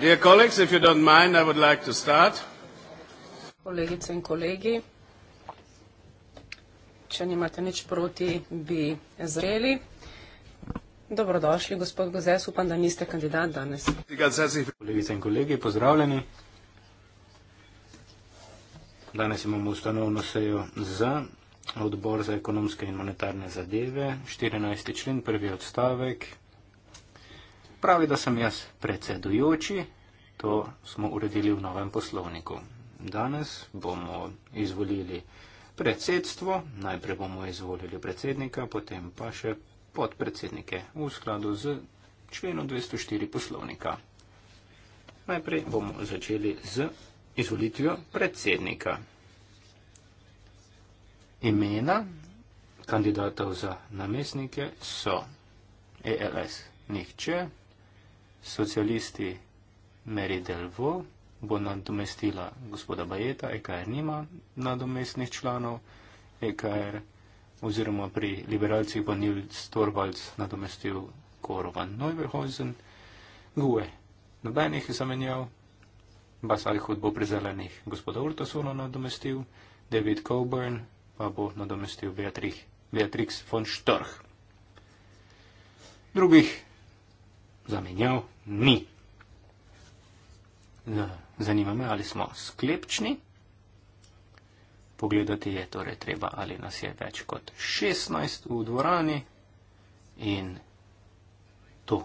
Dear colleagues, if you don't mind, I would like to start. Kolegice in kolegi, če nimate nič proti, bi zreli. Dobrodošli, gospod Gozes, upam, da niste kandidat danes. Kolegice in kolegi, pozdravljeni. Danes imamo ustanovno sejo za odbor za ekonomske in monetarne zadeve, 14. člen, prvi odstavek, Pravi, da sem jaz predsedujoči, to smo uredili v novem poslovniku. Danes bomo izvolili predsedstvo, najprej bomo izvolili predsednika, potem pa še podpredsednike v skladu z členom 204 poslovnika. Najprej bomo začeli z izvolitvijo predsednika. Imena kandidatov za namestnike so ELS nihče, socialisti Meri Delvo bo nadomestila gospoda Bajeta, EKR nima nadomestnih članov, EKR oziroma pri liberalcih bo Nils Torvalds nadomestil Korovan Neuberhausen, GUE nobenih zamenjav, Basalhut bo pri zelenih gospoda Urtasuno nadomestil, David Coburn pa bo nadomestil Beatrix, Beatrix von Storch. Drugih zamenjav mi. Zanima me, ali smo sklepčni. Pogledati je torej treba, ali nas je več kot 16 v dvorani. In to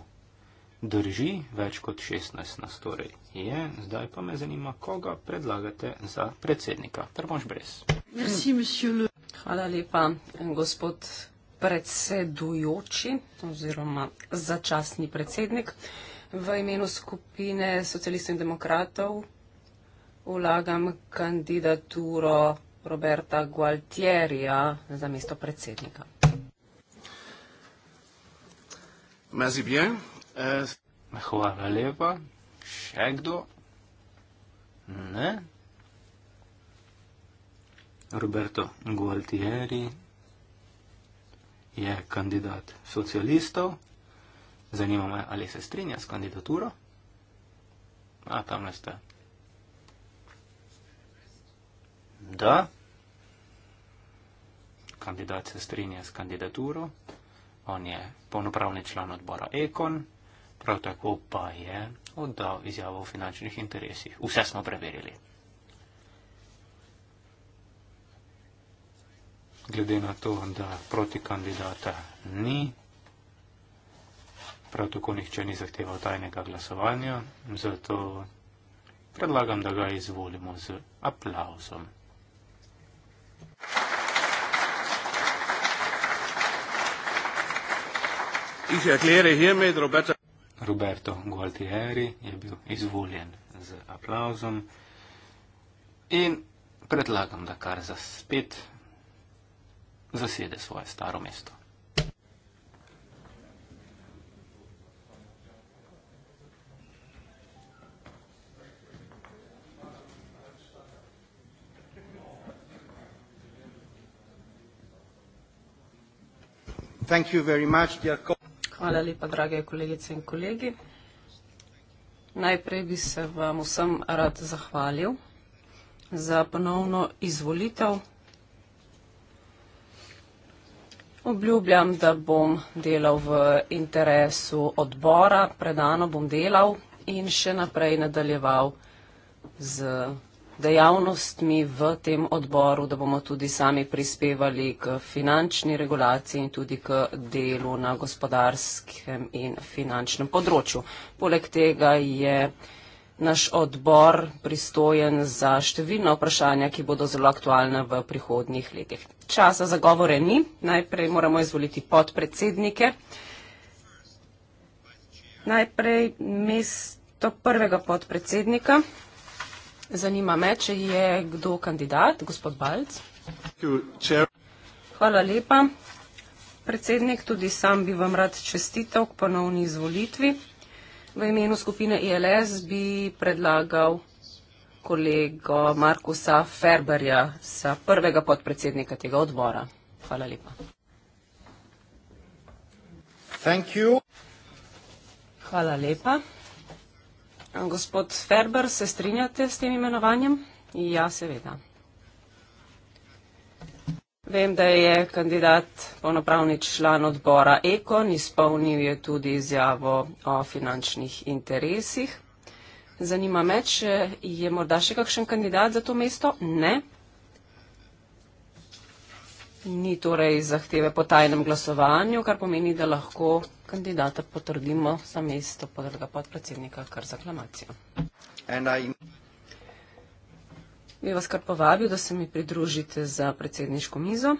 drži, več kot 16 nas torej je. Zdaj pa me zanima, koga predlagate za predsednika. Trmož brez. Hvala lepa, gospod predsedujoči oziroma začasni predsednik. V imenu skupine socialistov in demokratov vlagam kandidaturo Roberta Gualtierija za mesto predsednika. Euh, Hvala lepa. Še kdo? Ne. Roberto Gualtieri je kandidat socialistov, zanima me, ali se strinja s kandidaturo. A tam le ste. Da, kandidat se strinja s kandidaturo, on je polnopravni član odbora Ekon, prav tako pa je oddal izjavo o finančnih interesih. Vse smo preverili. glede na to, da proti kandidata ni. Prav tako nihče ni zahteval tajnega glasovanja, zato predlagam, da ga izvolimo z aplauzom. Roberto Gualtieri je bil izvoljen z aplauzom in predlagam, da kar za spet zasede svoje staro mesto. Thank you very much, dear Hvala lepa, drage kolegice in kolegi. Najprej bi se vam vsem rad zahvalil za ponovno izvolitev Obljubljam, da bom delal v interesu odbora, predano bom delal in še naprej nadaljeval z dejavnostmi v tem odboru, da bomo tudi sami prispevali k finančni regulaciji in tudi k delu na gospodarskem in finančnem področju. Poleg tega je naš odbor pristojen za številna vprašanja, ki bodo zelo aktualna v prihodnjih letih. Časa za govore ni. Najprej moramo izvoliti podpredsednike. Najprej mesto prvega podpredsednika. Zanima me, če je kdo kandidat, gospod Balc. Hvala lepa. Predsednik, tudi sam bi vam rad čestitev k ponovni izvolitvi. V imenu skupine ILS e bi predlagal kolego Markusa Ferberja za prvega podpredsednika tega odbora. Hvala lepa. Hvala lepa. Gospod Ferber, se strinjate s tem imenovanjem? Ja, seveda. Vem, da je kandidat polnopravni član odbora Ekon, izpolnil je tudi izjavo o finančnih interesih. Zanima me, če je morda še kakšen kandidat za to mesto? Ne. Ni torej zahteve po tajnem glasovanju, kar pomeni, da lahko kandidata potrdimo za mesto podrga podpredsednika kar za aklamacijo bi vas kar povabil, da se mi pridružite za predsedniško mizo.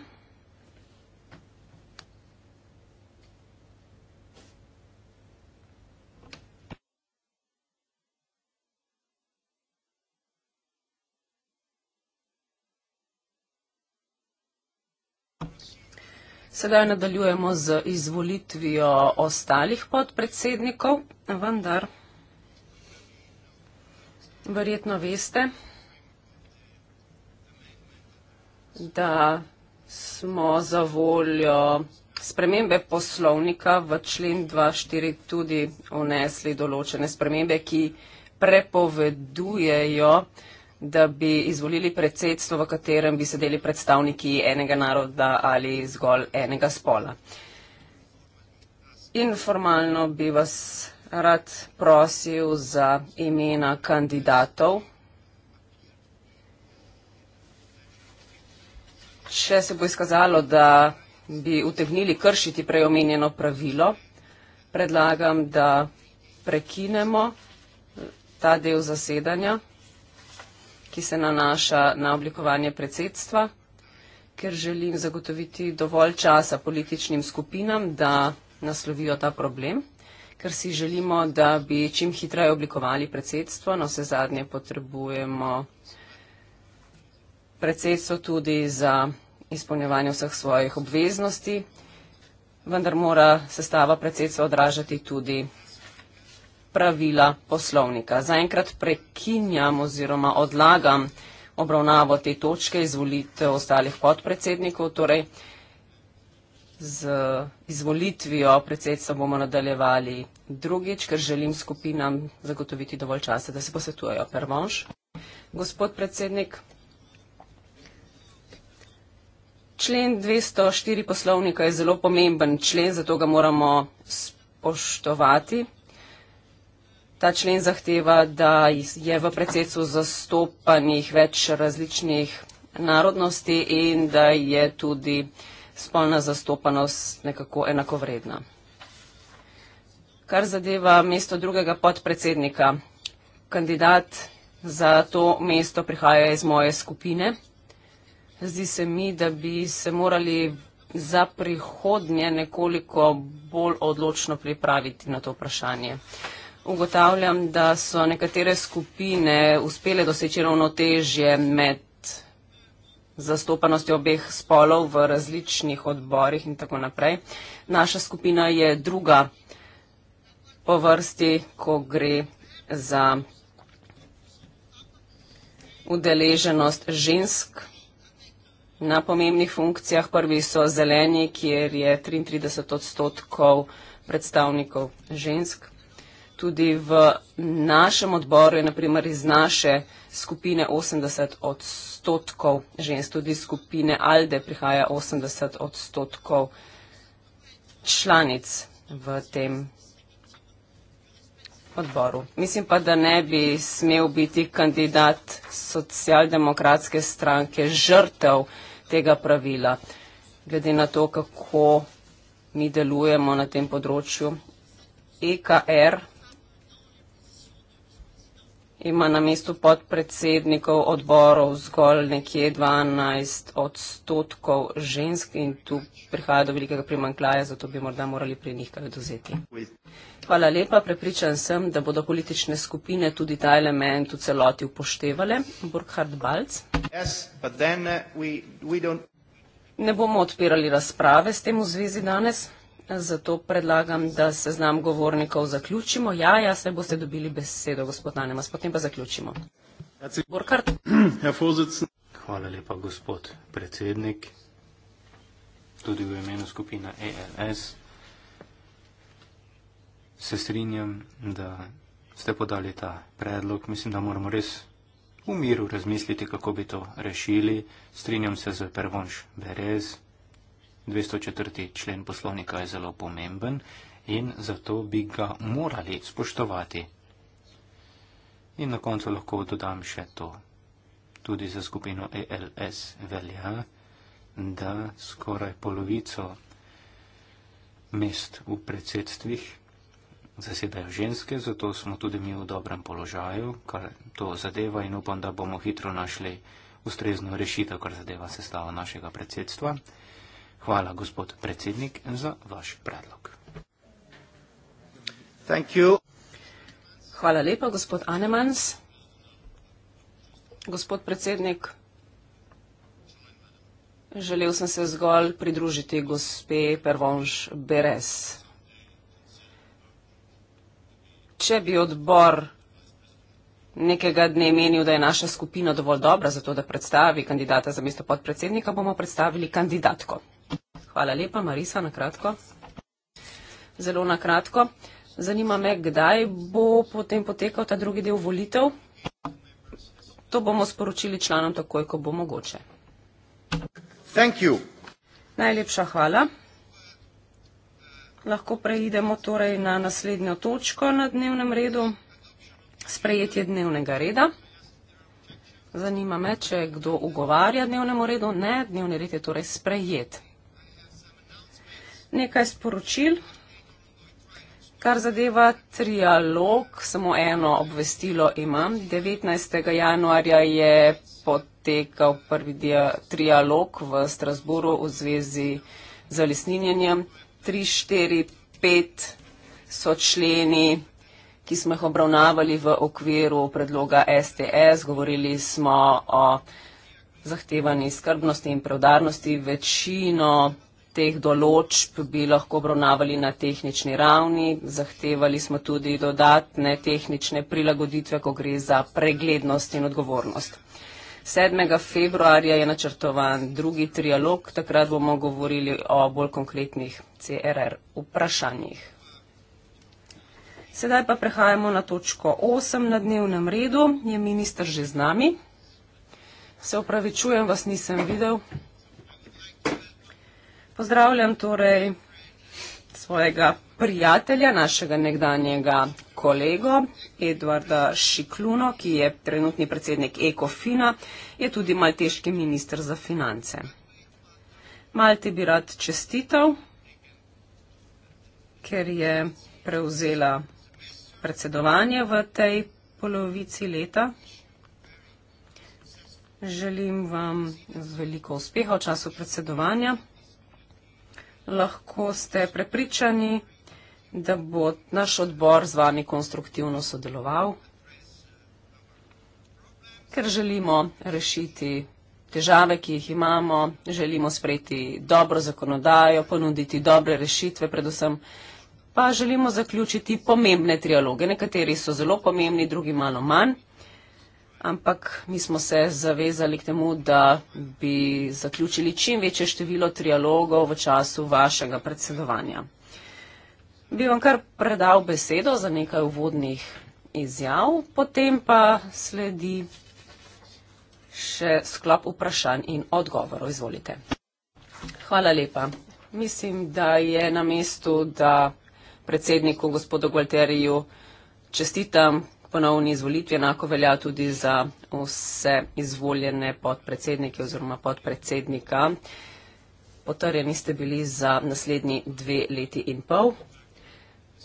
Sedaj nadaljujemo z izvolitvijo ostalih podpredsednikov, vendar verjetno veste, da smo za voljo spremembe poslovnika v člen 2.4 tudi unesli določene spremembe, ki prepovedujejo, da bi izvolili predsedstvo, v katerem bi sedeli predstavniki enega naroda ali zgolj enega spola. Informalno bi vas rad prosil za imena kandidatov če se bo izkazalo, da bi utegnili kršiti preomenjeno pravilo, predlagam, da prekinemo eh, ta del zasedanja, ki se nanaša na oblikovanje predsedstva, ker želim zagotoviti dovolj časa političnim skupinam, da naslovijo ta problem, ker si želimo, da bi čim hitreje oblikovali predsedstvo. No, vse zadnje potrebujemo predsedstvo tudi za izpolnjevanje vseh svojih obveznosti, vendar mora sestava predsedstva odražati tudi pravila poslovnika. Zaenkrat prekinjam oziroma odlagam obravnavo te točke izvolitev ostalih podpredsednikov, torej z izvolitvijo predsedstva bomo nadaljevali drugič, ker želim skupinam zagotoviti dovolj časa, da se posvetujejo. Prvonš. Gospod predsednik, Člen 204 poslovnika je zelo pomemben člen, zato ga moramo spoštovati. Ta člen zahteva, da je v predsedstvu zastopanih več različnih narodnosti in da je tudi spolna zastopanost nekako enakovredna. Kar zadeva mesto drugega podpredsednika, kandidat za to mesto prihaja iz moje skupine. Zdi se mi, da bi se morali za prihodnje nekoliko bolj odločno pripraviti na to vprašanje. Ugotavljam, da so nekatere skupine uspele doseči ravnotežje med zastopanosti obeh spolov v različnih odborih in tako naprej. Naša skupina je druga po vrsti, ko gre za udeleženost žensk na pomembnih funkcijah. Prvi so zeleni, kjer je 33 odstotkov predstavnikov žensk. Tudi v našem odboru je naprimer iz naše skupine 80 odstotkov žensk, tudi iz skupine Alde prihaja 80 odstotkov članic v tem odboru. Mislim pa, da ne bi smel biti kandidat socialdemokratske stranke žrtev tega pravila, glede na to, kako mi delujemo na tem področju. EKR er ima na mestu podpredsednikov odborov zgolj nekje 12 odstotkov žensk in tu prihaja do velikega primankljaja, zato bi morda morali pri njih kaj dozeti. Hvala lepa. Prepričan sem, da bodo politične skupine tudi ta element v celoti upoštevale. Burkhard Balc. Yes, uh, ne bomo odpirali razprave s tem v zvezi danes, zato predlagam, da se znam govornikov zaključimo. Ja, ja, se boste dobili besedo, gospod Nanemas, potem pa zaključimo. Burkhard. Hvala lepa, gospod predsednik. Tudi v imenu skupina ELS se strinjam, da ste podali ta predlog. Mislim, da moramo res v miru razmisliti, kako bi to rešili. Strinjam se z Pervonš Berez. 204. člen poslovnika je zelo pomemben in zato bi ga morali spoštovati. In na koncu lahko dodam še to. Tudi za skupino ELS velja, da skoraj polovico mest v predsedstvih zasedajo ženske, zato smo tudi mi v dobrem položaju, kar to zadeva in upam, da bomo hitro našli ustrezno rešitev, kar zadeva sestavo našega predsedstva. Hvala, gospod predsednik, za vaš predlog. Hvala lepa, gospod Anemans. Gospod predsednik, želel sem se zgolj pridružiti gospe Pervonš Beres. Če bi odbor nekega dne menil, da je naša skupina dovolj dobra za to, da predstavi kandidata za mesto podpredsednika, bomo predstavili kandidatko. Hvala lepa, Marisa, na kratko. Zelo na kratko. Zanima me, kdaj bo potem potekal ta drugi del volitev. To bomo sporočili članom takoj, ko bo mogoče. Najlepša hvala lahko preidemo torej na naslednjo točko na dnevnem redu, sprejetje dnevnega reda. Zanima me, če kdo ugovarja dnevnemu redu. Ne, dnevni red je torej sprejet. Nekaj sporočil, kar zadeva trialog, samo eno obvestilo imam. 19. januarja je potekal prvi dia, trialog v Strasburu v zvezi z lesninjenjem. 3, 4, 5 so členi, ki smo jih obravnavali v okviru predloga STS. Govorili smo o zahtevani skrbnosti in preudarnosti. Večino teh določb bi lahko obravnavali na tehnični ravni. Zahtevali smo tudi dodatne tehnične prilagoditve, ko gre za preglednost in odgovornost. 7. februarja je načrtovan drugi trialog, takrat bomo govorili o bolj konkretnih CRR vprašanjih. Sedaj pa prehajamo na točko 8 na dnevnem redu. Je minister že z nami? Se opravičujem, vas nisem videl. Pozdravljam torej svojega prijatelja, našega nekdanjega kolego Edvarda Šikluno, ki je trenutni predsednik Ekofina, je tudi malteški minister za finance. Malte bi rad čestitev, ker je prevzela predsedovanje v tej polovici leta. Želim vam veliko uspeha v času predsedovanja. Lahko ste prepričani, da bo naš odbor z vami konstruktivno sodeloval, ker želimo rešiti težave, ki jih imamo, želimo sprejeti dobro zakonodajo, ponuditi dobre rešitve, predvsem pa želimo zaključiti pomembne trialoge. Nekateri so zelo pomembni, drugi malo manj, ampak mi smo se zavezali k temu, da bi zaključili čim večje število trialogov v času vašega predsedovanja bi vam kar predal besedo za nekaj uvodnih izjav, potem pa sledi še sklop vprašanj in odgovorov. Izvolite. Hvala lepa. Mislim, da je na mestu, da predsedniku gospodu Gualteriju čestitam ponovni izvolitvi. Enako velja tudi za vse izvoljene podpredsednike oziroma podpredsednika. Potrjeni ste bili za naslednji dve leti in pol.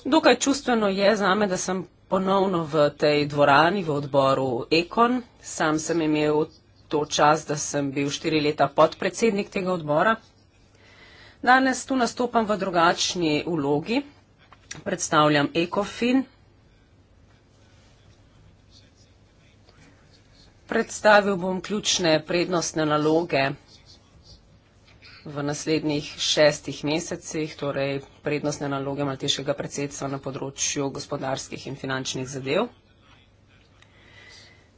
Dokaj čustveno je za me, da sem ponovno v tej dvorani, v odboru Ekon. Sam sem imel to čas, da sem bil štiri leta podpredsednik tega odbora. Danes tu nastopam v drugačni ulogi. Predstavljam Ekofin. Predstavil bom ključne prednostne naloge v naslednjih šestih mesecih, torej prednostne naloge maltešega predsedstva na področju gospodarskih in finančnih zadev.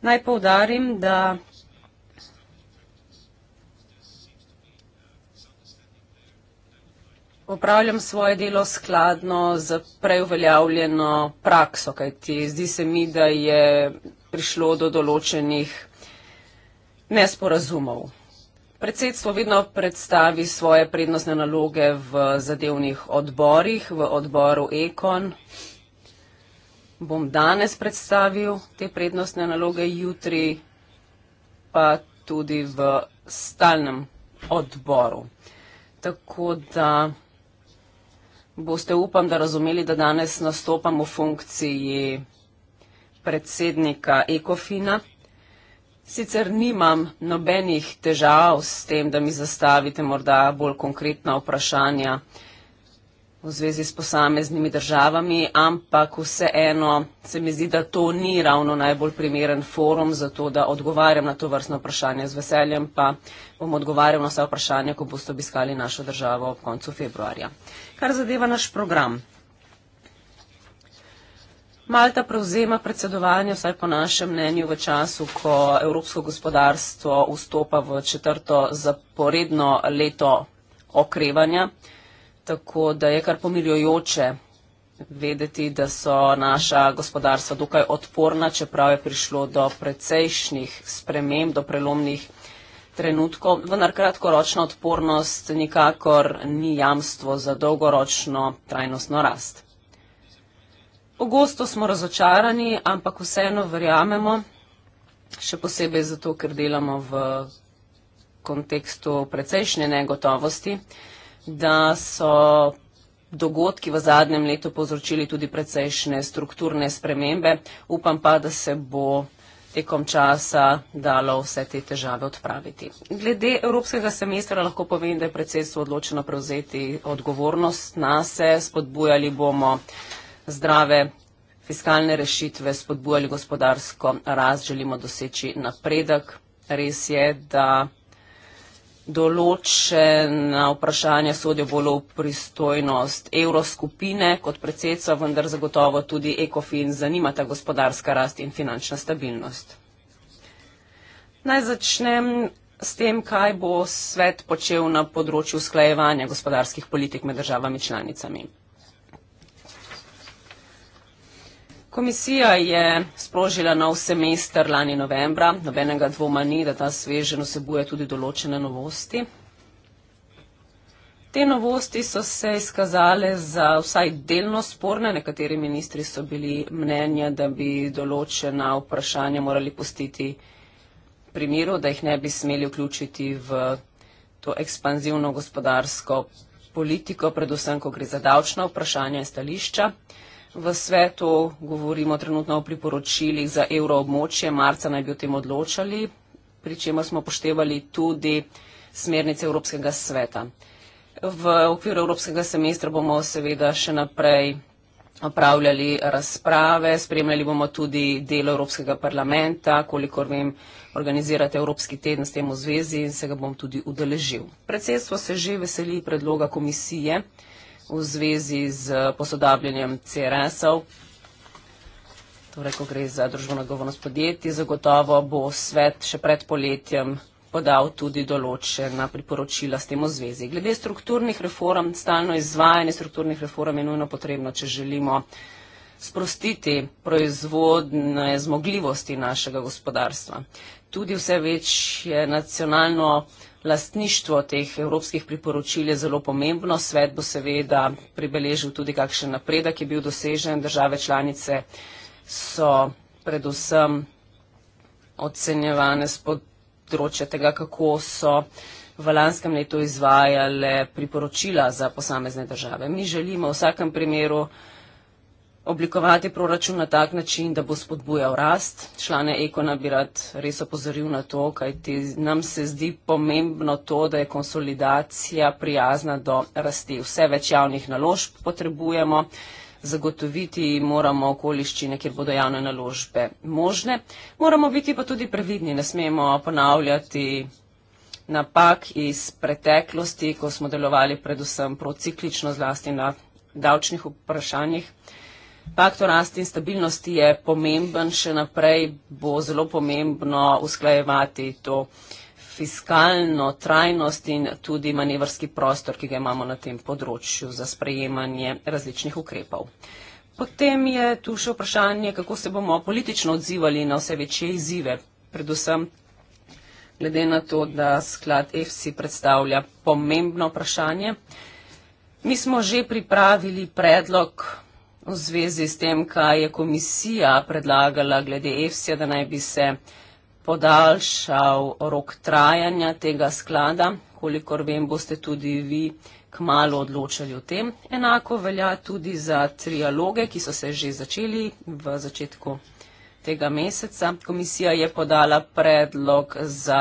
Naj povdarim, da opravljam svoje delo skladno z preuveljavljeno prakso, kajti zdi se mi, da je prišlo do določenih nesporazumov Predsedstvo vedno predstavi svoje prednostne naloge v zadevnih odborih, v odboru Ekon. Bom danes predstavil te prednostne naloge, jutri pa tudi v stalnem odboru. Tako da boste upam, da razumeli, da danes nastopam v funkciji predsednika Ekofina. Sicer nimam nobenih težav s tem, da mi zastavite morda bolj konkretna vprašanja v zvezi s posameznimi državami, ampak vseeno se mi zdi, da to ni ravno najbolj primeren forum za to, da odgovarjam na to vrstno vprašanje. Z veseljem pa bom odgovarjal na vsa vprašanja, ko boste obiskali našo državo ob koncu februarja. Kar zadeva naš program. Malta prevzema predsedovanje, vsaj po našem mnenju, v času, ko evropsko gospodarstvo vstopa v četrto zaporedno leto okrevanja. Tako da je kar pomiljujoče vedeti, da so naša gospodarstva dokaj odporna, čeprav je prišlo do precejšnjih sprememb, do prelomnih trenutkov. Vendar kratkoročna odpornost nikakor ni jamstvo za dolgoročno trajnostno rast. Pogosto smo razočarani, ampak vseeno verjamemo, še posebej zato, ker delamo v kontekstu precejšnje negotovosti, da so dogodki v zadnjem letu povzročili tudi precejšnje strukturne spremembe. Upam pa, da se bo tekom časa dalo vse te težave odpraviti. Glede evropskega semestra lahko povem, da je predsedstvo odločeno prevzeti odgovornost na se, spodbujali bomo zdrave fiskalne rešitve spodbujali gospodarsko rast, želimo doseči napredek. Res je, da določena vprašanja sodijo bolj v pristojnost evroskupine kot predsedstva, vendar zagotovo tudi ECOFIN zanima ta gospodarska rast in finančna stabilnost. Naj začnem s tem, kaj bo svet počel na področju usklajevanja gospodarskih politik med državami članicami. Komisija je sprožila nov semester lani novembra, nobenega dvoma ni, da ta svežen vsebuje tudi določene novosti. Te novosti so se izkazale za vsaj delno sporne. Nekateri ministri so bili mnenja, da bi določena vprašanja morali pustiti pri miru, da jih ne bi smeli vključiti v to ekspanzivno gospodarsko politiko, predvsem, ko gre za davčna vprašanja in stališča v svetu, govorimo trenutno o priporočilih za evroobmočje, marca naj bi o tem odločali, pri čemer smo poštevali tudi smernice Evropskega sveta. V okviru Evropskega semestra bomo seveda še naprej opravljali razprave, spremljali bomo tudi delo Evropskega parlamenta, kolikor vem, organizirate Evropski teden s tem v zvezi in se ga bom tudi udeležil. Predsedstvo se že veseli predloga komisije, v zvezi z posodabljanjem CRS-ov. Torej, ko gre za družbeno govornost podjetij, zagotovo bo svet še pred poletjem podal tudi določena priporočila s tem v zvezi. Glede strukturnih reform, stalno izvajanje strukturnih reform je nujno potrebno, če želimo sprostiti proizvodne zmogljivosti našega gospodarstva. Tudi vse več je nacionalno lastništvo teh evropskih priporočil je zelo pomembno. Svet bo seveda pribeležil tudi kakšen napredek, ki je bil dosežen. Države članice so predvsem ocenjevane z področja tega, kako so v lanskem letu izvajale priporočila za posamezne države. Mi želimo v vsakem primeru oblikovati proračun na tak način, da bo spodbujal rast. Člane Ekona bi rad res opozoril na to, kaj ti nam se zdi pomembno to, da je konsolidacija prijazna do rasti. Vse več javnih naložb potrebujemo, zagotoviti moramo okoliščine, kjer bodo javne naložbe možne. Moramo biti pa tudi previdni, ne smemo ponavljati napak iz preteklosti, ko smo delovali predvsem prociklično zlasti na davčnih vprašanjih. Faktor rasti in stabilnosti je pomemben, še naprej bo zelo pomembno usklajevati to fiskalno trajnost in tudi manevrski prostor, ki ga imamo na tem področju za sprejemanje različnih ukrepov. Potem je tu še vprašanje, kako se bomo politično odzivali na vse večje izzive, predvsem glede na to, da sklad EFSI predstavlja pomembno vprašanje. Mi smo že pripravili predlog V zvezi s tem, kaj je komisija predlagala glede EFSI-ja, da naj bi se podaljšal rok trajanja tega sklada, kolikor vem, boste tudi vi kmalo odločali o tem. Enako velja tudi za trialoge, ki so se že začeli v začetku tega meseca. Komisija je podala predlog za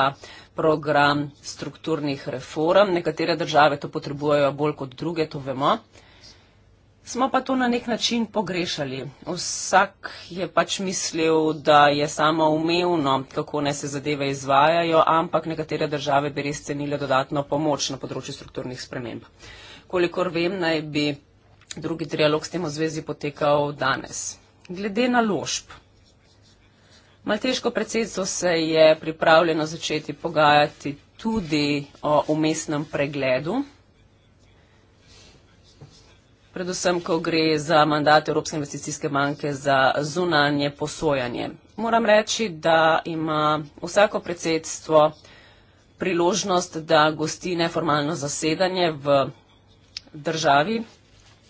program strukturnih reform. Nekatere države to potrebujejo bolj kot druge, to vemo. Smo pa to na nek način pogrešali. Vsak je pač mislil, da je samo umevno, kako ne se zadeve izvajajo, ampak nekatere države bi res cenile dodatno pomoč na področju strukturnih sprememb. Kolikor vem, naj bi drugi trialog s tem v zvezi potekal danes. Glede na ložb. Malteško predsedstvo se je pripravljeno začeti pogajati tudi o umestnem pregledu predvsem, ko gre za mandat Evropske investicijske banke za zunanje posojanje. Moram reči, da ima vsako predsedstvo priložnost, da gosti neformalno zasedanje v državi.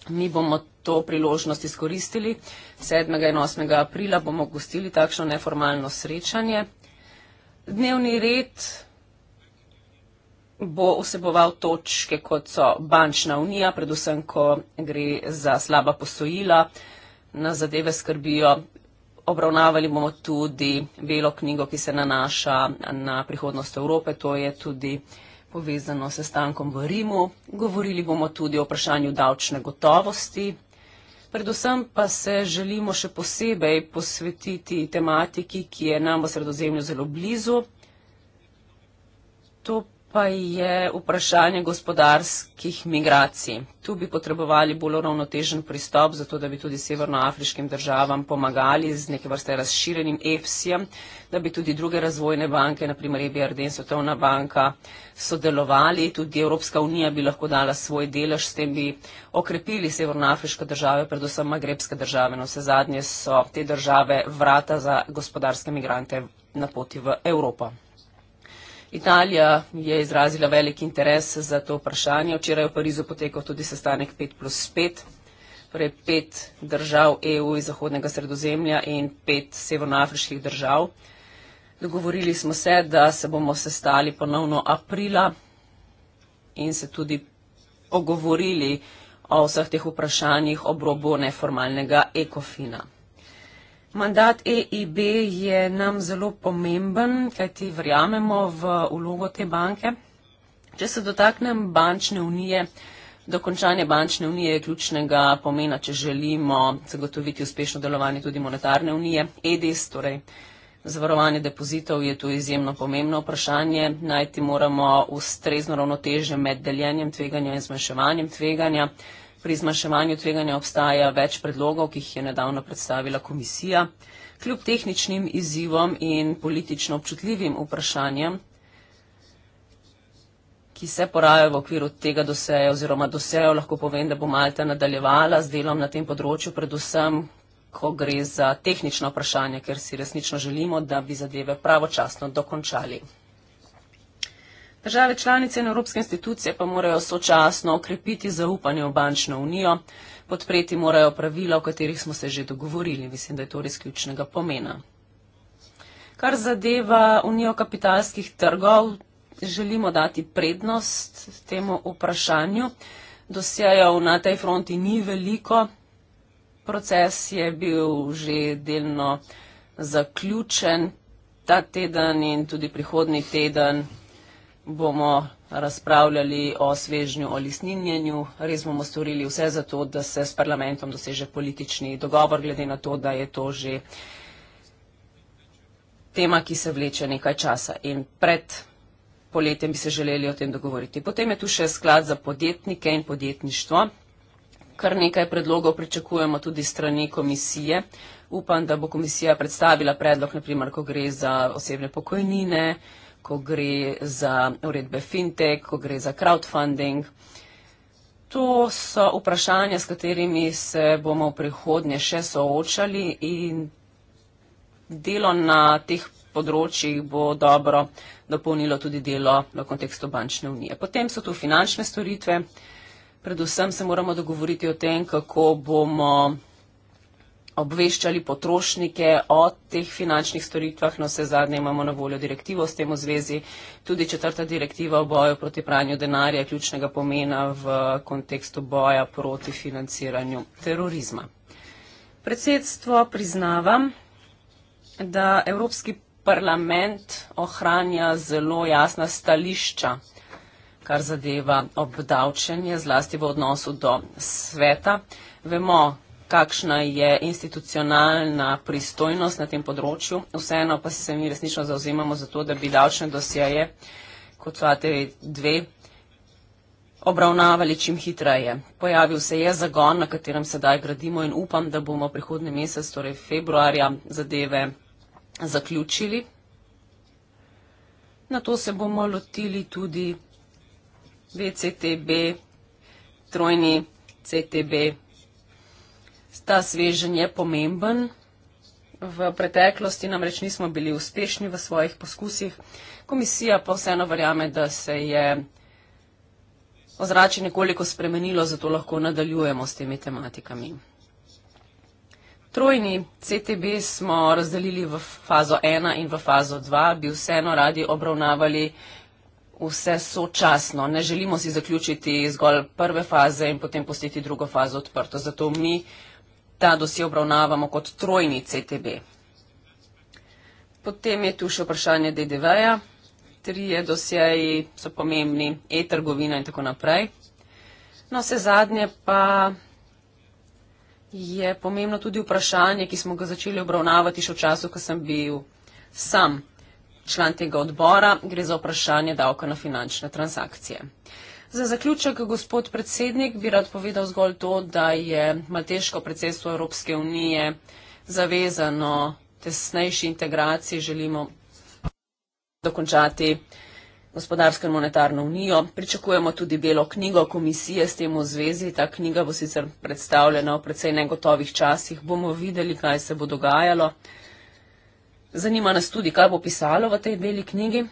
Mi bomo to priložnost izkoristili. 7. in 8. aprila bomo gostili takšno neformalno srečanje. Dnevni red bo vseboval točke, kot so bančna unija, predvsem, ko gre za slaba posojila, na zadeve skrbijo. Obravnavali bomo tudi belo knjigo, ki se nanaša na prihodnost Evrope, to je tudi povezano s sestankom v Rimu. Govorili bomo tudi o vprašanju davčne gotovosti. Predvsem pa se želimo še posebej posvetiti tematiki, ki je nam v sredozemlju zelo blizu. To pa je vprašanje gospodarskih migracij. Tu bi potrebovali bolj ravnotežen pristop, zato da bi tudi severnoafriškim državam pomagali z neke vrste razširenim EFSI-jem, da bi tudi druge razvojne banke, naprimer EBRD in Svetovna banka, sodelovali. Tudi Evropska unija bi lahko dala svoj delež, s tem bi okrepili severnoafriške države, predvsem magrebske države. No, vse zadnje so te države vrata za gospodarske migrante na poti v Evropo. Italija je izrazila velik interes za to vprašanje. Včeraj v Parizu potekal tudi sestanek 5 plus 5, torej pet držav EU iz Zahodnega sredozemlja in pet severnoafriških držav. Dogovorili smo se, da se bomo sestali ponovno aprila in se tudi ogovorili o vseh teh vprašanjih ob robu neformalnega ekofina. Mandat EIB je nam zelo pomemben, kajti verjamemo v ulogo te banke. Če se dotaknem bančne unije, dokončanje bančne unije je ključnega pomena, če želimo zagotoviti uspešno delovanje tudi monetarne unije. EDES, torej zavarovanje depozitov, je tu izjemno pomembno vprašanje. Najti moramo ustrezno ravnoteže med deljenjem tveganja in zmanjševanjem tveganja. Pri zmanjševanju tveganja obstaja več predlogov, ki jih je nedavno predstavila komisija. Kljub tehničnim izzivom in politično občutljivim vprašanjem, ki se porajajo v okviru tega doseja oziroma dosejo, lahko povem, da bo Malta nadaljevala z delom na tem področju, predvsem, ko gre za tehnično vprašanje, ker si resnično želimo, da bi zadeve pravočasno dokončali. Države članice in evropske institucije pa morajo sočasno okrepiti zaupanje v bančno unijo, podpreti morajo pravila, o katerih smo se že dogovorili. Mislim, da je to res ključnega pomena. Kar zadeva unijo kapitalskih trgov, želimo dati prednost temu vprašanju. Dosjejev na tej fronti ni veliko. Proces je bil že delno zaključen ta teden in tudi prihodni teden bomo razpravljali o svežnju, o lisninjenju. Res bomo storili vse za to, da se s parlamentom doseže politični dogovor, glede na to, da je to že tema, ki se vleče nekaj časa. In pred poletjem bi se želeli o tem dogovoriti. Potem je tu še sklad za podjetnike in podjetništvo. Kar nekaj predlogov pričakujemo tudi strani komisije. Upam, da bo komisija predstavila predlog, naprimer, ko gre za osebne pokojnine, ko gre za uredbe fintech, ko gre za crowdfunding. To so vprašanja, s katerimi se bomo v prihodnje še soočali in delo na teh področjih bo dobro dopolnilo tudi delo v kontekstu bančne unije. Potem so tu finančne storitve. Predvsem se moramo dogovoriti o tem, kako bomo obveščali potrošnike o teh finančnih storitvah, no vse zadnje imamo na voljo direktivo s tem v zvezi. Tudi četrta direktiva o boju proti pranju denarja je ključnega pomena v kontekstu boja proti financiranju terorizma. Predsedstvo priznavam, da Evropski parlament ohranja zelo jasna stališča, kar zadeva obdavčenje, zlasti v odnosu do sveta. Vemo, kakšna je institucionalna pristojnost na tem področju. Vseeno pa se mi resnično zauzemamo za to, da bi davčne dosjeje, kot so AT2, obravnavali čim hitreje. Pojavil se je zagon, na katerem sedaj gradimo in upam, da bomo prihodni mesec, torej februarja, zadeve zaključili. Na to se bomo lotili tudi VCTB, trojni CTB ta svežen je pomemben. V preteklosti namreč nismo bili uspešni v svojih poskusih. Komisija pa vseeno verjame, da se je ozračje nekoliko spremenilo, zato lahko nadaljujemo s temi tematikami. Trojni CTB smo razdelili v fazo 1 in v fazo 2, bi vseeno radi obravnavali vse sočasno. Ne želimo si zaključiti zgolj prve faze in potem postiti drugo fazo odprto. Zato mi Ta dosje obravnavamo kot trojni CTB. Potem je tu še vprašanje DDV-ja. Trije dosjeji so pomembni, e-trgovina in tako naprej. No, vse zadnje pa je pomembno tudi vprašanje, ki smo ga začeli obravnavati še v času, ko sem bil sam član tega odbora. Gre za vprašanje davka na finančne transakcije. Za zaključek, gospod predsednik, bi rad povedal zgolj to, da je malteško predsedstvo Evropske unije zavezano tesnejši integraciji, želimo dokončati gospodarsko in monetarno unijo. Pričakujemo tudi belo knjigo komisije s tem v zvezi. Ta knjiga bo sicer predstavljena v precej negotovih časih. Bomo videli, kaj se bo dogajalo. Zanima nas tudi, kaj bo pisalo v tej beli knjigi.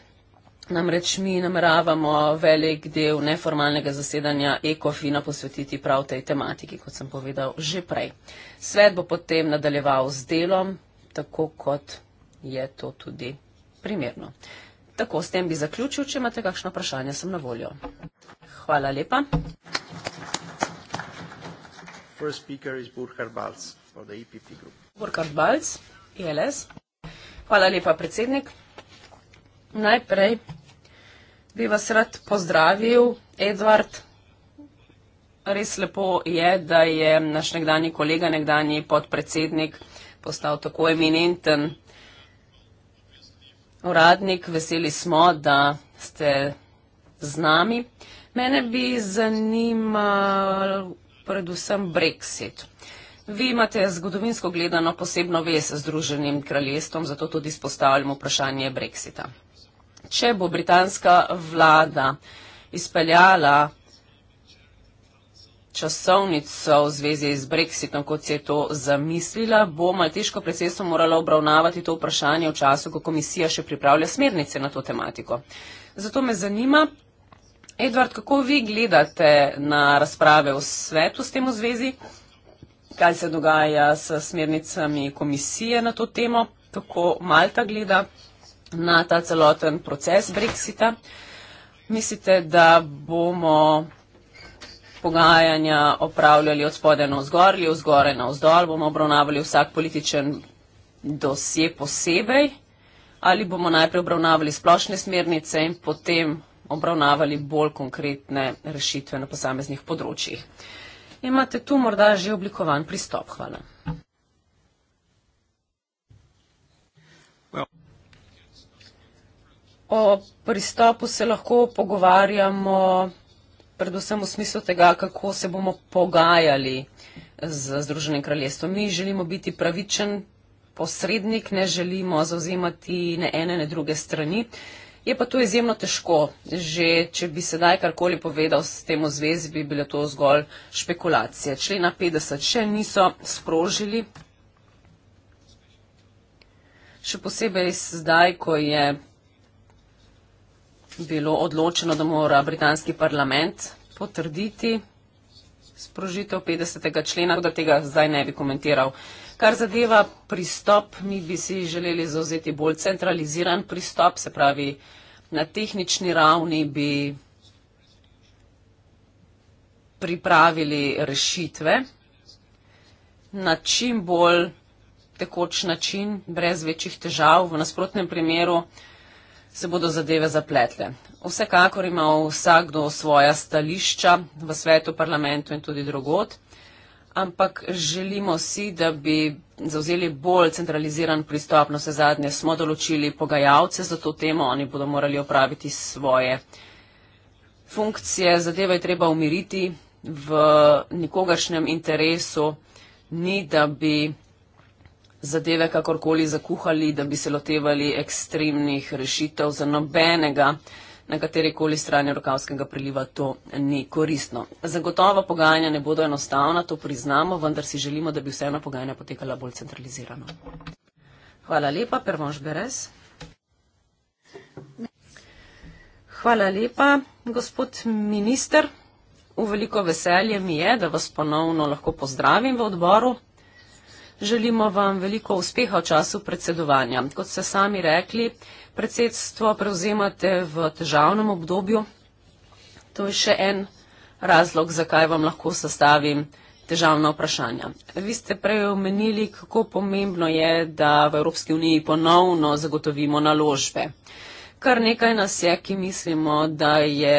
Namreč mi nameravamo velik del neformalnega zasedanja ECOFIN-a posvetiti prav tej tematiki, kot sem povedal že prej. Svet bo potem nadaljeval z delom, tako kot je to tudi primerno. Tako, s tem bi zaključil, če imate kakšno vprašanje, sem na voljo. Hvala lepa. Burkhard Balc, ILS. E e Hvala lepa, predsednik. Najprej bi vas rad pozdravil, Edvard. Res lepo je, da je naš nekdani kolega, nekdani podpredsednik postal tako eminenten uradnik. Veseli smo, da ste z nami. Mene bi zanimal predvsem Brexit. Vi imate zgodovinsko gledano posebno vez s Združenim kraljestvom, zato tudi spostavljamo vprašanje Brexita če bo britanska vlada izpeljala časovnico v zvezi z Brexitom, kot se je to zamislila, bo Maltiško predsedstvo moralo obravnavati to vprašanje v času, ko komisija še pripravlja smernice na to tematiko. Zato me zanima, Edvard, kako vi gledate na razprave v svetu s tem v zvezi, kaj se dogaja s smernicami komisije na to temo, kako Malta gleda na ta celoten proces Brexita. Mislite, da bomo pogajanja opravljali od spode na vzgor ali od zgore na vzdolj, bomo obravnavali vsak političen dosje posebej ali bomo najprej obravnavali splošne smernice in potem obravnavali bolj konkretne rešitve na posameznih področjih. Imate tu morda že oblikovan pristop? Hvala. O pristopu se lahko pogovarjamo predvsem v smislu tega, kako se bomo pogajali z Združenim kraljestvom. Mi želimo biti pravičen posrednik, ne želimo zauzemati ne ene, ne druge strani. Je pa to izjemno težko. Že če bi sedaj karkoli povedal s tem v zvezi, bi bile to zgolj špekulacije. Člena 50 še niso sprožili. Še posebej zdaj, ko je bilo odločeno, da mora britanski parlament potrditi sprožitev 50. člena, da tega zdaj ne bi komentiral. Kar zadeva pristop, mi bi si želeli zauzeti bolj centraliziran pristop, se pravi, na tehnični ravni bi pripravili rešitve na čim bolj tekoč način, brez večjih težav. V nasprotnem primeru se bodo zadeve zapletle. Vsekakor ima vsakdo svoja stališča v svetu, parlamentu in tudi drugot, ampak želimo si, da bi zauzeli bolj centraliziran pristop. No se zadnje smo določili pogajalce za to temo, oni bodo morali opraviti svoje funkcije. Zadeva je treba umiriti v nikogašnjem interesu, ni da bi zadeve kakorkoli zakuhali, da bi se lotevali ekstremnih rešitev za nobenega. Na kateri koli strani rokavskega priliva to ni koristno. Zagotovo pogajanja ne bodo enostavna, to priznamo, vendar si želimo, da bi vseeno pogajanja potekala bolj centralizirano. Hvala lepa, Pervonš Berez. Hvala lepa, gospod minister. V veliko veselje mi je, da vas ponovno lahko pozdravim v odboru. Želimo vam veliko uspeha v času predsedovanja. Kot ste sami rekli, predsedstvo prevzemate v težavnem obdobju. To je še en razlog, zakaj vam lahko sestavim težavna vprašanja. Vi ste prej omenili, kako pomembno je, da v Evropski uniji ponovno zagotovimo naložbe. Kar nekaj nas je, ki mislimo, da je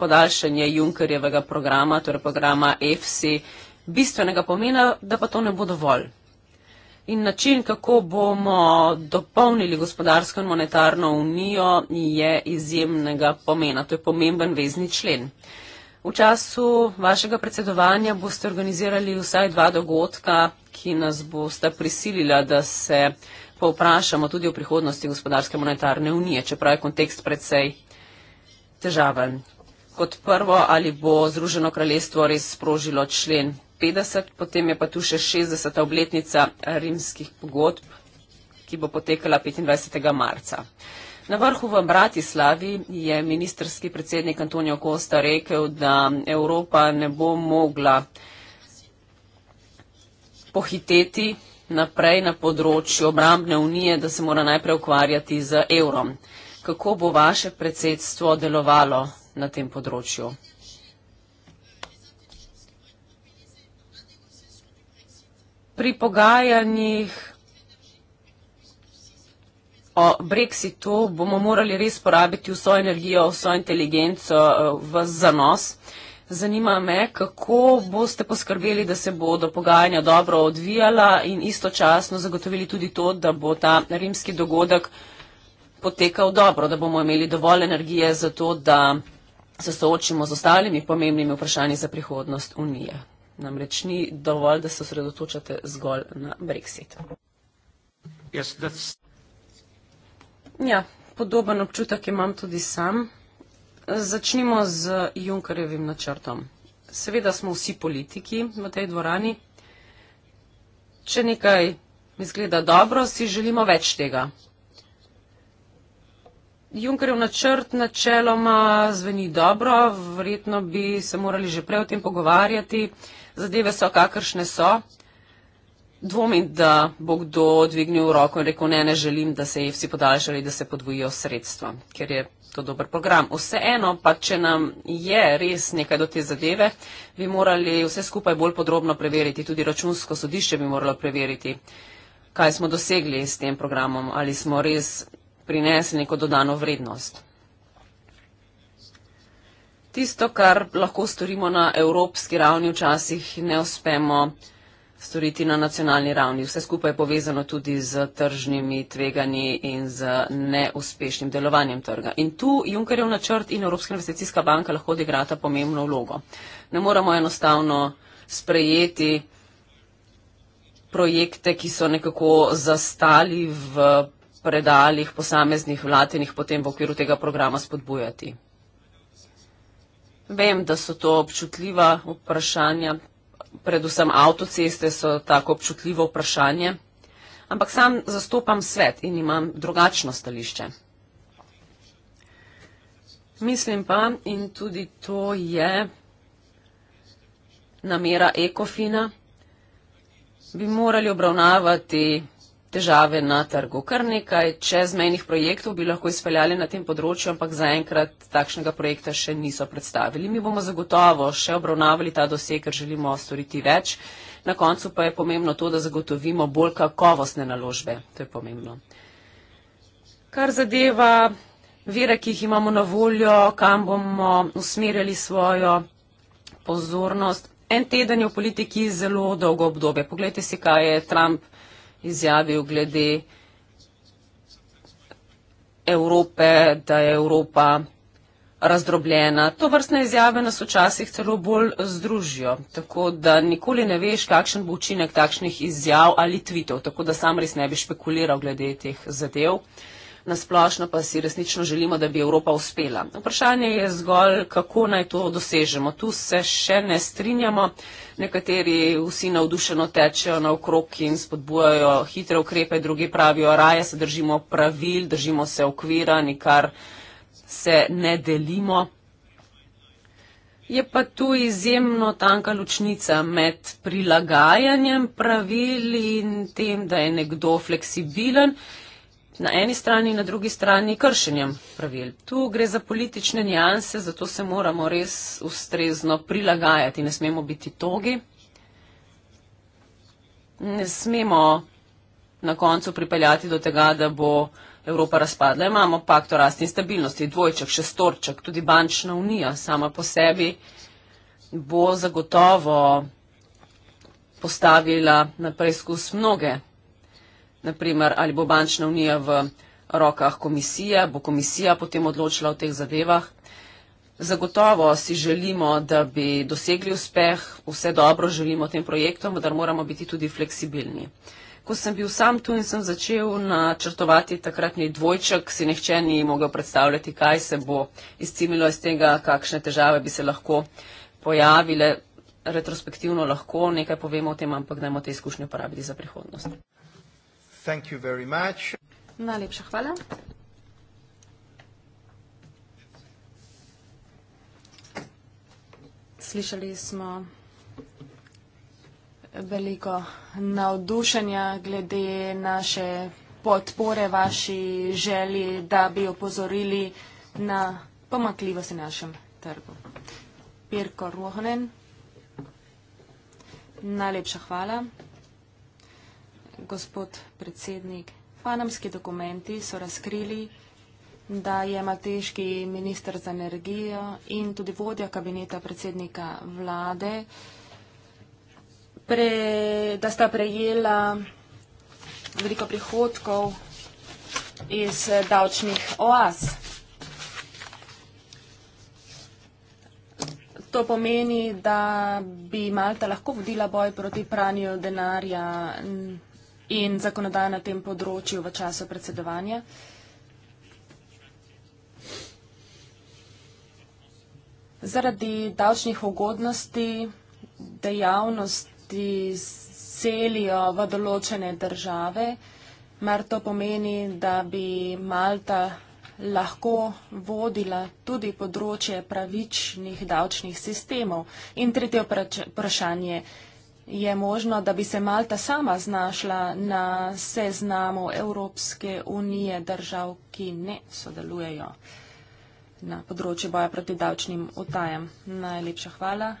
podaljšanje Junkerjevega programa, torej programa EFSI, bistvenega pomena, da pa to ne bo dovolj. In način, kako bomo dopolnili gospodarsko in monetarno unijo, je izjemnega pomena. To je pomemben vezni člen. V času vašega predsedovanja boste organizirali vsaj dva dogodka, ki nas boste prisilila, da se povprašamo tudi o prihodnosti gospodarske in monetarne unije, čeprav je kontekst predvsej težaven. Kot prvo, ali bo Združeno kraljestvo res sprožilo člen 50, potem je pa tu še 60. obletnica rimskih pogodb, ki bo potekala 25. marca. Na vrhu v Bratislavi je ministerski predsednik Antonijo Kosta rekel, da Evropa ne bo mogla pohiteti naprej na področju obrambne unije, da se mora najprej ukvarjati z evrom. Kako bo vaše predsedstvo delovalo na tem področju? pri pogajanjih o brexitu bomo morali res porabiti vso energijo, vso inteligenco eh, v zanos. Zanima me, kako boste poskrbeli, da se bodo pogajanja dobro odvijala in istočasno zagotovili tudi to, da bo ta rimski dogodek potekal dobro, da bomo imeli dovolj energije za to, da se soočimo z ostalimi pomembnimi vprašanji za prihodnost Unije. Namreč ni dovolj, da se osredotočate zgolj na Brexit. Yes, ja, podoben občutek imam tudi sam. Začnimo z Junkerjevim načrtom. Seveda smo vsi politiki v tej dvorani. Če nekaj izgleda dobro, si želimo več tega. Junkerjev načrt načeloma zveni dobro, verjetno bi se morali že prej o tem pogovarjati zadeve so kakršne so. Dvomim, da bo kdo dvignil roko in rekel, ne, ne želim, da se jih vsi podaljšali, da se podvojijo sredstva, ker je to dober program. Vseeno pa, če nam je res nekaj do te zadeve, bi morali vse skupaj bolj podrobno preveriti, tudi računsko sodišče bi moralo preveriti, kaj smo dosegli s tem programom, ali smo res prinesli neko dodano vrednost tisto, kar lahko storimo na evropski ravni, včasih ne uspemo storiti na nacionalni ravni. Vse skupaj je povezano tudi z tržnimi tveganji in z neuspešnim delovanjem trga. In tu Junkerjev načrt in Evropska investicijska banka lahko odigrata pomembno vlogo. Ne moramo enostavno sprejeti projekte, ki so nekako zastali v predaljih posameznih vlad in jih potem v okviru tega programa spodbujati. Vem, da so to občutljiva vprašanja, predvsem avtoceste so tako občutljivo vprašanje, ampak sam zastopam svet in imam drugačno stališče. Mislim pa, in tudi to je namera ekofina, bi morali obravnavati težave na trgu. Kar nekaj čezmejnih projektov bi lahko izpeljali na tem področju, ampak zaenkrat takšnega projekta še niso predstavili. Mi bomo zagotovo še obravnavali ta dosek, ker želimo storiti več. Na koncu pa je pomembno to, da zagotovimo bolj kakovostne naložbe. To je pomembno. Kar zadeva vire, ki jih imamo na voljo, kam bomo usmerjali svojo pozornost. En teden je v politiki zelo dolgo obdobje. Poglejte si, kaj je Trump izjavil glede Evrope, da je Evropa razdrobljena. To vrstne izjave nas včasih celo bolj združijo, tako da nikoli ne veš, kakšen bo učinek takšnih izjav ali tvitev, tako da sam res ne bi špekuliral glede teh zadev na splošno pa si resnično želimo, da bi Evropa uspela. Vprašanje je zgolj, kako naj to dosežemo. Tu se še ne strinjamo. Nekateri vsi navdušeno tečejo na okrog in spodbujajo hitre ukrepe, drugi pravijo, raje se držimo pravil, držimo se okvira, nikar se ne delimo. Je pa tu izjemno tanka ločnica med prilagajanjem pravil in tem, da je nekdo fleksibilen na eni strani in na drugi strani kršenjem pravil. Tu gre za politične nijanse, zato se moramo res ustrezno prilagajati, ne smemo biti togi. Ne smemo na koncu pripeljati do tega, da bo Evropa razpadla. Imamo pakt o rasti in stabilnosti, dvojček, šestorček, tudi bančna unija sama po sebi bo zagotovo postavila na preizkus mnoge naprimer, ali bo bančna unija v rokah komisije, bo komisija potem odločila o teh zadevah. Zagotovo si želimo, da bi dosegli uspeh, vse dobro želimo tem projektom, vendar moramo biti tudi fleksibilni. Ko sem bil sam tu in sem začel načrtovati takratni dvojček, si nihče ni mogel predstavljati, kaj se bo izcimilo iz tega, kakšne težave bi se lahko pojavile. Retrospektivno lahko nekaj povemo o tem, ampak dajmo te izkušnje uporabiti za prihodnost. Thank you very much. Najlepša hvala. Slišali smo veliko navdušenja glede naše podpore vaši želi, da bi opozorili na pomakljivost v našem trgu. Pirko Ruhonen, najlepša hvala gospod predsednik. Panamski dokumenti so razkrili, da je Mateški minister za energijo in tudi vodja kabineta predsednika vlade, pre, da sta prejela veliko prihodkov iz davčnih oaz. To pomeni, da bi Malta lahko vodila boj proti pranju denarja in zakonodaja na tem področju v času predsedovanja? Zaradi davčnih ugodnosti dejavnosti selijo v določene države, mar to pomeni, da bi Malta lahko vodila tudi področje pravičnih davčnih sistemov. In tretje vprašanje je, je možno, da bi se Malta sama znašla na seznamu Evropske unije držav, ki ne sodelujejo na področju boja proti davčnim utajem. Najlepša hvala.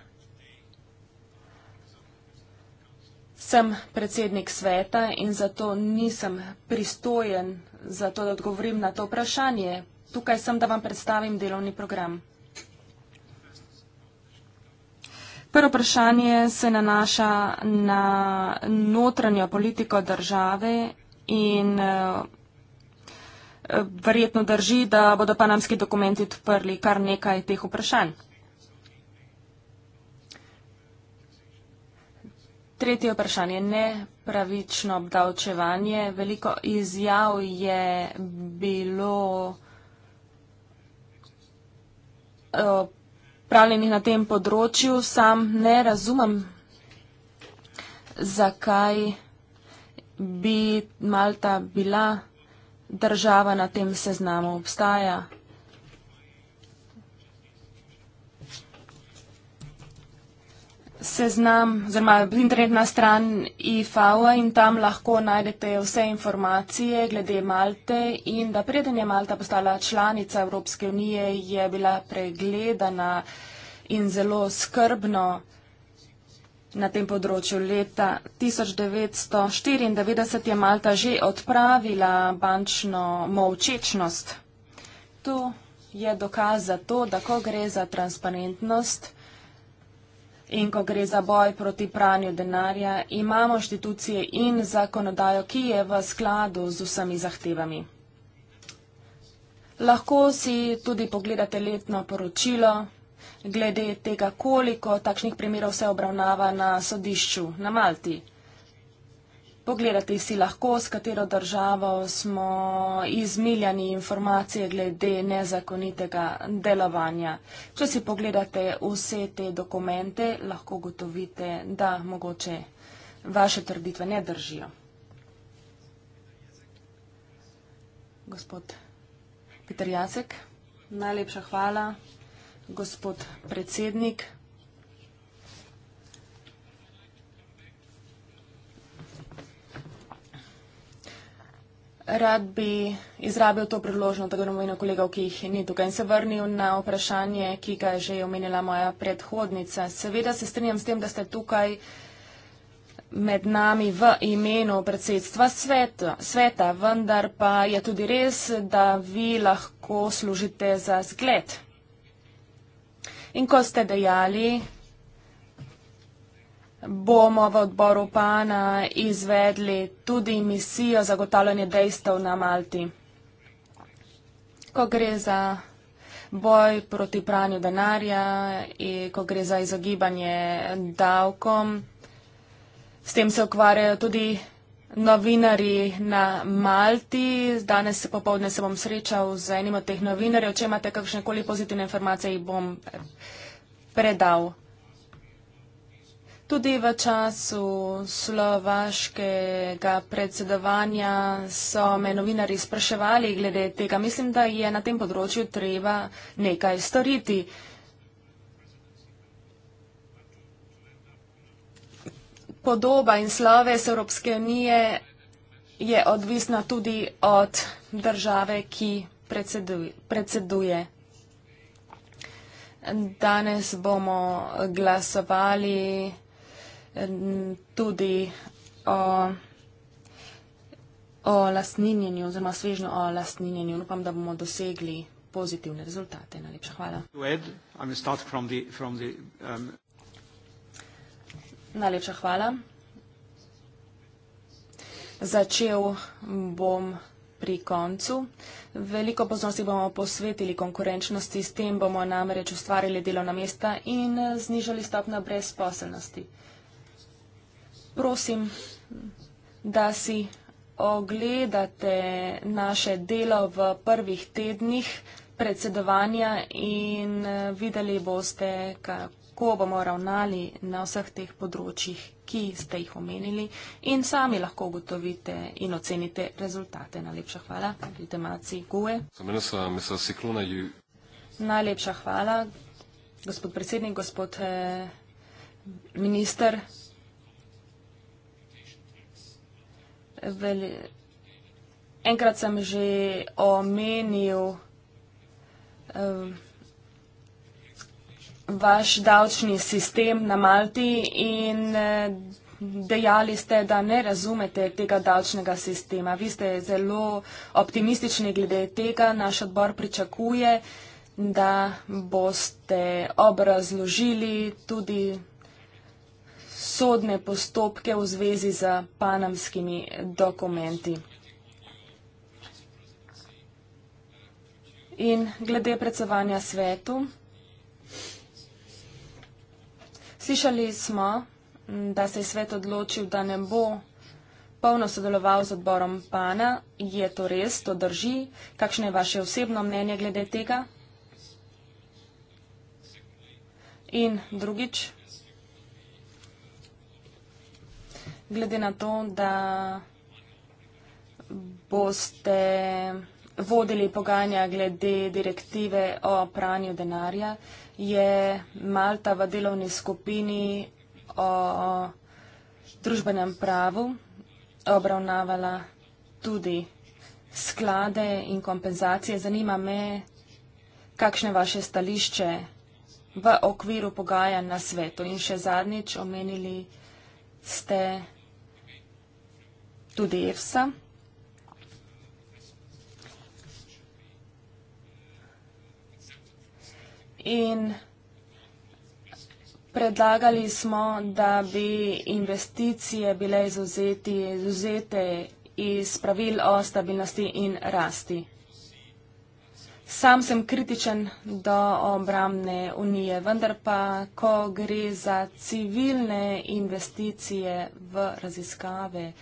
Sem predsednik sveta in zato nisem pristojen za to, da odgovorim na to vprašanje. Tukaj sem, da vam predstavim delovni program. Prvo vprašanje se nanaša na notranjo politiko države in eh, verjetno drži, da bodo panamski dokumenti odprli kar nekaj teh vprašanj. Tretje vprašanje, nepravično obdavčevanje. Veliko izjav je bilo eh, pripravljenih na tem področju. Sam ne razumem, zakaj bi Malta bila država na tem seznamu. Obstaja seznam oziroma internetna stran IFAO in tam lahko najdete vse informacije glede Malte in da preden je Malta postala članica Evropske unije, je bila pregledana in zelo skrbno na tem področju leta 1994 je Malta že odpravila bančno molčečnost. To je dokaz za to, da ko gre za transparentnost, in ko gre za boj proti pranju denarja, imamo inštitucije in zakonodajo, ki je v skladu z vsemi zahtevami. Lahko si tudi pogledate letno poročilo glede tega, koliko takšnih primerov se obravnava na sodišču na Malti pogledati si lahko, s katero državo smo izmiljani informacije glede nezakonitega delovanja. Če si pogledate vse te dokumente, lahko gotovite, da mogoče vaše trditve ne držijo. Gospod Peter Jacek, najlepša hvala. Gospod predsednik. Rad bi izrabil to priložnost, da govorimo o kolegov, ki jih ni tukaj in se vrnil na vprašanje, ki ga je že omenila moja predhodnica. Seveda se strinjam s tem, da ste tukaj med nami v imenu predsedstva sveta, sveta, vendar pa je tudi res, da vi lahko služite za zgled. In ko ste dejali, bomo v odboru pana izvedli tudi misijo zagotavljanja dejstev na Malti. Ko gre za boj proti pranju denarja in ko gre za izogibanje davkom, s tem se ukvarjajo tudi novinari na Malti. Danes se popovdne se bom srečal z enim od teh novinarjev. Če imate kakšne koli pozitivne informacije, jih bom predal. Tudi v času slovaškega predsedovanja so me novinari spraševali glede tega. Mislim, da je na tem področju treba nekaj storiti. Podoba in sloves Evropske unije je odvisna tudi od države, ki predseduje. Danes bomo glasovali vsega tudi o, o lastninjenju oziroma svežnju o lastninjenju. Upam, da bomo dosegli pozitivne rezultate. Najlepša hvala. Um, Najlepša hvala. Začel bom pri koncu. Veliko pozornosti bomo posvetili konkurenčnosti, s tem bomo namreč ustvarili delovna mesta in znižali stopno brezposelnosti prosim, da si ogledate naše delo v prvih tednih predsedovanja in eh, videli boste, kako bomo ravnali na vseh teh področjih, ki ste jih omenili in sami lahko ugotovite in ocenite rezultate. Najlepša hvala. Vidite, Maci Gue. Najlepša hvala, gospod predsednik, gospod eh, minister. Velje. Enkrat sem že omenil um, vaš davčni sistem na Malti in eh, dejali ste, da ne razumete tega davčnega sistema. Vi ste zelo optimistični glede tega. Naš odbor pričakuje, da boste obrazložili tudi sodne postopke v zvezi z panamskimi dokumenti. In glede predsevanja svetu, slišali smo, da se je svet odločil, da ne bo polno sodeloval z odborom pana. Je to res, to drži? Kakšno je vaše osebno mnenje glede tega? In drugič, glede na to, da boste vodili pogajanja glede direktive o pranju denarja, je Malta v delovni skupini o družbenem pravu obravnavala tudi sklade in kompenzacije. Zanima me, kakšne vaše stališče v okviru pogajanj na svetu. In še zadnjič omenili ste tudi EFSA. In predlagali smo, da bi investicije bile izuzeti, izuzete iz pravil o stabilnosti in rasti. Sam sem kritičen do obramne unije, vendar pa, ko gre za civilne investicije v raziskave,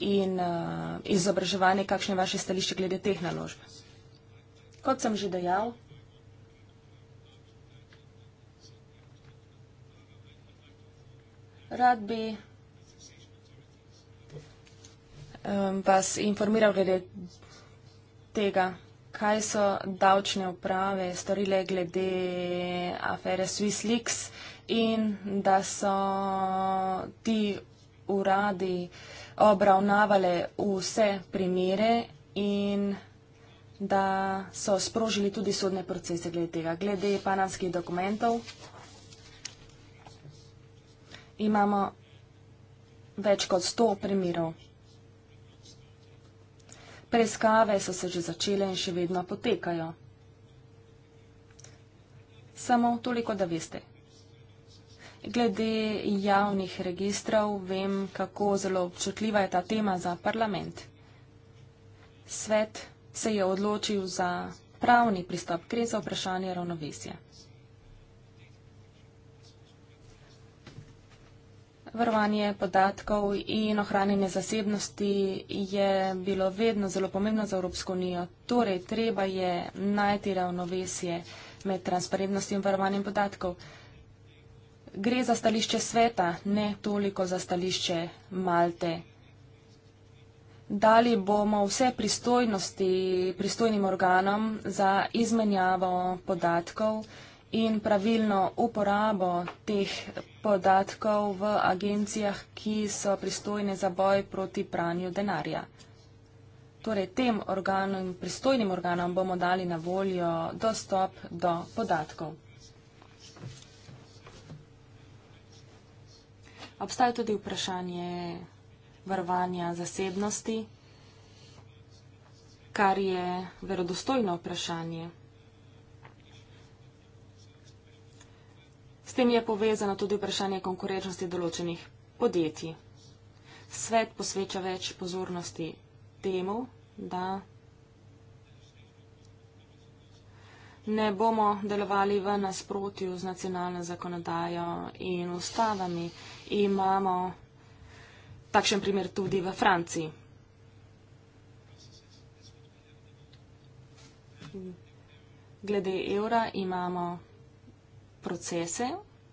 in uh, izobraževanje, kakšno je vaše stališče glede teh naložb. Kot sem že dejal, rad bi um, vas informiral glede tega, kaj so davčne uprave storile glede afere SwissLeaks in da so ti uradi uh, obravnavale vse primere in da so sprožili tudi sodne procese glede tega. Glede panamskih dokumentov imamo več kot 100 primerov. Preiskave so se že začele in še vedno potekajo. Samo toliko, da veste. Glede javnih registrov vem, kako zelo občutljiva je ta tema za parlament. Svet se je odločil za pravni pristop, gre za vprašanje ravnovesja. Varovanje podatkov in ohranjanje zasebnosti je bilo vedno zelo pomembno za Evropsko unijo. Torej, treba je najti ravnovesje med transparentnostjo in varovanjem podatkov gre za stališče sveta, ne toliko za stališče Malte. Dali bomo vse pristojnosti pristojnim organom za izmenjavo podatkov in pravilno uporabo teh podatkov v agencijah, ki so pristojne za boj proti pranju denarja. Torej, tem organom, pristojnim organom bomo dali na voljo dostop do podatkov. Obstaja tudi vprašanje varovanja zasebnosti, kar je verodostojno vprašanje. S tem je povezano tudi vprašanje konkurenčnosti določenih podjetij. Svet posveča več pozornosti temu, da ne bomo delovali v nasprotju z nacionalno zakonodajo in ustavami imamo takšen primer tudi v Franciji. Glede evra imamo procese,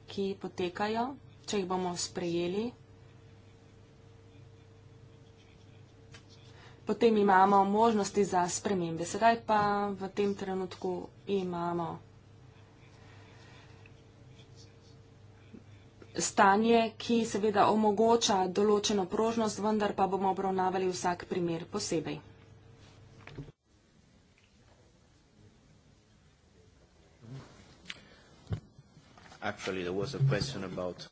ki potekajo, če jih bomo sprejeli. Potem imamo možnosti za spremembe. Sedaj pa v tem trenutku imamo. stanje, ki seveda omogoča določeno prožnost, vendar pa bomo obravnavali vsak primer posebej. Actually, there was a question about...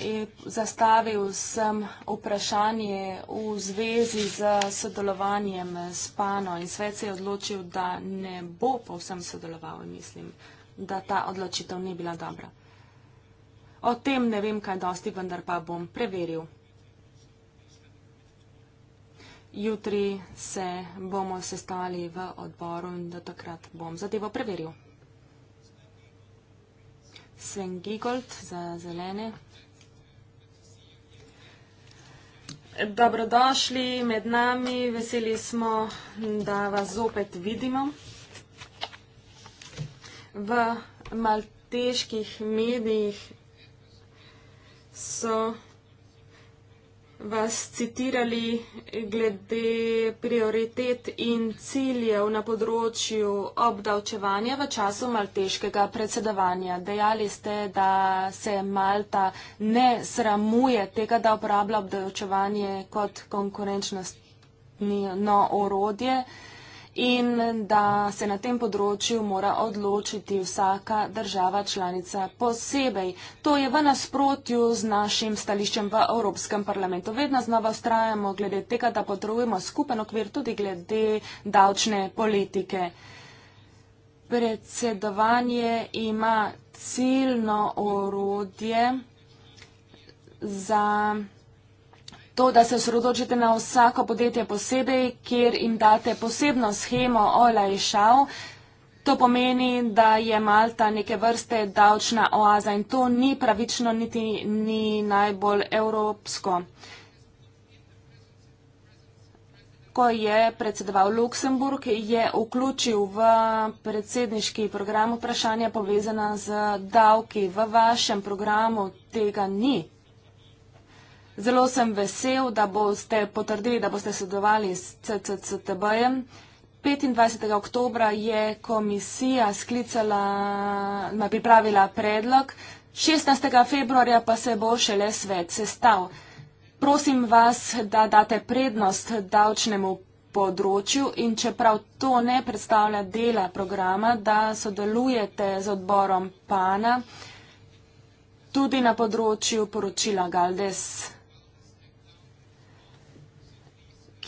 E, zastavil sem vprašanje v zvezi z sodelovanjem s Pano in svet se je odločil, da ne bo povsem sodeloval in mislim, da ta odločitev ni bila dobra. O tem ne vem kaj dosti, vendar pa bom preveril. Jutri se bomo sestali v odboru in do takrat bom zadevo preveril. Sven Giegold za zelene. Dobrodošli med nami, veseli smo, da vas zopet vidimo. V malteških medijih so vas citirali glede prioritet in ciljev na področju obdavčevanja v času malteškega predsedovanja. Dejali ste, da se Malta ne sramuje tega, da uporablja obdavčevanje kot konkurenčnostno orodje. Uh, in da se na tem področju mora odločiti vsaka država članica posebej. To je v nasprotju z našim stališčem v Evropskem parlamentu. Vedno znova ustrajamo glede tega, da potrebujemo skupen okvir tudi glede davčne politike. Predsedovanje ima ciljno orodje za To, da se osredotočite na vsako podjetje posebej, kjer jim date posebno schemo olajšav, to pomeni, da je Malta neke vrste davčna oaza in to ni pravično, niti ni najbolj evropsko. Ko je predsedoval Luksemburg, je vključil v predsedniški program vprašanja povezana z davki. V vašem programu tega ni. Zelo sem vesel, da boste potrdili, da boste sodelovali s CCCTB-jem. 25. oktobra je komisija sklicala, ima pripravila predlog, 16. februarja pa se bo šele svet sestav. Prosim vas, da date prednost davčnemu področju in čeprav to ne predstavlja dela programa, da sodelujete z odborom PANA tudi na področju poročila Galdes.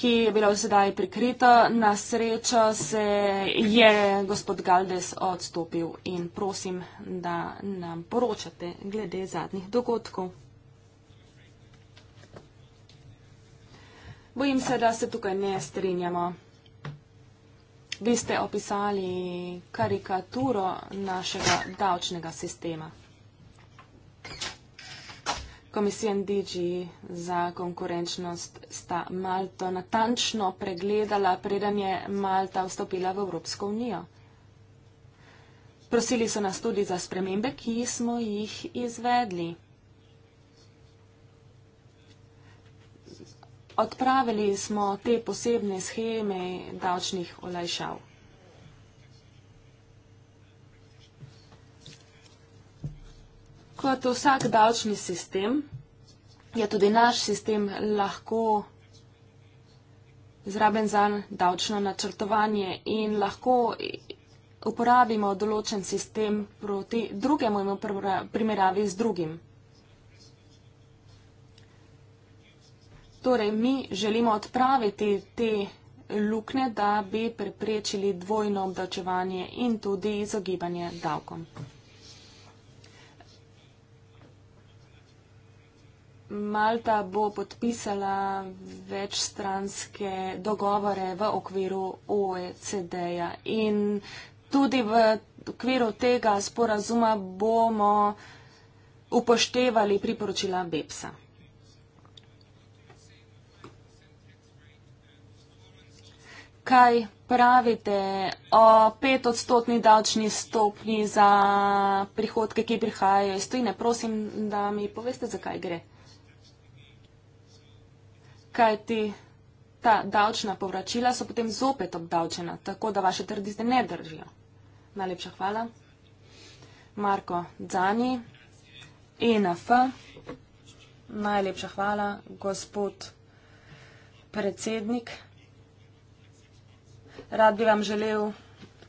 ki je bila vsedaj prikrita. Na srečo se je gospod Galdes odstopil in prosim, da nam poročate glede zadnjih dogodkov. Bojim se, da se tukaj ne strinjamo. Vi ste opisali karikaturo našega davčnega sistema. Komisija NDG za konkurenčnost sta Malto natančno pregledala, preden je Malta vstopila v Evropsko unijo. Prosili so nas tudi za spremembe, ki smo jih izvedli. Odpravili smo te posebne scheme davčnih olajšav. Kot vsak davčni sistem, je tudi naš sistem lahko zraben za davčno načrtovanje in lahko uporabimo določen sistem proti drugemu in v primeravi z drugim. Torej, mi želimo odpraviti te lukne, da bi preprečili dvojno obdavčevanje in tudi izogibanje davkom. Malta bo podpisala večstranske dogovore v okviru OECD-ja in tudi v okviru tega sporazuma bomo upoštevali priporočila BEPS-a. Kaj pravite o petodstotni davčni stopni za prihodke, ki prihajajo iz tujine? Prosim, da mi poveste, zakaj gre kajti ta davčna povračila so potem zopet obdavčena, tako da vaše trditve ne držijo. Najlepša hvala. Marko Dzani, ENF. Najlepša hvala, gospod predsednik. Rad bi vam želel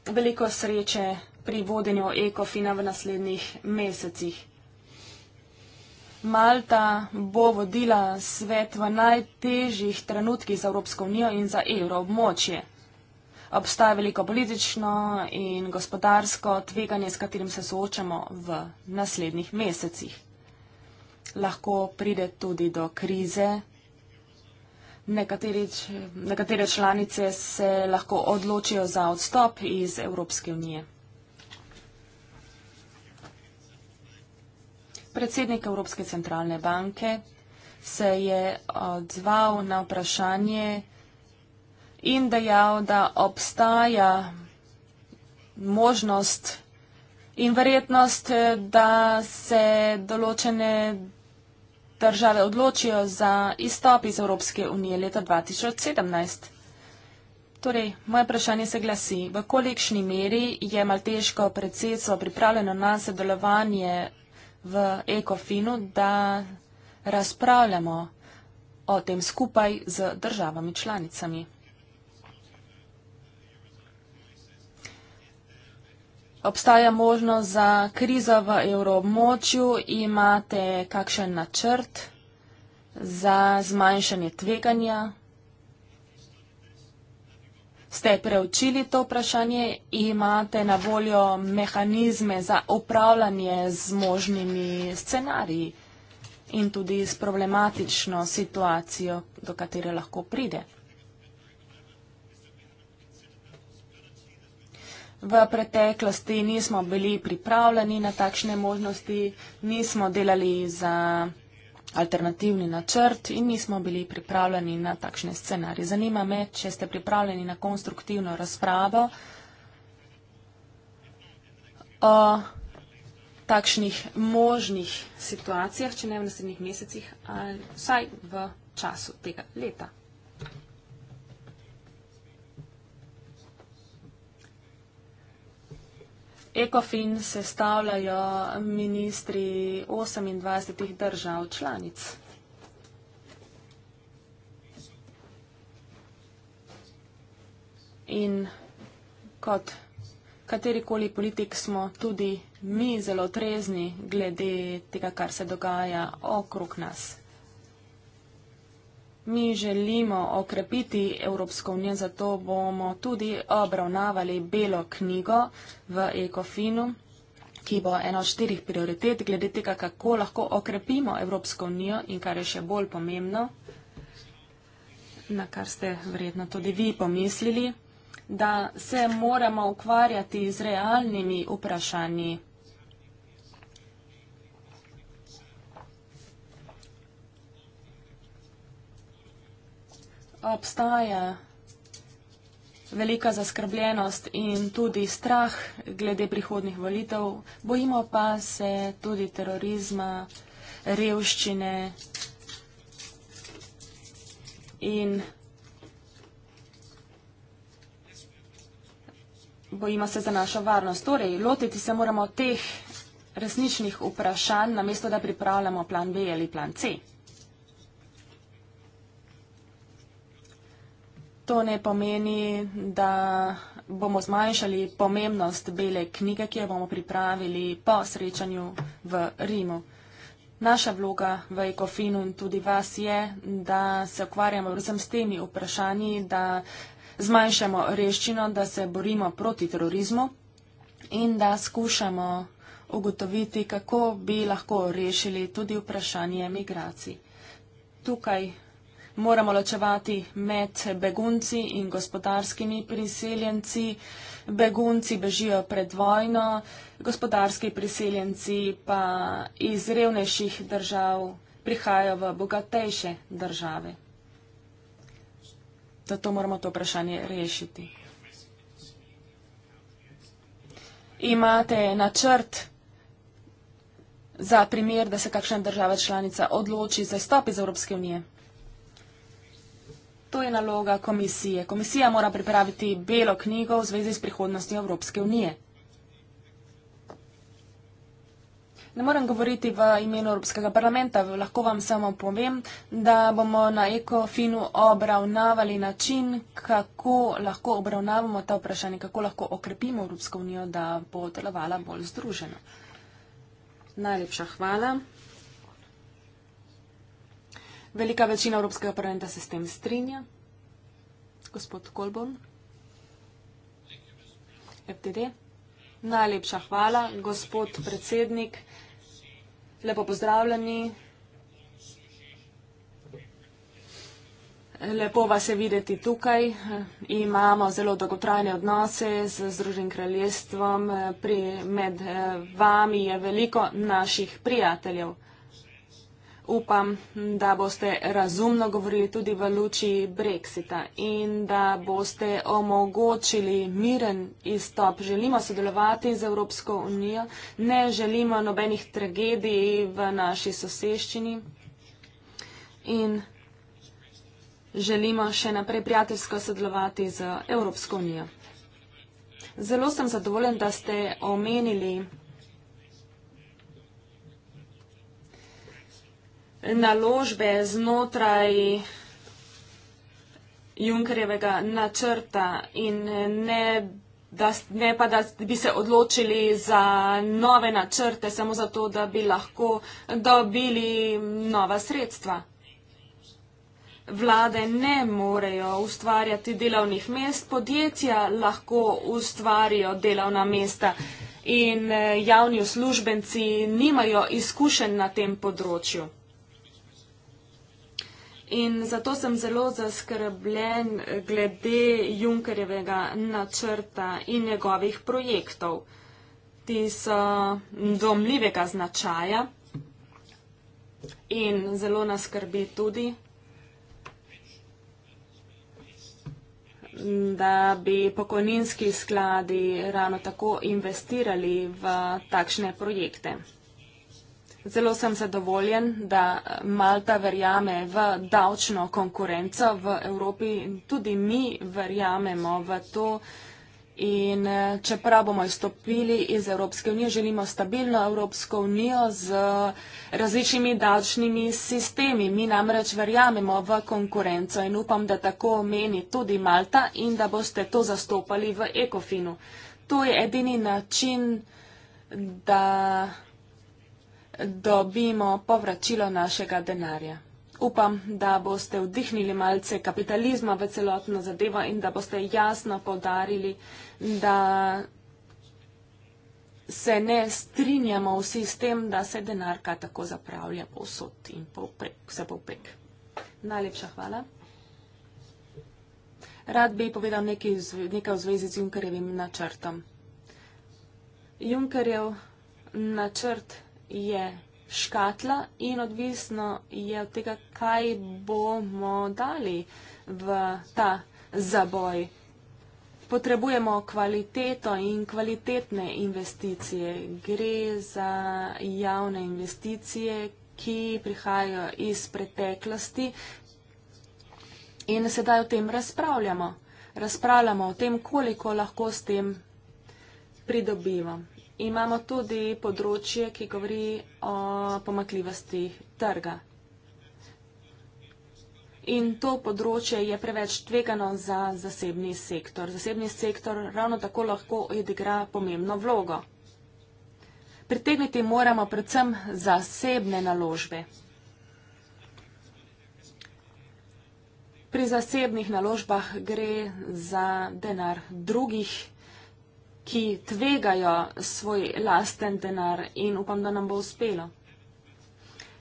veliko sreče pri vodenju ekofina v naslednjih mesecih. Malta bo vodila svet v najtežjih trenutkih za Evropsko unijo in za evroobmočje. Obstaja veliko politično in gospodarsko tveganje, s katerim se soočamo v naslednjih mesecih. Lahko pride tudi do krize. Nekateri, nekatere članice se lahko odločijo za odstop iz Evropske unije. predsednik Evropske centralne banke se je odzval na vprašanje in dejal, da obstaja možnost in verjetnost, da se določene države odločijo za izstop iz Evropske unije leta 2017. Torej, moje vprašanje se glasi, v kolikšni meri je malteško predsedstvo pripravljeno na sodelovanje v ECOFIN-u, da razpravljamo o tem skupaj z državami članicami. Obstaja možnost za krizo v evroobmočju, imate kakšen načrt za zmanjšanje tveganja? ste preučili to vprašanje in imate na voljo mehanizme za upravljanje z možnimi scenariji in tudi s problematično situacijo, do katere lahko pride. V preteklosti nismo bili pripravljeni na takšne možnosti, nismo delali za alternativni načrt in nismo bili pripravljeni na takšne scenarije. Zanima me, če ste pripravljeni na konstruktivno razpravo o takšnih možnih situacijah, če ne v naslednjih mesecih, ali vsaj v času tega leta. ECOFIN sestavljajo ministri 28 držav članic. In kot katerikoli politik smo tudi mi zelo trezni glede tega, kar se dogaja okrog nas. Mi želimo okrepiti Evropsko unijo, zato bomo tudi obravnavali belo knjigo v Ekofinu, ki bo ena od štirih prioritet glede tega, kako lahko okrepimo Evropsko unijo in kar je še bolj pomembno, na kar ste vredno tudi vi pomislili, da se moramo ukvarjati z realnimi vprašanji. obstaja velika zaskrbljenost in tudi strah glede prihodnih volitev. Bojimo pa se tudi terorizma, revščine in bojimo se za našo varnost. Torej, lotiti se moramo teh resničnih vprašanj, namesto da pripravljamo plan B ali plan C. To ne pomeni, da bomo zmanjšali pomembnost bele knjige, ki jo bomo pripravili po srečanju v Rimu. Naša vloga v Ekofinu in tudi vas je, da se ukvarjamo vsem s temi vprašanji, da zmanjšamo reščino, da se borimo proti terorizmu in da skušamo ugotoviti, kako bi lahko rešili tudi vprašanje migracij. Tukaj moramo ločevati med begunci in gospodarskimi priseljenci. Begunci bežijo pred vojno, gospodarski priseljenci pa iz revnejših držav prihajajo v bogatejše države. Zato moramo to vprašanje rešiti. Imate načrt? za primer, da se kakšna država članica odloči za izstop iz Evropske unije. To je naloga komisije. Komisija mora pripraviti belo knjigo v zvezi s prihodnostjo Evropske unije. Ne morem govoriti v imenu Evropskega parlamenta, lahko vam samo povem, da bomo na ECOFIN-u obravnavali način, kako lahko obravnavamo ta vprašanje, kako lahko okrepimo Evropsko unijo, da bo delovala bolj združeno. Najlepša hvala. Velika večina Evropskega parlamenta se s tem strinja. Gospod Kolbon. FTD. Najlepša hvala, gospod predsednik. Lepo pozdravljeni. Lepo vas je videti tukaj. Imamo zelo dolgotrajne odnose z Združenim kraljestvom. Pri, med eh, vami je veliko naših prijateljev upam, da boste razumno govorili tudi v luči Brexita in da boste omogočili miren izstop. Želimo sodelovati z Evropsko unijo, ne želimo nobenih tragedij v naši soseščini in želimo še naprej prijateljsko sodelovati z Evropsko unijo. Zelo sem zadovoljen, da ste omenili naložbe znotraj Junkerjevega načrta in ne, da, ne pa, da bi se odločili za nove načrte samo zato, da bi lahko dobili nova sredstva. Vlade ne morejo ustvarjati delovnih mest, podjetja lahko ustvarijo delovna mesta in eh, javni uslužbenci nimajo izkušenj na tem področju. In zato sem zelo zaskrbljen glede Junkerjevega načrta in njegovih projektov, ki so domljivega značaja in zelo nas skrbi tudi, da bi pokojninski skladi ravno tako investirali v takšne projekte. Zelo sem zadovoljen, da eh, Malta verjame v davčno konkurenco v Evropi in tudi mi verjamemo v to. In eh, čeprav bomo izstopili iz Evropske unije, želimo stabilno Evropsko unijo z različnimi davčnimi sistemi. Mi namreč verjamemo v konkurenco in upam, da tako meni tudi Malta in da boste to zastopali v ECOFINU. To je edini način, da dobimo povračilo našega denarja. Upam, da boste vdihnili malce kapitalizma v celotno zadevo in da boste jasno podarili, da se ne strinjamo vsi s tem, da se denarka tako zapravlja povsod in povprek, vse povprek. Najlepša hvala. Rad bi povedal nekaj, nekaj v zvezi z Junkerjevim načrtom. Junkerjev načrt je škatla in odvisno je od tega, kaj bomo dali v ta zaboj. Potrebujemo kvaliteto in kvalitetne investicije. Gre za javne investicije, ki prihajajo iz preteklosti in sedaj o tem razpravljamo. Razpravljamo o tem, koliko lahko s tem pridobivamo imamo tudi področje, ki govori o pomakljivosti trga. In to področje je preveč tvegano za zasebni sektor. Zasebni sektor ravno tako lahko odigra pomembno vlogo. Pritegniti moramo predvsem zasebne naložbe. Pri zasebnih naložbah gre za denar drugih ki tvegajo svoj lasten denar in upam, da nam bo uspelo.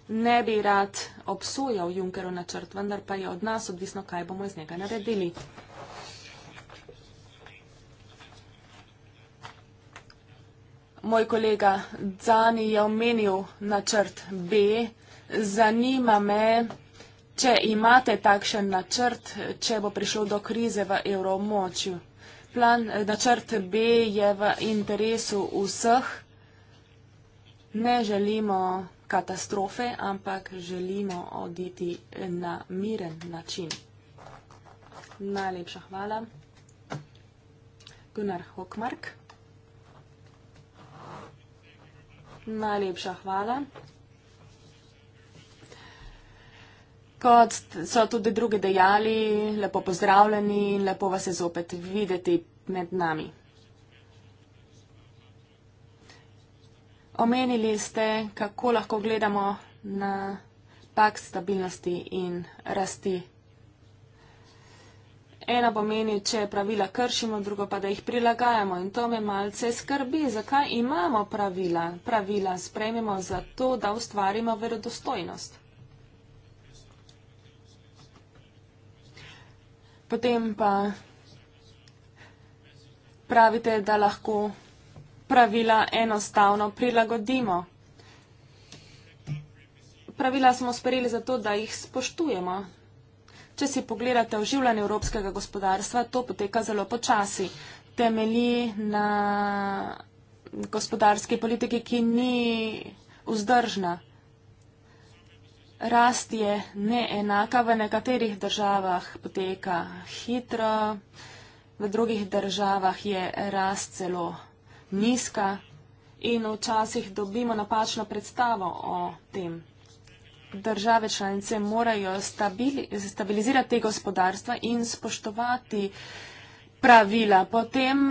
Ne bi rad obsojal Junkerov načrt, vendar pa je od nas odvisno, kaj bomo iz njega naredili. Moj kolega Dzani je omenil načrt B. Zanima me, če imate takšen načrt, če bo prišlo do krize v evromočju plan, eh, načrt B je v interesu vseh. Ne želimo katastrofe, ampak želimo oditi na miren način. Najlepša hvala. Gunnar Hokmark. Najlepša hvala. Kot so tudi drugi dejali, lepo pozdravljeni in lepo vas je zopet videti med nami. Omenili ste, kako lahko gledamo na pak stabilnosti in rasti. Ena pomeni, če pravila kršimo, drugo pa, da jih prilagajamo in to me malce skrbi. Zakaj imamo pravila? Pravila sprejmemo zato, da ustvarimo verodostojnost. potem pa pravite, da lahko pravila enostavno prilagodimo. Pravila smo sprejeli zato, da jih spoštujemo. Če si pogledate oživljanje evropskega gospodarstva, to poteka zelo počasi. Temelji na gospodarski politiki, ki ni vzdržna rast je neenaka, v nekaterih državah poteka hitro, v drugih državah je rast celo nizka in včasih dobimo napačno predstavo o tem. Države članice morajo stabili, stabilizirati gospodarstva in spoštovati pravila. Potem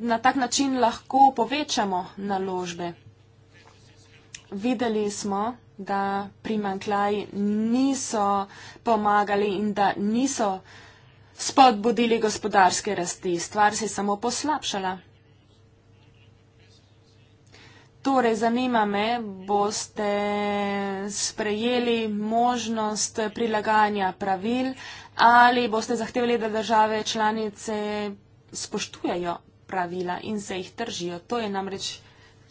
na tak način lahko povečamo naložbe. Videli smo, da primankljaj niso pomagali in da niso spodbudili gospodarske rasti. Stvar se je samo poslabšala. Torej, zanima me, boste sprejeli možnost prilagajanja pravil ali boste zahtevali, da države članice spoštujejo pravila in se jih držijo. To je namreč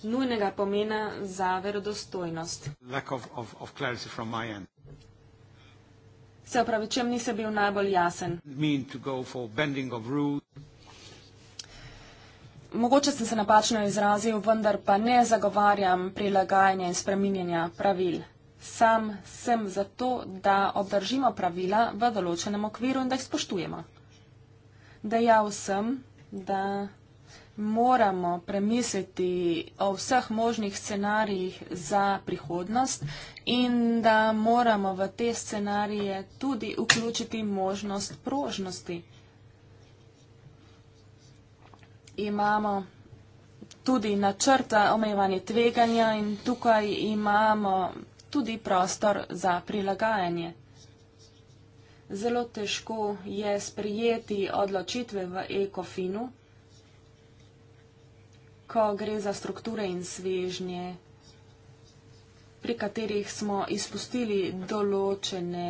nujnega pomena za verodostojnost. Se pravi, čem nisem bil najbolj jasen. Mogoče sem se napačno izrazil, vendar pa ne zagovarjam prilagajanja in spreminjanja pravil. Sam sem zato, da obdržimo pravila v določenem okviru in da jih spoštujemo. Dejal sem, da moramo premisliti o vseh možnih scenarijih za prihodnost in da moramo v te scenarije tudi vključiti možnost prožnosti. Imamo tudi načrta omejevanje tveganja in tukaj imamo tudi prostor za prilagajanje. Zelo težko je sprijeti odločitve v ekofinu ko gre za strukture in svežnje, pri katerih smo izpustili določene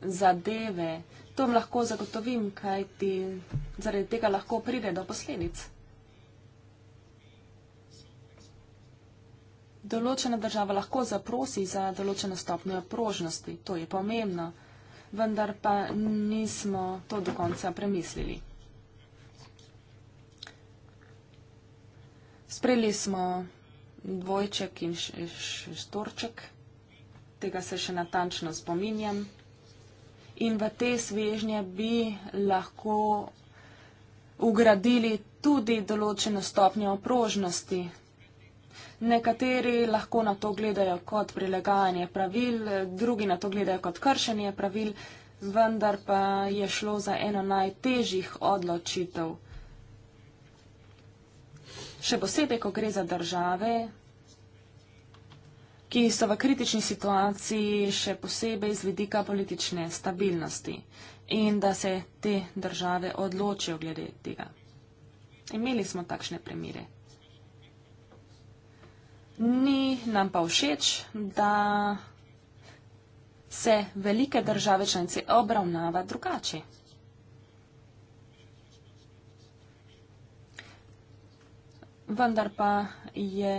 zadeve. To vam lahko zagotovim, kaj ti zaradi tega lahko pride do posledic. Določena država lahko zaprosi za določeno stopnjo prožnosti, to je pomembno, vendar pa nismo to do konca premislili. Sprejeli smo dvojček in štorček, tega se še natančno spominjam. In v te svežnje bi lahko ugradili tudi določeno stopnjo prožnosti. Nekateri lahko na to gledajo kot prilagajanje pravil, drugi na to gledajo kot kršenje pravil, vendar pa je šlo za eno najtežjih odločitev še posebej, ko gre za države, ki so v kritični situaciji še posebej z vidika politične stabilnosti in da se te države odločijo glede tega. Imeli smo takšne premire. Ni nam pa všeč, da se velike države članice obravnava drugače. vendar pa je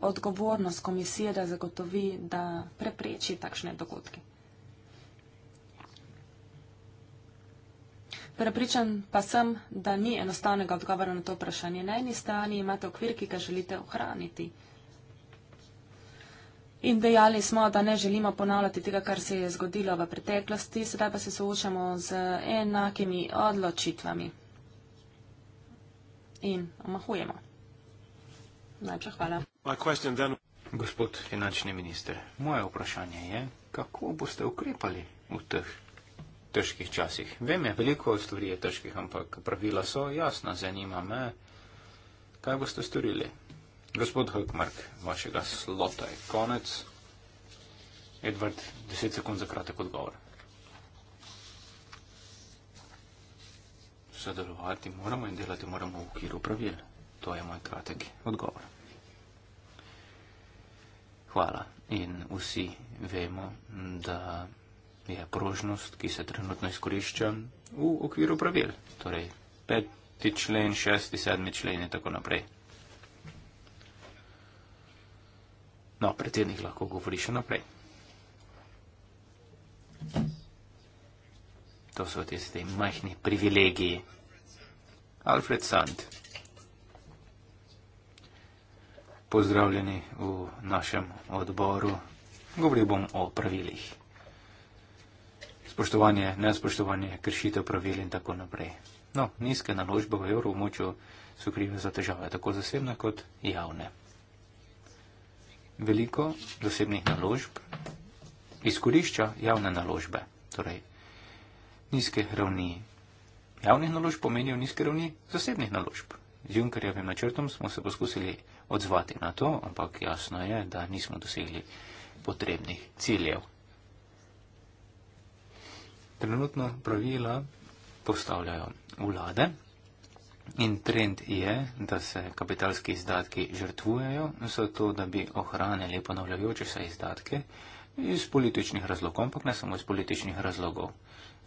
odgovornost komisije, da zagotovi, da prepreči takšne dogodke. Prepričan pa sem, da ni enostavnega odgovora na to vprašanje. Na eni strani imate okvir, ki ga želite ohraniti. In dejali smo, da ne želimo ponavljati tega, kar se je zgodilo v preteklosti, sedaj pa se soočamo z enakimi odločitvami in omahujemo. Najče hvala. Gospod finančni minister, moje vprašanje je, kako boste ukrepali v teh težkih časih? Vem, je, veliko stvari je težkih, ampak pravila so jasna, zanima me, kaj boste storili. Gospod Hökmark, vašega slota je konec. Edward, 10 sekund za kratek odgovor. sodelovati moramo in delati moramo v okviru pravil. To je moj kratek odgovor. Hvala. In vsi vemo, da je prožnost, ki se trenutno izkorišča, v okviru pravil. Torej, peti člen, šesti, sedmi člen in tako naprej. No, predsednik lahko govori še naprej. To so tisti majhni privilegiji. Alfred Sant. Pozdravljeni v našem odboru. Govoril bom o pravilih. Spoštovanje, nespoštovanje, kršitev pravil in tako naprej. No, nizke naložbe v evroobmočju so krive za težave, tako zasebne kot javne. Veliko zasebnih naložb izkorišča javne naložbe, torej nizke ravni javnih naložb pomenijo nizke ravni zasebnih naložb. Z Junkerjevim načrtom smo se poskusili odzvati na to, ampak jasno je, da nismo dosegli potrebnih ciljev. Trenutno pravila postavljajo vlade in trend je, da se kapitalski izdatki žrtvujejo, zato da bi ohranili ponavljajoče se izdatke iz političnih razlogov, ampak ne samo iz političnih razlogov.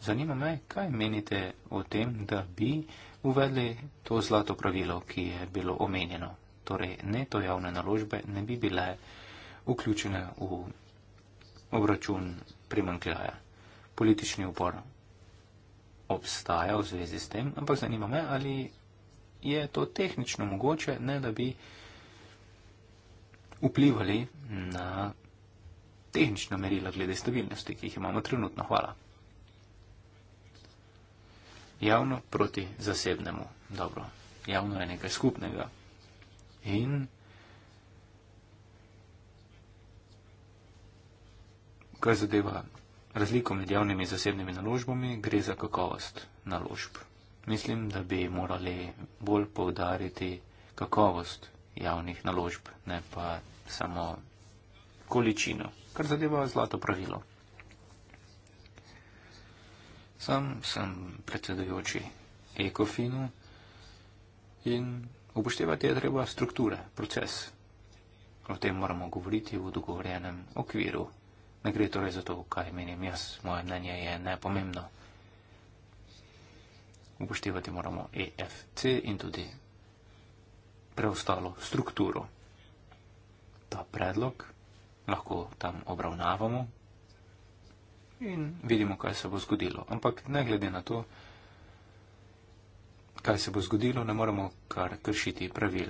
Zanima me, kaj menite o tem, da bi uvedli to zlato pravilo, ki je bilo omenjeno. Torej, ne to javne naložbe ne bi bile vključene v obračun primankljaja. Politični upor obstaja v zvezi s tem, ampak zanima me, ali je to tehnično mogoče, ne da bi vplivali na tehnična merila glede stabilnosti, ki jih imamo trenutno. Hvala javno proti zasebnemu. Dobro, javno je nekaj skupnega. In kar zadeva razliko med javnimi in zasebnimi naložbami, gre za kakovost naložb. Mislim, da bi morali bolj povdariti kakovost javnih naložb, ne pa samo količino, kar zadeva zlato pravilo. Sam sem predsedujoči ekofinu in upoštevati je treba strukture, proces. O tem moramo govoriti v dogovorjenem okviru. Ne gre torej za to, kaj menim jaz. Moje mnenje je nepomembno. Upoštevati moramo EFC in tudi preostalo strukturo. Ta predlog lahko tam obravnavamo, in vidimo, kaj se bo zgodilo. Ampak ne glede na to, kaj se bo zgodilo, ne moremo kar kršiti pravil.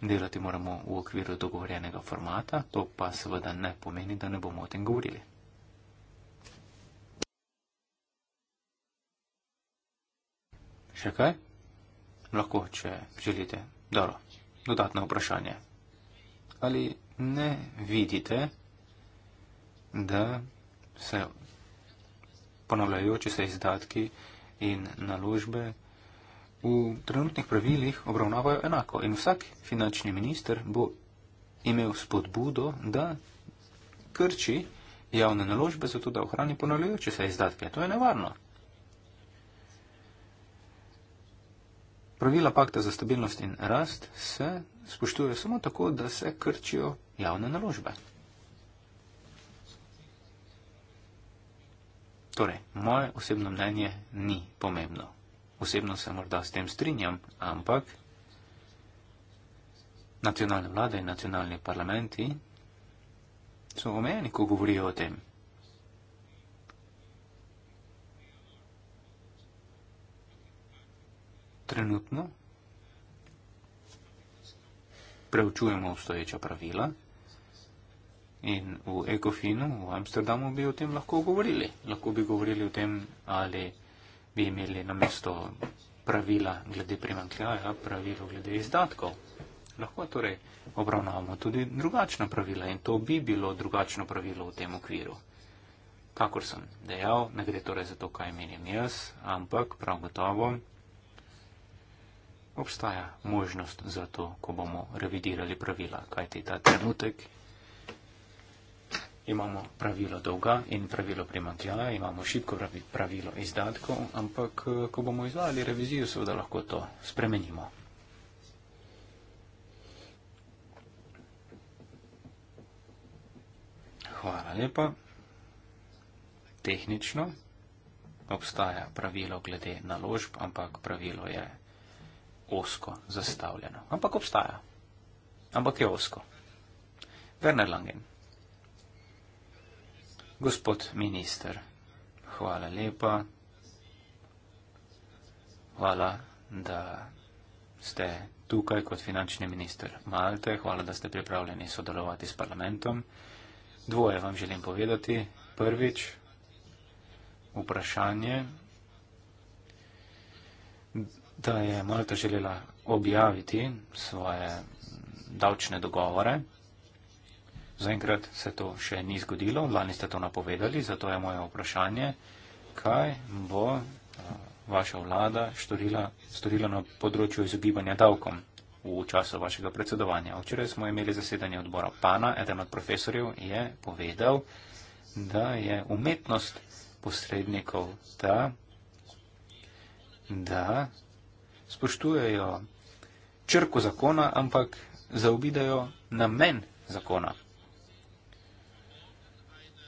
Delati moramo v okviru dogovorjenega formata, to pa seveda ne pomeni, da ne bomo o tem govorili. Še kaj? Lahko, če želite. Dobro, dodatno vprašanje. Ali ne vidite, da se ponavljajoči se izdatki in naložbe v trenutnih pravilih obravnavajo enako. In vsak finančni minister bo imel spodbudo, da krči javne naložbe, zato da ohrani ponavljajoči se izdatke. To je nevarno. Pravila pakta za stabilnost in rast se spoštujejo samo tako, da se krčijo javne naložbe. Torej, moje osebno mnenje ni pomembno. Osebno se morda s tem strinjam, ampak nacionalne vlade in nacionalni parlamenti so omejeni, ko govorijo o tem. Trenutno preučujemo obstoječa pravila. In v Ekofinu v Amsterdamu bi o tem lahko govorili. Lahko bi govorili o tem, ali bi imeli na mesto pravila glede primankljaja, pravilo glede izdatkov. Lahko torej obravnavamo tudi drugačna pravila in to bi bilo drugačno pravilo v tem okviru. Kakor sem dejal, ne gre torej za to, kaj menim jaz, ampak prav gotovo obstaja možnost za to, ko bomo revidirali pravila, kajti ta trenutek imamo pravilo dolga in pravilo primankljaja, imamo šibko pravilo izdatkov, ampak eh, ko bomo izvajali revizijo, seveda lahko to spremenimo. Hvala lepa. Tehnično obstaja pravilo glede naložb, ampak pravilo je osko zastavljeno. Ampak obstaja. Ampak je osko. Werner Langen. Gospod minister, hvala lepa. Hvala, da ste tukaj kot finančni minister Malte. Hvala, da ste pripravljeni sodelovati s parlamentom. Dvoje vam želim povedati. Prvič, vprašanje, da je Malta želela objaviti svoje davčne dogovore. Zaenkrat se to še ni zgodilo, lani ste to napovedali, zato je moje vprašanje, kaj bo eh, vaša vlada storila, storila na področju izogibanja davkom v času vašega predsedovanja. Včeraj smo imeli zasedanje odbora Pana, eden od profesorjev je povedal, da je umetnost posrednikov ta, da spoštujejo črko zakona, ampak zaobidajo namen zakona.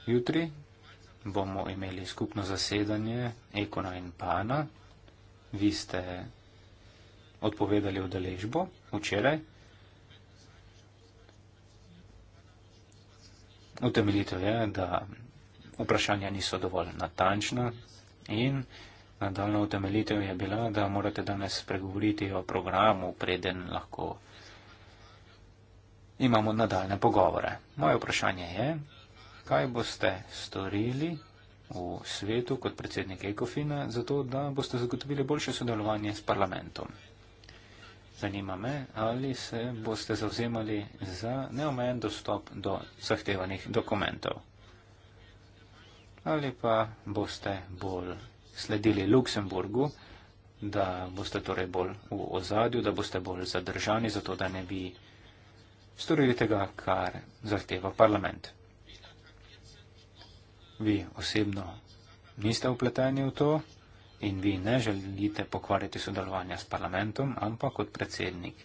Jutri bomo imeli skupno zasedanje Ekona in Pana. Vi ste odpovedali udeležbo včeraj. Utemeljitev je, da vprašanja niso dovolj natančna in nadaljna utemeljitev je bila, da morate danes pregovoriti o programu, preden lahko imamo nadaljne pogovore. Moje vprašanje je, kaj boste storili v svetu kot predsednik Ekofina, zato da boste zagotovili boljše sodelovanje s parlamentom. Zanima me, ali se boste zauzemali za neomejen dostop do zahtevanih dokumentov. Ali pa boste bolj sledili Luksemburgu, da boste torej bolj v ozadju, da boste bolj zadržani, zato da ne bi storili tega, kar zahteva parlament vi osebno niste upleteni v to in vi ne želite pokvariti sodelovanja s parlamentom, ampak kot predsednik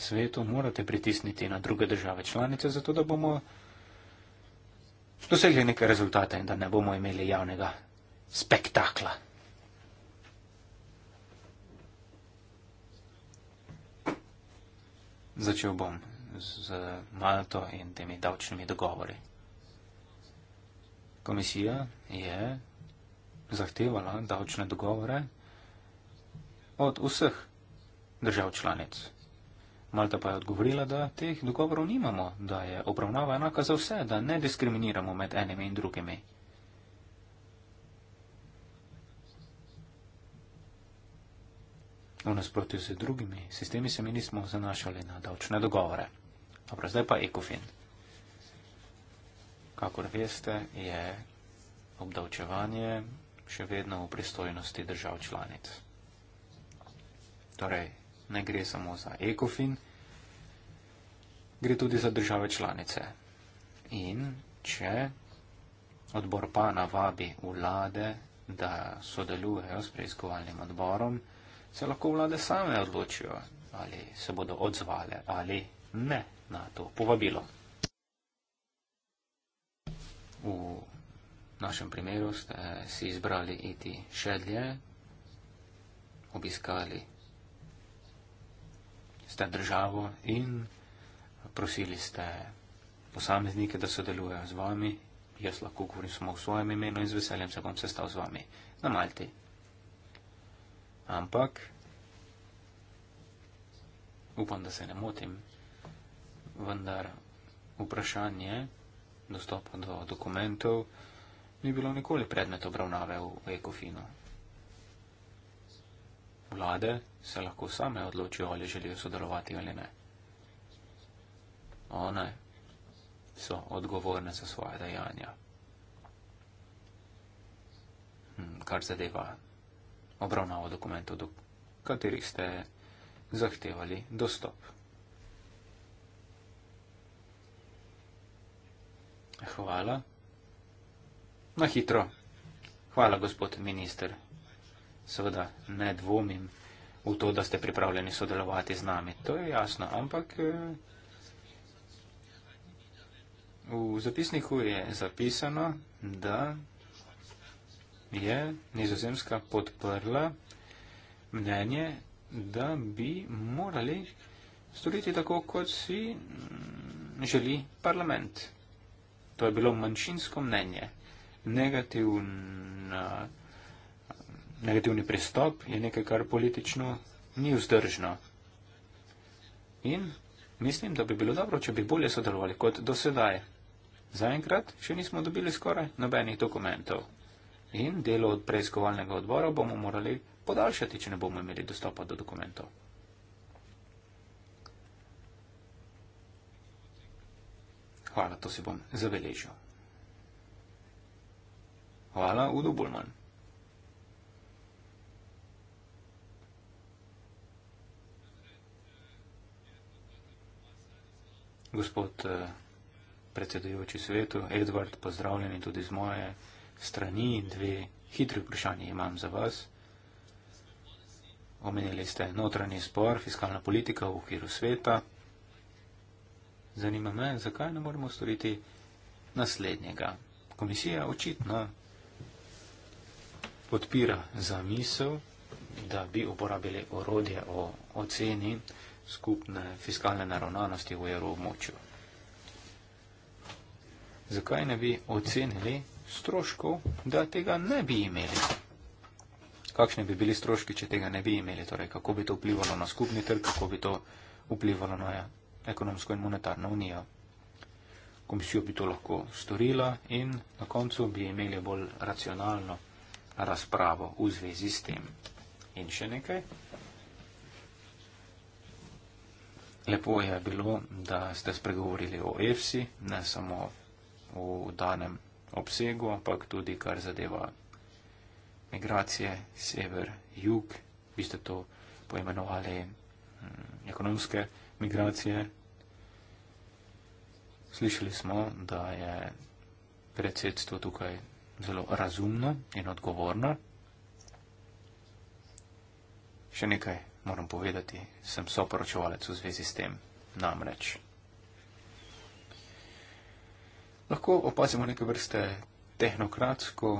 svetu morate pritisniti na druge države članice, zato da bomo dosegli neke rezultate in da ne bomo imeli javnega spektakla. Začel bom z Malto in temi davčnimi dogovori. Komisija je zahtevala davčne dogovore od vseh držav članic. Malta pa je odgovorila, da teh dogovorov nimamo, da je obravnava enaka za vse, da ne diskriminiramo med enimi in drugimi. V nasprotju z drugimi sistemi se mi nismo zanašali na davčne dogovore. Dobro, zdaj pa ECOFIN kakor veste, je obdavčevanje še vedno v pristojnosti držav članic. Torej, ne gre samo za ECOFIN, gre tudi za države članice. In če odbor pa navabi vlade, da sodelujejo s preiskovalnim odborom, se lahko vlade same odločijo, ali se bodo odzvale ali ne na to povabilo v našem primeru ste si izbrali iti še dlje, obiskali ste državo in prosili ste posameznike, da sodelujejo z vami. Jaz lahko govorim samo v svojem imenu in z veseljem se bom sestal z vami na Malti. Ampak, upam, da se ne motim, vendar vprašanje je, dostopa do dokumentov, ni bilo nikoli predmet obravnave v ekofinu. Vlade se lahko same odločijo, ali želijo sodelovati ali ne. One so odgovorne za svoje dejanja. Hm, kar zadeva obravnavo dokumentov, do katerih ste zahtevali dostop. Hvala. Na hitro. Hvala, gospod minister. Seveda, ne dvomim v to, da ste pripravljeni sodelovati z nami. To je jasno, ampak eh, v zapisniku je zapisano, da je nizozemska podprla mnenje, da bi morali storiti tako, kot si mm, želi parlament. To je bilo manjšinsko mnenje. Negativn, uh, negativni pristop je nekaj, kar politično ni vzdržno. In mislim, da bi bilo dobro, če bi bolje sodelovali kot do sedaj. Zaenkrat še nismo dobili skoraj nobenih dokumentov. In delo od preiskovalnega odbora bomo morali podaljšati, če ne bomo imeli dostopa do dokumentov. Hvala, to si bom zabeležil. Hvala, Udo Bulman. Gospod eh, predsedujoči svetu, Edvard, pozdravljeni tudi z moje strani. Dve hitri vprašanje imam za vas. Omenili ste notranji spor, fiskalna politika v okviru sveta. Zanima me, zakaj ne moremo storiti naslednjega. Komisija očitno podpira zamisel, da bi uporabili orodje o oceni skupne fiskalne naravnanosti v evroobmočju. Zakaj ne bi ocenili stroškov, da tega ne bi imeli? Kakšni bi bili stroški, če tega ne bi imeli? Torej, kako bi to vplivalo na skupni trg, kako bi to vplivalo na ekonomsko in monetarno unijo. Komisijo bi to lahko storila in na koncu bi imeli bolj racionalno razpravo v zvezi s tem. In še nekaj. Lepo je bilo, da ste spregovorili o EFSI, ne samo v danem obsegu, ampak tudi kar zadeva migracije sever-jug. Vi ste to poimenovali hm, ekonomske migracije. Slišali smo, da je predsedstvo tukaj zelo razumno in odgovorno. Še nekaj moram povedati, sem soporočevalec v zvezi s tem, namreč. Lahko opazimo neke vrste tehnokratsko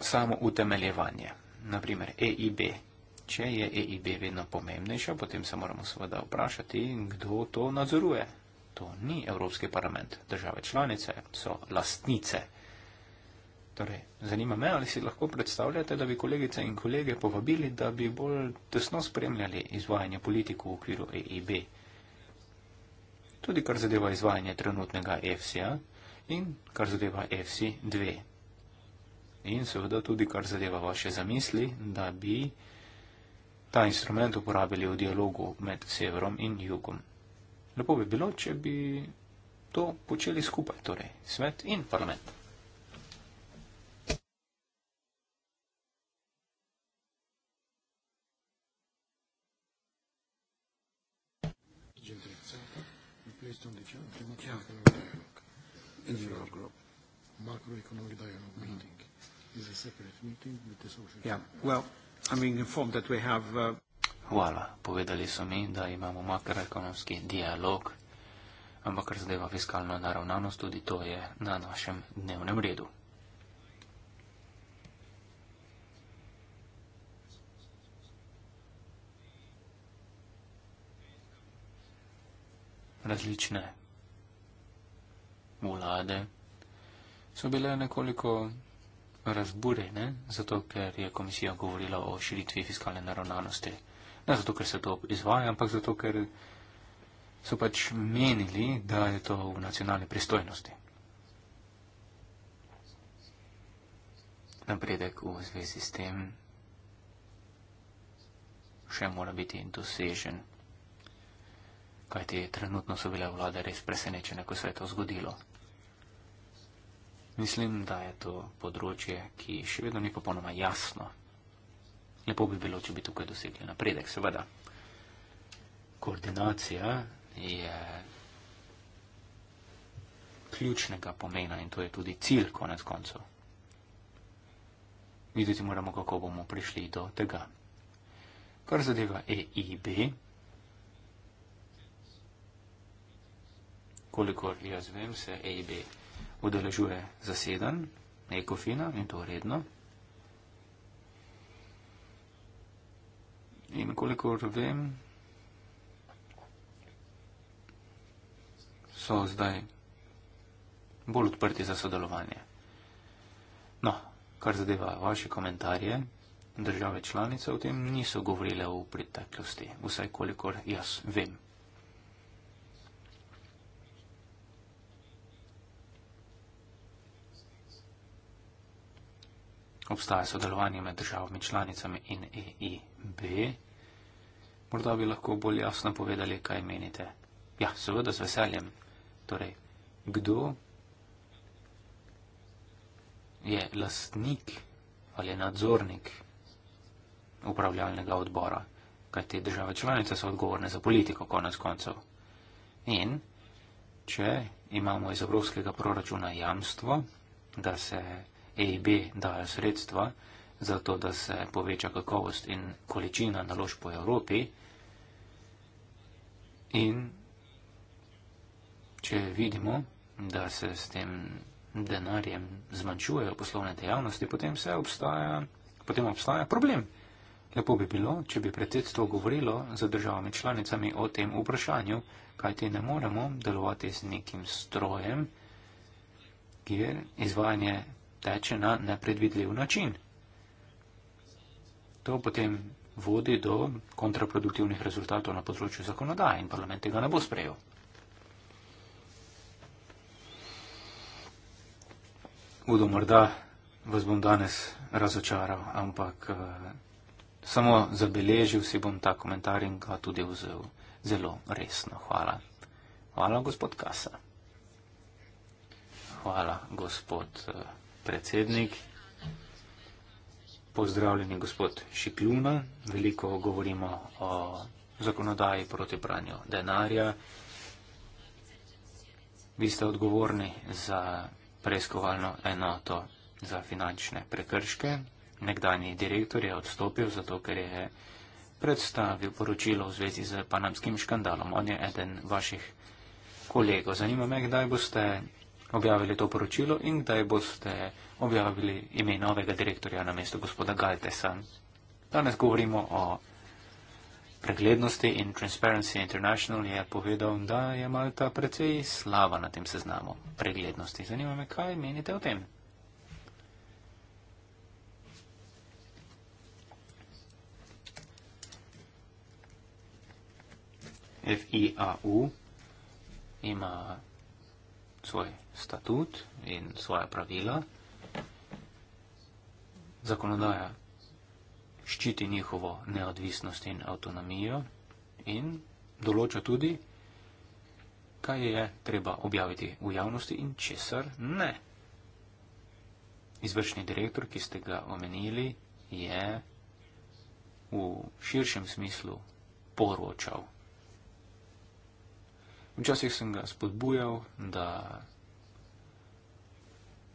samo utemeljevanje. Naprimer, EIB, če je EIB vedno pomembnejša, potem se moramo seveda vprašati, kdo to nadzoruje. To ni Evropski parlament, države članice so lastnice. Torej, zanima me, ali si lahko predstavljate, da bi kolegice in kolege povabili, da bi bolj tesno spremljali izvajanje politik v okviru EIB. Tudi kar zadeva izvajanje trenutnega EFSI-a in kar zadeva EFSI-2. In seveda tudi kar zadeva vaše zamisli, da bi ta instrument uporabili v dialogu med severom in jugom. Lepo bi bilo, če bi to počeli skupaj, torej svet in parlament. Yeah. Well, Uh, Hvala, povedali so mi, da imamo makroekonomski dialog, ampak kar zadeva fiskalno naravnanost, tudi to je na našem dnevnem redu. Različne vlade so bile nekoliko razbure, ne? zato ker je komisija govorila o širitvi fiskalne naravnanosti. Ne zato, ker se to izvaja, ampak zato, ker so pač menili, da je to v nacionalni pristojnosti. Napredek v zvezi s tem še mora biti dosežen, kajti trenutno so bile vlade res presenečene, ko se je to zgodilo. Mislim, da je to področje, ki še vedno ni popolnoma jasno. Lepo bi bilo, če bi tukaj dosegli napredek, seveda. Koordinacija je ključnega pomena in to je tudi cilj, konec koncev. Videti moramo, kako bomo prišli do tega. Kar zadeva EIB, kolikor jaz vem, se EIB udeležuje zaseden, ekofina in to redno. In kolikor vem, so zdaj bolj odprti za sodelovanje. No, kar zadeva vaše komentarje, države članice o tem niso govorile v preteklosti, vsaj kolikor jaz vem. obstaja sodelovanje med državami članicami in EIB. Morda bi lahko bolj jasno povedali, kaj menite. Ja, seveda z veseljem. Torej, kdo je lastnik ali nadzornik upravljalnega odbora? Kaj te države članice so odgovorne za politiko, konec koncev. In če imamo iz evropskega proračuna jamstvo, da se EIB dajo sredstva za to, da se poveča kakovost in količina nalož po Evropi. In če vidimo, da se s tem denarjem zmanjšujejo poslovne dejavnosti, potem, obstaja, potem obstaja problem. Lepo bi bilo, če bi predsedstvo govorilo z državami članicami o tem vprašanju, kajti ne moremo delovati z nekim strojem, kjer izvajanje teče na nepredvidljiv način. To potem vodi do kontraproduktivnih rezultatov na področju zakonodaje in parlament tega ne bo sprejel. Udo, morda vas bom danes razočaral, ampak eh, samo zabeležil si bom ta komentar in ga tudi vzel zelo resno. Hvala. Hvala, gospod Kasa. Hvala, gospod. Eh, predsednik. Pozdravljeni gospod Šikljuna. Veliko govorimo o zakonodaji proti pranju denarja. Vi ste odgovorni za preiskovalno enoto za finančne prekrške. Nekdani direktor je odstopil, zato ker je predstavil poročilo v zvezi z panamskim škandalom. On je eden vaših kolegov. Zanima me, kdaj boste objavili to poročilo in kdaj boste objavili ime novega direktorja na mesto gospoda Galtesa. Danes govorimo o preglednosti in Transparency International je povedal, da je Malta precej slava na tem seznamu preglednosti. Zanima me, kaj menite o tem? FIAU ima svoj statut in svoja pravila. Zakonodaja ščiti njihovo neodvisnost in avtonomijo in določa tudi, kaj je treba objaviti v javnosti in česar ne. Izvršni direktor, ki ste ga omenili, je v širšem smislu poročal Včasih sem ga spodbujal, da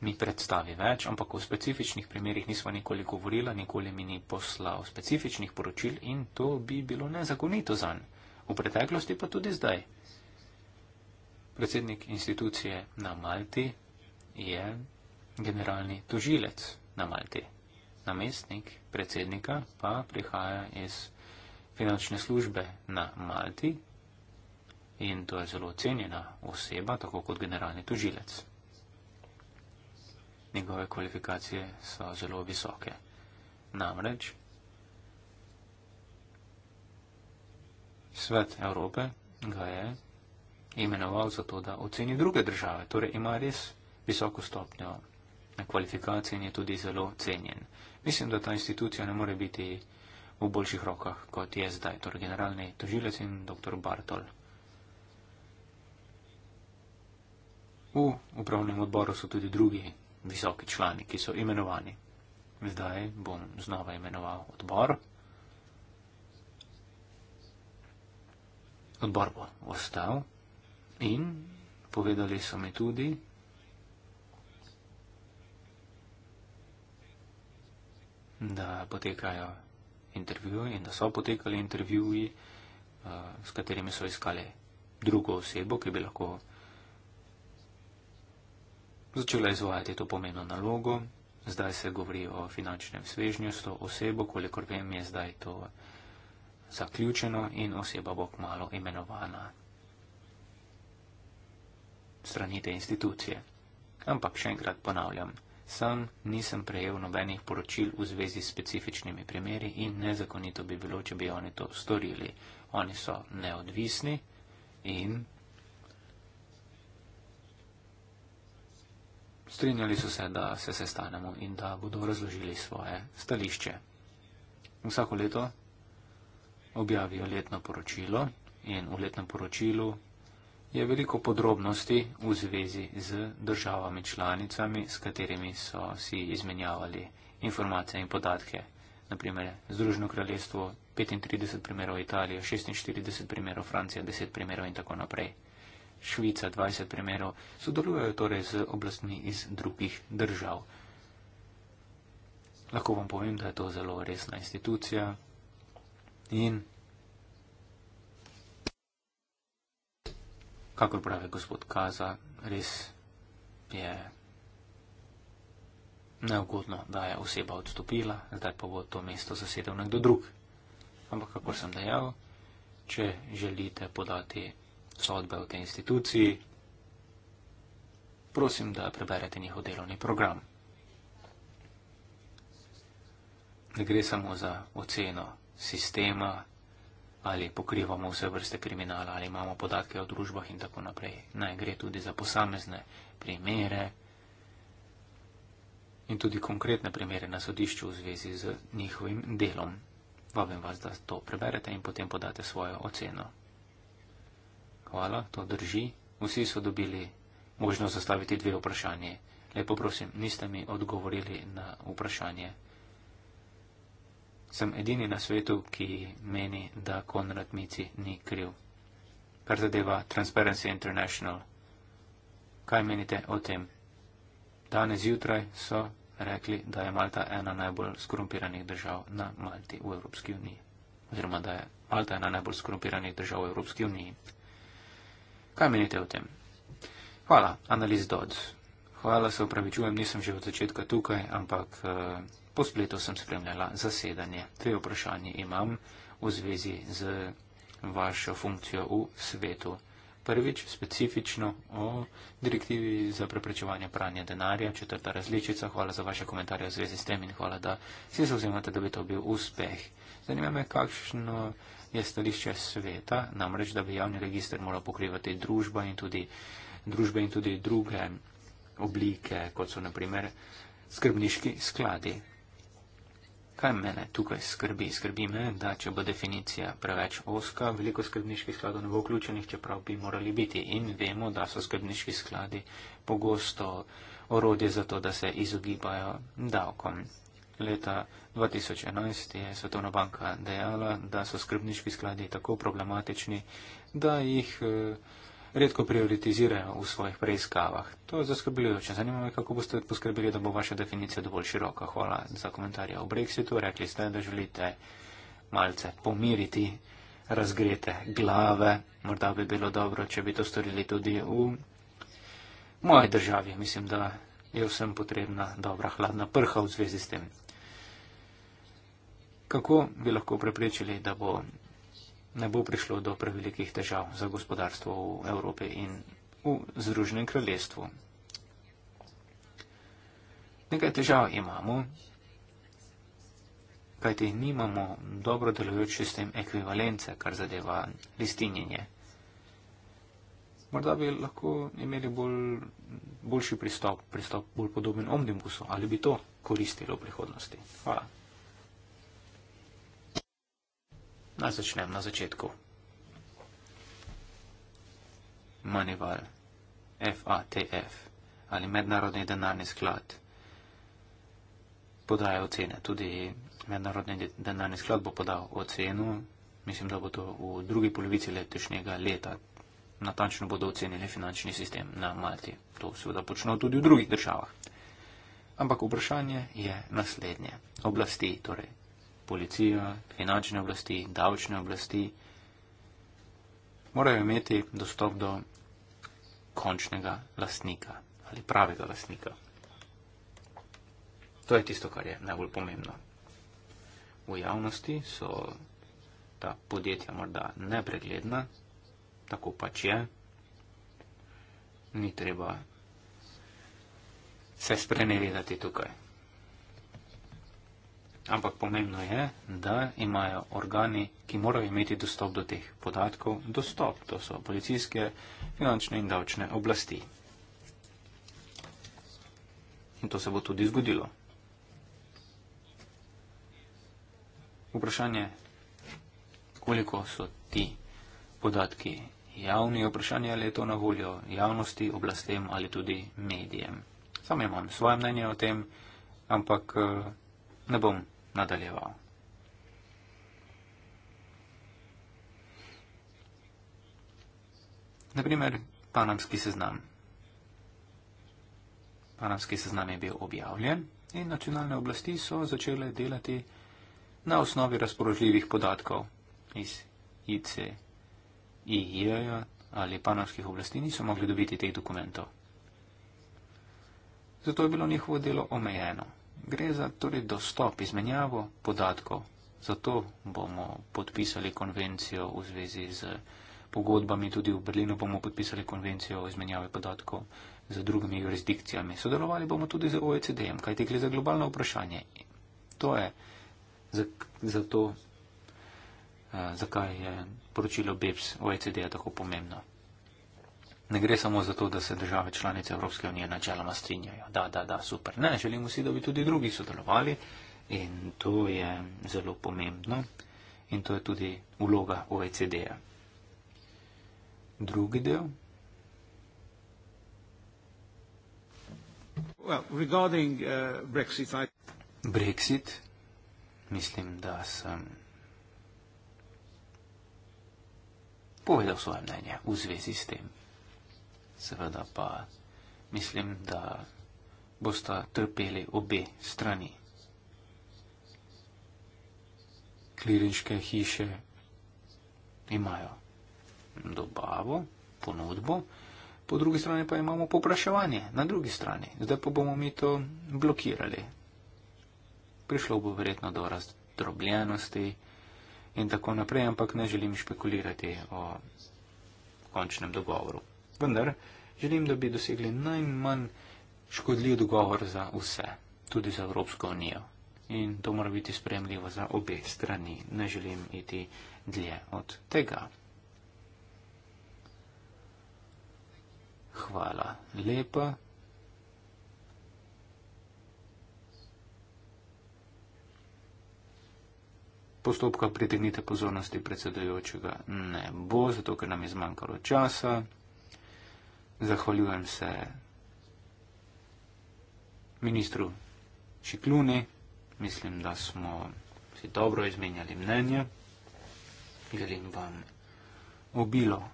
mi predstavi več, ampak v specifičnih primerjih nismo nikoli govorila, nikoli mi ni poslal specifičnih poročil in to bi bilo nezakonito zanj. V preteklosti pa tudi zdaj. Predsednik institucije na Malti je generalni tožilec na Malti. Namestnik predsednika pa prihaja iz finančne službe na Malti, in to je zelo ocenjena oseba, tako kot generalni tužilec. Njegove kvalifikacije so zelo visoke. Namreč svet Evrope ga je imenoval zato, da oceni druge države, torej ima res visoko stopnjo kvalifikacije in je tudi zelo cenjen. Mislim, da ta institucija ne more biti v boljših rokah, kot je zdaj, torej generalni tožilec in dr. Bartol. V upravnem odboru so tudi drugi visoki člani, ki so imenovani. Zdaj bom znova imenoval odbor. Odbor bo ostal in povedali so mi tudi, da potekajo intervjuji in da so potekali intervjuji, eh, s katerimi so iskali drugo osebo, ki bi lahko začela izvajati to pomembno nalogo. Zdaj se govori o finančnem svežnju s to osebo, kolikor vem, je zdaj to zaključeno in oseba bo kmalo imenovana strani te institucije. Ampak še enkrat ponavljam, sam nisem prejel nobenih poročil v zvezi s specifičnimi primeri in nezakonito bi bilo, če bi oni to storili. Oni so neodvisni in Strinjali so se, da se sestanemo in da bodo razložili svoje stališče. Vsako leto objavijo letno poročilo in v letnem poročilu je veliko podrobnosti v zvezi z državami članicami, s katerimi so si izmenjavali informacije in podatke. Naprimer, Združeno kraljestvo 35 primerov, Italija 46 primerov, Francija 10 primerov in tako naprej. Švica 20 primerov, sodelujejo torej z oblastmi iz drugih držav. Lahko vam povem, da je to zelo resna institucija in kakor pravi gospod Kaza, res je neugodno, da je oseba odstopila, zdaj pa bo to mesto zasedel nekdo drug. Ampak kakor sem dejal, če želite podati sodbe v tej instituciji, prosim, da preberete njihov delovni program. Ne gre samo za oceno sistema, ali pokrivamo vse vrste kriminala, ali imamo podatke o družbah in tako naprej. Ne gre tudi za posamezne primere in tudi konkretne primere na sodišču v zvezi z njihovim delom. Vabim vas, da to preberete in potem podate svojo oceno hvala, to drži. Vsi so dobili možnost zastaviti dve vprašanje. Lepo prosim, niste mi odgovorili na vprašanje. Sem edini na svetu, ki meni, da Konrad Mici ni kriv. Kar zadeva Transparency International. Kaj menite o tem? Danes zjutraj so rekli, da je Malta ena najbolj skorumpiranih držav na Malti v Evropski uniji. Oziroma, da je Malta ena najbolj skorumpiranih držav v Evropski uniji. Kaj menite o tem? Hvala, analiz Dod. Hvala, se upravičujem, nisem že od začetka tukaj, ampak eh, po spletu sem spremljala zasedanje. Dve vprašanje imam v zvezi z vašo funkcijo v svetu. Prvič, specifično o direktivi za preprečevanje pranja denarja, četrta različica. Hvala za vaše komentarje v zvezi s tem in hvala, da si zauzemate, da bi to bil uspeh. Zanima me, kakšno je stališče sveta, namreč, da bi javni register moral pokrivati družba in tudi, družbe in tudi druge oblike, kot so naprimer skrbniški skladi. Kaj mene tukaj skrbi? Skrbi me, da če bo definicija preveč oska, veliko skrbniških skladov ne bo vključenih, čeprav bi morali biti. In vemo, da so skrbniški skladi pogosto orodje za to, da se izogibajo davkom leta 2011 je Svetovna banka dejala, da so skrbniški skladi tako problematični, da jih eh, redko prioritizirajo v svojih preiskavah. To je zaskrbljujoče. Zanima me, kako boste poskrbeli, da bo vaša definicija dovolj široka. Hvala za komentarje o Brexitu. Rekli ste, da želite malce pomiriti razgrete glave. Morda bi bilo dobro, če bi to storili tudi v moji državi. Mislim, da je vsem potrebna dobra hladna prha v zvezi s tem kako bi lahko preprečili, da bo, ne bo prišlo do prevelikih težav za gospodarstvo v Evropi in v Združenem kraljestvu. Nekaj težav imamo, kajti nimamo dobro delujoč sistem ekvivalence, kar zadeva listinjenje. Morda bi lahko imeli bolj, boljši pristop, pristop bolj podoben omnibusu, ali bi to koristilo v prihodnosti. Hvala. Naj začnem na začetku. Manival, FATF ali Mednarodni denarni sklad podaja ocene. Tudi Mednarodni denarni sklad bo podal oceno. Mislim, da bo to v drugi polovici letošnjega leta. Natančno bodo ocenili finančni sistem na Malti. To seveda počnejo tudi v drugih državah. Ampak vprašanje je naslednje. Oblasti, torej policija, finančne oblasti, davčne oblasti, morajo imeti dostop do končnega lastnika ali pravega lastnika. To je tisto, kar je najbolj pomembno. V javnosti so ta podjetja morda nepregledna, tako pač je. Ni treba se sprenevedati tukaj. Ampak pomembno je, da imajo organi, ki morajo imeti dostop do teh podatkov, dostop. To so policijske, finančne in davčne oblasti. In to se bo tudi zgodilo. Vprašanje, koliko so ti podatki javni, vprašanje, ali je to na voljo javnosti, oblastem ali tudi medijem. Sam imam svoje mnenje o tem, ampak eh, ne bom nadaljeval. Naprimer, panamski seznam. Panamski seznam je bil objavljen in nacionalne oblasti so začele delati na osnovi razpoložljivih podatkov iz ICIJ ali panamskih oblasti niso mogli dobiti teh dokumentov. Zato je bilo njihovo delo omejeno. Gre za torej dostop, izmenjavo podatkov. Zato bomo podpisali konvencijo v zvezi z pogodbami, tudi v Berlinu bomo podpisali konvencijo o izmenjavi podatkov z drugimi jurisdikcijami. Sodelovali bomo tudi z OECD-em, kaj tekli za globalno vprašanje. To je zato, za eh, zakaj je poročilo BEPS OECD-a tako pomembno. Ne gre samo za to, da se države članice Evropske unije načeloma strinjajo. Da, da, da, super. Ne, želimo si, da bi tudi drugi sodelovali in to je zelo pomembno in to je tudi vloga OECD-ja. Drugi del. Well, regarding, uh, Brexit, I... Brexit, mislim, da sem povedal svoje mnenje v zvezi s tem seveda pa mislim, da bosta trpeli obe strani. Kliriške hiše imajo dobavo, ponudbo, po drugi strani pa imamo popraševanje na drugi strani. Zdaj pa bomo mi to blokirali. Prišlo bo verjetno do razdrobljenosti in tako naprej, ampak ne želim špekulirati o končnem dogovoru vendar želim, da bi dosegli najmanj škodljiv dogovor za vse, tudi za Evropsko unijo. In to mora biti spremljivo za obe strani. Ne želim iti dlje od tega. Hvala lepa. Postopka pritegnite pozornosti predsedujočega ne bo, zato ker nam je zmanjkalo časa zahvaljujem se ministru Čikluni. Mislim, da smo si dobro izmenjali mnenje. Želim vam obilo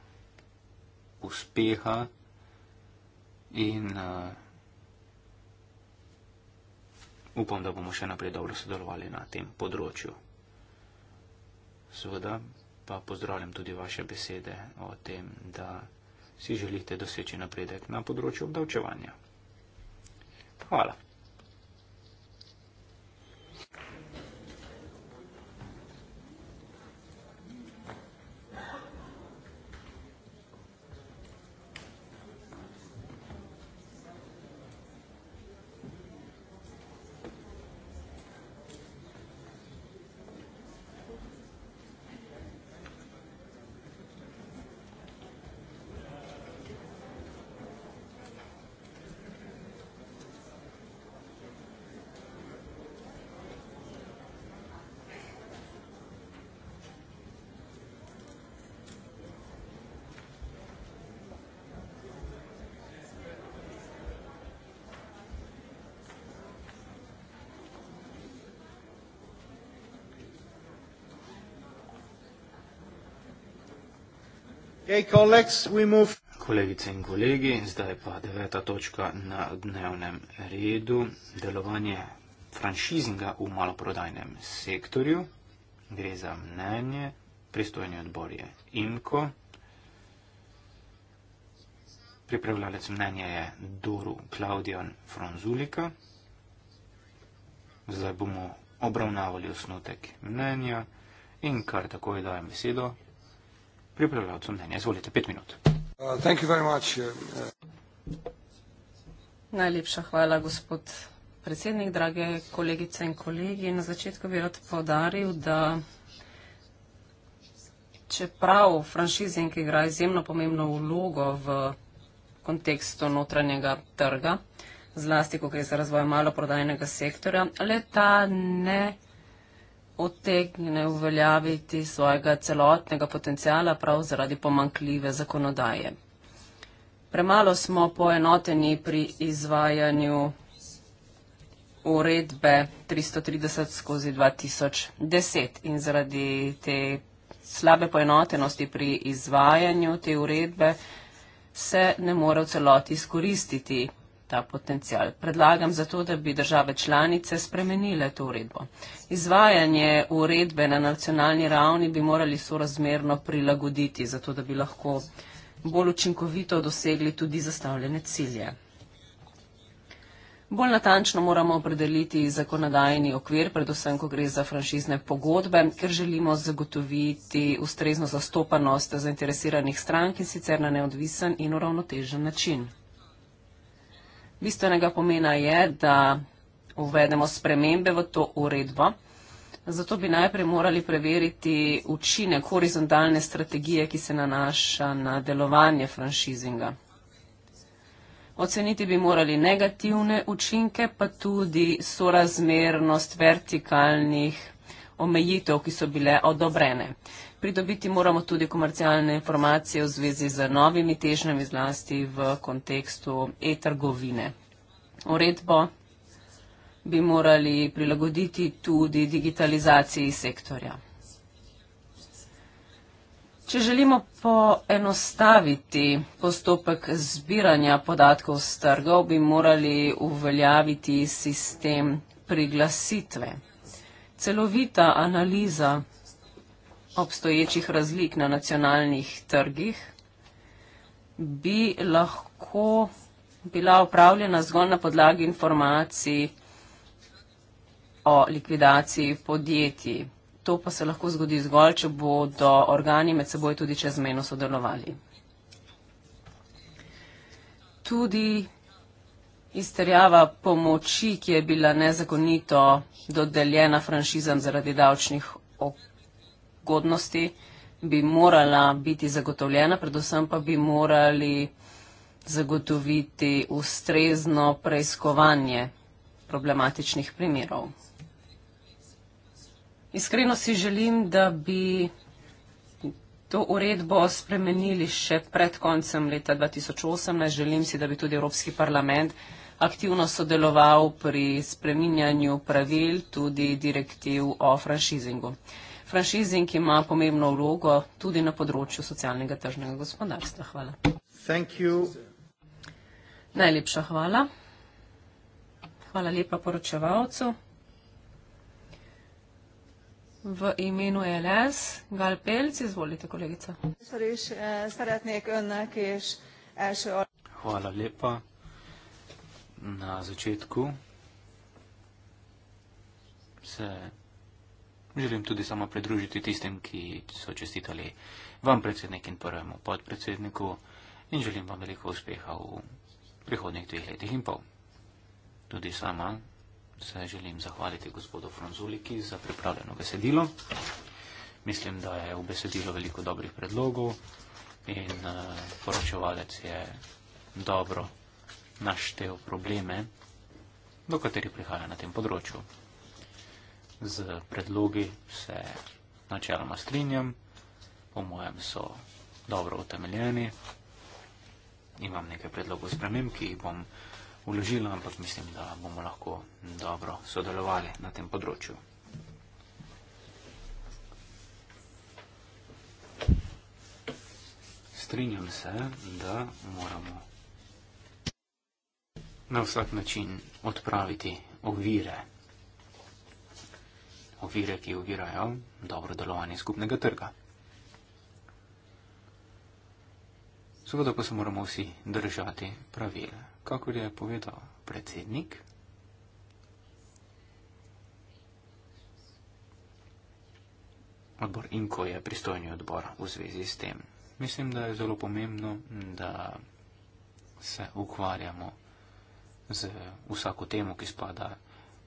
uspeha in uh, upam, da bomo še naprej dobro sodelovali na tem področju. Seveda pa pozdravljam tudi vaše besede o tem, da si želite doseči napredek na področju obdavčevanja. Hvala. Okay, colleagues, we move. Kolegice in kolegi, zdaj pa deveta točka na dnevnem redu, delovanje franšizinga v maloprodajnem sektorju. Gre za mnenje, pristojni odbor je IMKO. Pripravljalec mnenja je Doru Klaudijan Fronzulika. Zdaj bomo obravnavali osnutek mnenja in kar takoj dajem besedo pripravljalcu mnenja. Izvolite, pet minut. Uh, uh, uh. Najlepša hvala, gospod predsednik, drage kolegice in kolegi. Na začetku bi rad povdaril, da čeprav franšizing igra izjemno pomembno vlogo v kontekstu notranjega trga, zlasti, ko gre za razvoj maloprodajnega sektorja, le ta ne otegne uveljaviti svojega celotnega potencijala prav zaradi pomankljive zakonodaje. Premalo smo poenoteni pri izvajanju uredbe 330 skozi 2010 in zaradi te slabe poenotenosti pri izvajanju te uredbe se ne more v celoti izkoristiti ta potencial. Predlagam zato, da bi države članice spremenile to uredbo. Izvajanje uredbe na nacionalni ravni bi morali sorazmerno prilagoditi, zato da bi lahko bolj učinkovito dosegli tudi zastavljene cilje. Bolj natančno moramo opredeliti zakonodajni okvir, predvsem, ko gre za franšizne pogodbe, ker želimo zagotoviti ustrezno zastopanost zainteresiranih strank in sicer na neodvisen in uravnotežen način. Bistvenega pomena je, da uvedemo spremembe v to uredbo. Zato bi najprej morali preveriti učinek horizontalne strategije, ki se nanaša na delovanje franšizinga. Oceniti bi morali negativne učinke, pa tudi sorazmernost vertikalnih omejitev, ki so bile odobrene pridobiti moramo tudi komercialne informacije v zvezi z novimi težnjami zlasti v kontekstu e-trgovine. Uredbo bi morali prilagoditi tudi digitalizaciji sektorja. Če želimo poenostaviti postopek zbiranja podatkov z trgov, bi morali uveljaviti sistem priglasitve. Celovita analiza obstoječih razlik na nacionalnih trgih, bi lahko bila upravljena zgolj na podlagi informacij o likvidaciji podjetij. To pa se lahko zgodi zgolj, če bodo organi med seboj tudi čezmeno sodelovali. Tudi izterjava pomoči, ki je bila nezakonito dodeljena franšizam zaradi davčnih okolij, ugodnosti bi morala biti zagotovljena, predvsem pa bi morali zagotoviti ustrezno preiskovanje problematičnih primerov. Iskreno si želim, da bi to uredbo spremenili še pred koncem leta 2018. Želim si, da bi tudi Evropski parlament aktivno sodeloval pri spreminjanju pravil, tudi direktiv o franšizingu franšizi in ki ima pomembno vlogo tudi na področju socialnega tržnega gospodarstva. Hvala. Najlepša hvala. Hvala lepa poročevalcu. V imenu LS, Gal Pelc, izvolite kolegica. Hvala lepa. Na začetku se Želim tudi sama pridružiti tistem, ki so čestitali vam, predsednik in prvemu podpredsedniku, in želim vam veliko uspeha v prihodnjih dveh letih in pol. Tudi sama se želim zahvaliti gospodu Franzuliki za pripravljeno besedilo. Mislim, da je v besedilo veliko dobrih predlogov in uh, poročevalec je dobro naštel probleme, do katerih prihaja na tem področju z predlogi se načeloma strinjam. Po mojem so dobro utemeljeni. Imam nekaj predlogov sprememb, ki jih bom uložila, ampak mislim, da bomo lahko dobro sodelovali na tem področju. Strinjam se, da moramo na vsak način odpraviti ovire ovire, ki ovirajo dobro delovanje skupnega trga. Seveda pa se moramo vsi držati pravil, kakor je povedal predsednik. Odbor in ko je pristojni odbor v zvezi s tem. Mislim, da je zelo pomembno, da se ukvarjamo z vsako temo, ki spada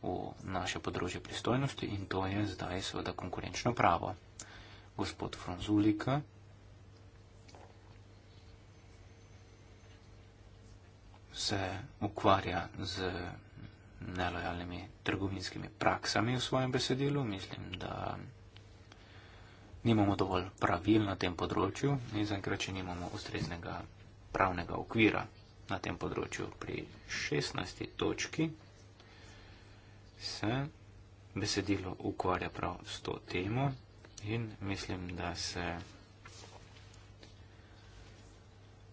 v naše področje pristojnosti in to je zdaj seveda konkurenčno pravo. Gospod Franzulik. se ukvarja z nelojalnimi trgovinskimi praksami v svojem besedilu. Mislim, da nimamo dovolj pravil na tem področju in zaenkrat, če nimamo ustreznega pravnega okvira na tem področju pri 16. točki, se besedilo ukvarja prav s to temo in mislim, da se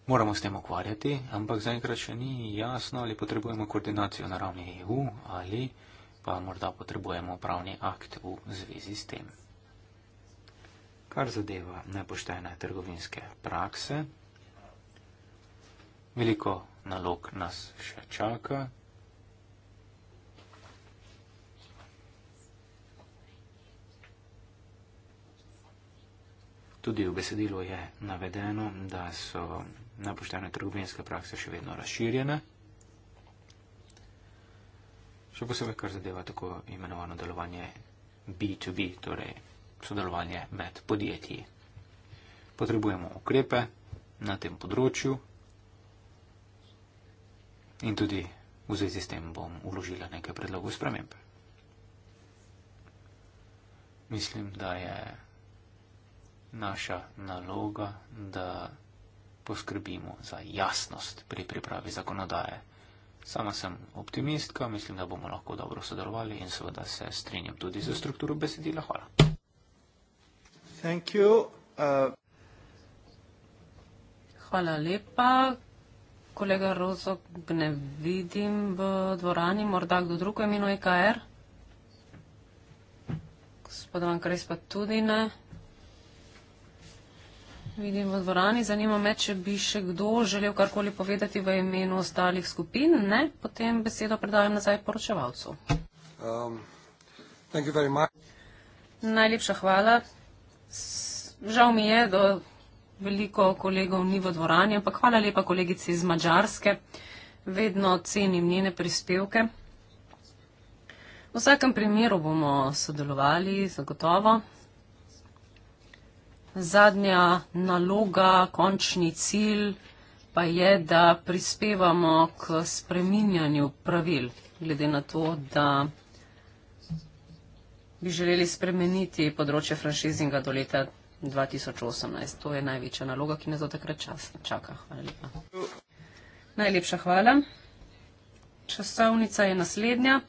moramo s tem ukvarjati, ampak zaenkrat še ni jasno, ali potrebujemo koordinacijo na ravni EU ali pa morda potrebujemo pravni akt v zvezi s tem. Kar zadeva nepoštene trgovinske prakse, veliko nalog nas še čaka. Tudi v besedilu je navedeno, da so napoštene trgovinske prakse še vedno razširjene. Še posebej, kar zadeva tako imenovano delovanje B2B, torej sodelovanje med podjetji. Potrebujemo ukrepe na tem področju in tudi v zvezi s tem bom uložila nekaj predlogov spremembe. Mislim, da je naša naloga, da poskrbimo za jasnost pri pripravi zakonodaje. Sama sem optimistka, mislim, da bomo lahko dobro sodelovali in seveda se strinjam tudi za strukturo besedila. Hvala. Uh... Hvala lepa. Kolega Rozog, ne vidim v dvorani, morda kdo drug je minuje KR? Gospod Vankres pa tudi ne vidim v dvorani. Zanima me, če bi še kdo želel karkoli povedati v imenu ostalih skupin. Ne, potem besedo predajam nazaj poročevalcu. Um, Najlepša hvala. Žal mi je, da veliko kolegov ni v dvorani, ampak hvala lepa kolegici iz Mačarske. Vedno cenim njene prispevke. V vsakem primeru bomo sodelovali, zagotovo zadnja naloga, končni cilj pa je, da prispevamo k spreminjanju pravil, glede na to, da bi želeli spremeniti področje franšizinga do leta 2018. To je največja naloga, ki nas do takrat čas čaka. Hvala lepa. Najlepša hvala. Časovnica je naslednja.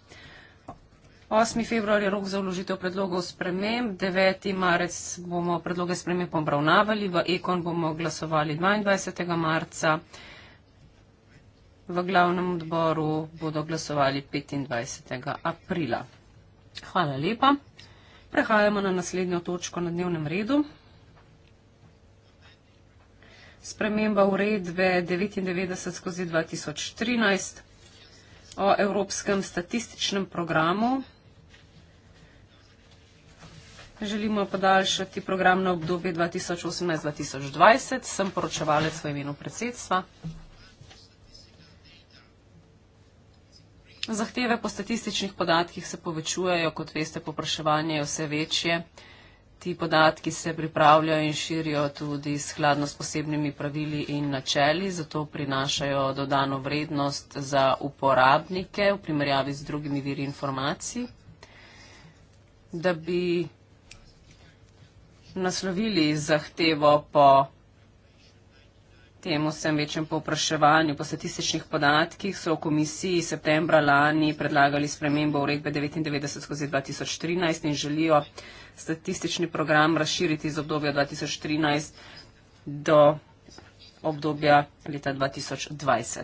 8. februar je rok za vložitev predlogov sprememb, 9. marec bomo predloge sprememb obravnavali, v Ekon bomo glasovali 22. marca, v glavnem odboru bodo glasovali 25. aprila. Hvala lepa. Prehajamo na naslednjo točko na dnevnem redu. Sprememba uredbe 99 skozi 2013 o Evropskem statističnem programu Želimo podaljšati program na obdobje 2018-2020. Sem poročevalec v imenu predsedstva. Zahteve po statističnih podatkih se povečujejo, kot veste, popraševanje je vse večje. Ti podatki se pripravljajo in širijo tudi skladno s posebnimi pravili in načeli, zato prinašajo dodano vrednost za uporabnike v primerjavi z drugimi viri informacij. Da bi naslovili zahtevo po temu vsem večjem povpraševanju. Po statističnih podatkih so v komisiji septembra lani predlagali spremembo uredbe 99 skozi 2013 in želijo statistični program razširiti iz obdobja 2013 do obdobja leta 2020.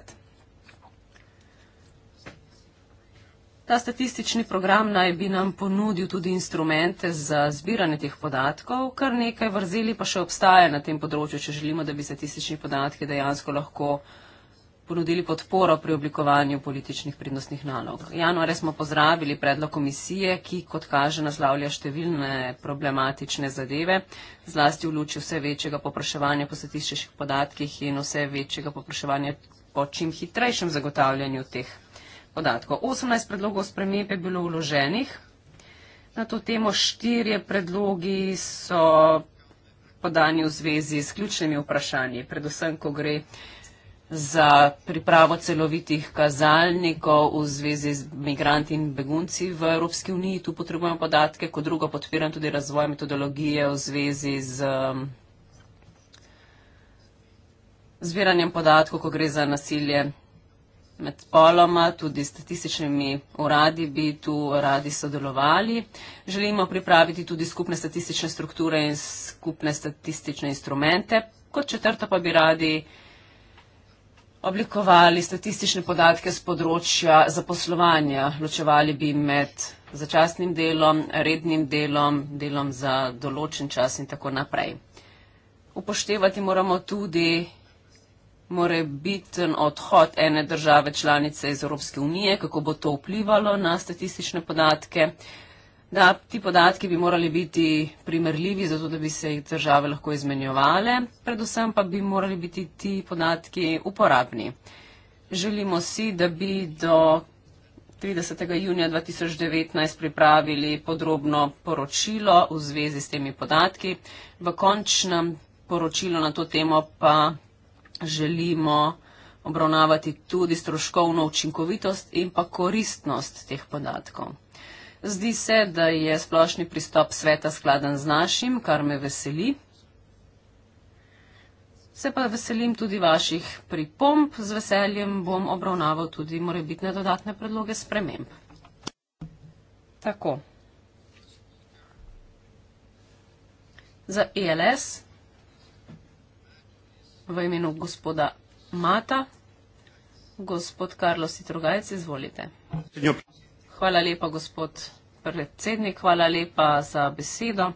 Ta statistični program naj bi nam ponudil tudi instrumente za zbiranje teh podatkov, kar nekaj vrzeli pa še obstaja na tem področju, če želimo, da bi statistični podatki dejansko lahko ponudili podporo pri oblikovanju političnih prednostnih nalog. Januarja smo pozdravili predlog komisije, ki, kot kaže, naslavlja številne problematične zadeve, zlasti v luči vse večjega popraševanja po statističnih podatkih in vse večjega popraševanja po čim hitrejšem zagotavljanju teh podatkov podatkov. 18 predlogov sprememb je bilo vloženih na to temo, 4 predlogi so podani v zvezi s ključnimi vprašanji, predvsem, ko gre za pripravo celovitih kazalnikov v zvezi z migranti in begunci v Evropski uniji. Tu potrebujemo podatke, kot drugo podpiram tudi razvoj metodologije v zvezi z um, zbiranjem podatkov, ko gre za nasilje med spoloma, tudi statističnimi uradi bi tu radi sodelovali. Želimo pripraviti tudi skupne statistične strukture in skupne statistične instrumente. Kot četrto pa bi radi oblikovali statistične podatke z področja zaposlovanja. Ločevali bi med začasnim delom, rednim delom, delom za določen čas in tako naprej. Upoštevati moramo tudi morebiten odhod ene države članice iz Evropske unije, kako bo to vplivalo na statistične podatke. Da, ti podatki bi morali biti primerljivi, zato da bi se jih države lahko izmenjevale, predvsem pa bi morali biti ti podatki uporabni. Želimo si, da bi do 30. junija 2019 pripravili podrobno poročilo v zvezi s temi podatki. V končnem poročilu na to temo pa želimo obravnavati tudi stroškovno učinkovitost in pa koristnost teh podatkov. Zdi se, da je splošni pristop sveta skladen z našim, kar me veseli. Se pa veselim tudi vaših pripomb, z veseljem bom obravnaval tudi morebitne dodatne predloge sprememb. Tako. Za ELS v imenu gospoda Mata. Gospod Karlo Sitrogajec, izvolite. Hvala lepa, gospod predsednik, hvala lepa za besedo.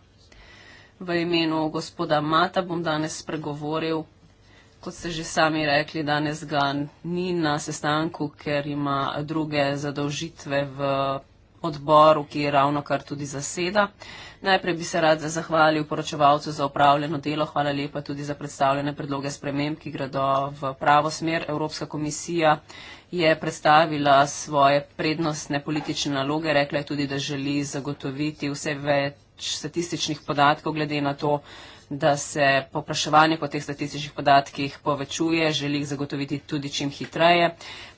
V imenu gospoda Mata bom danes spregovoril, kot ste že sami rekli, danes ga ni na sestanku, ker ima druge zadolžitve v odboru, ki je ravno kar tudi zaseda. Najprej bi se rad zahvalil poročevalcu za upravljeno delo. Hvala lepa tudi za predstavljene predloge sprememb, ki gredo v pravo smer. Evropska komisija je predstavila svoje prednostne politične naloge, rekla je tudi, da želi zagotoviti vse več statističnih podatkov glede na to, da se popraševanje po teh statističnih podatkih povečuje, želi jih zagotoviti tudi čim hitreje.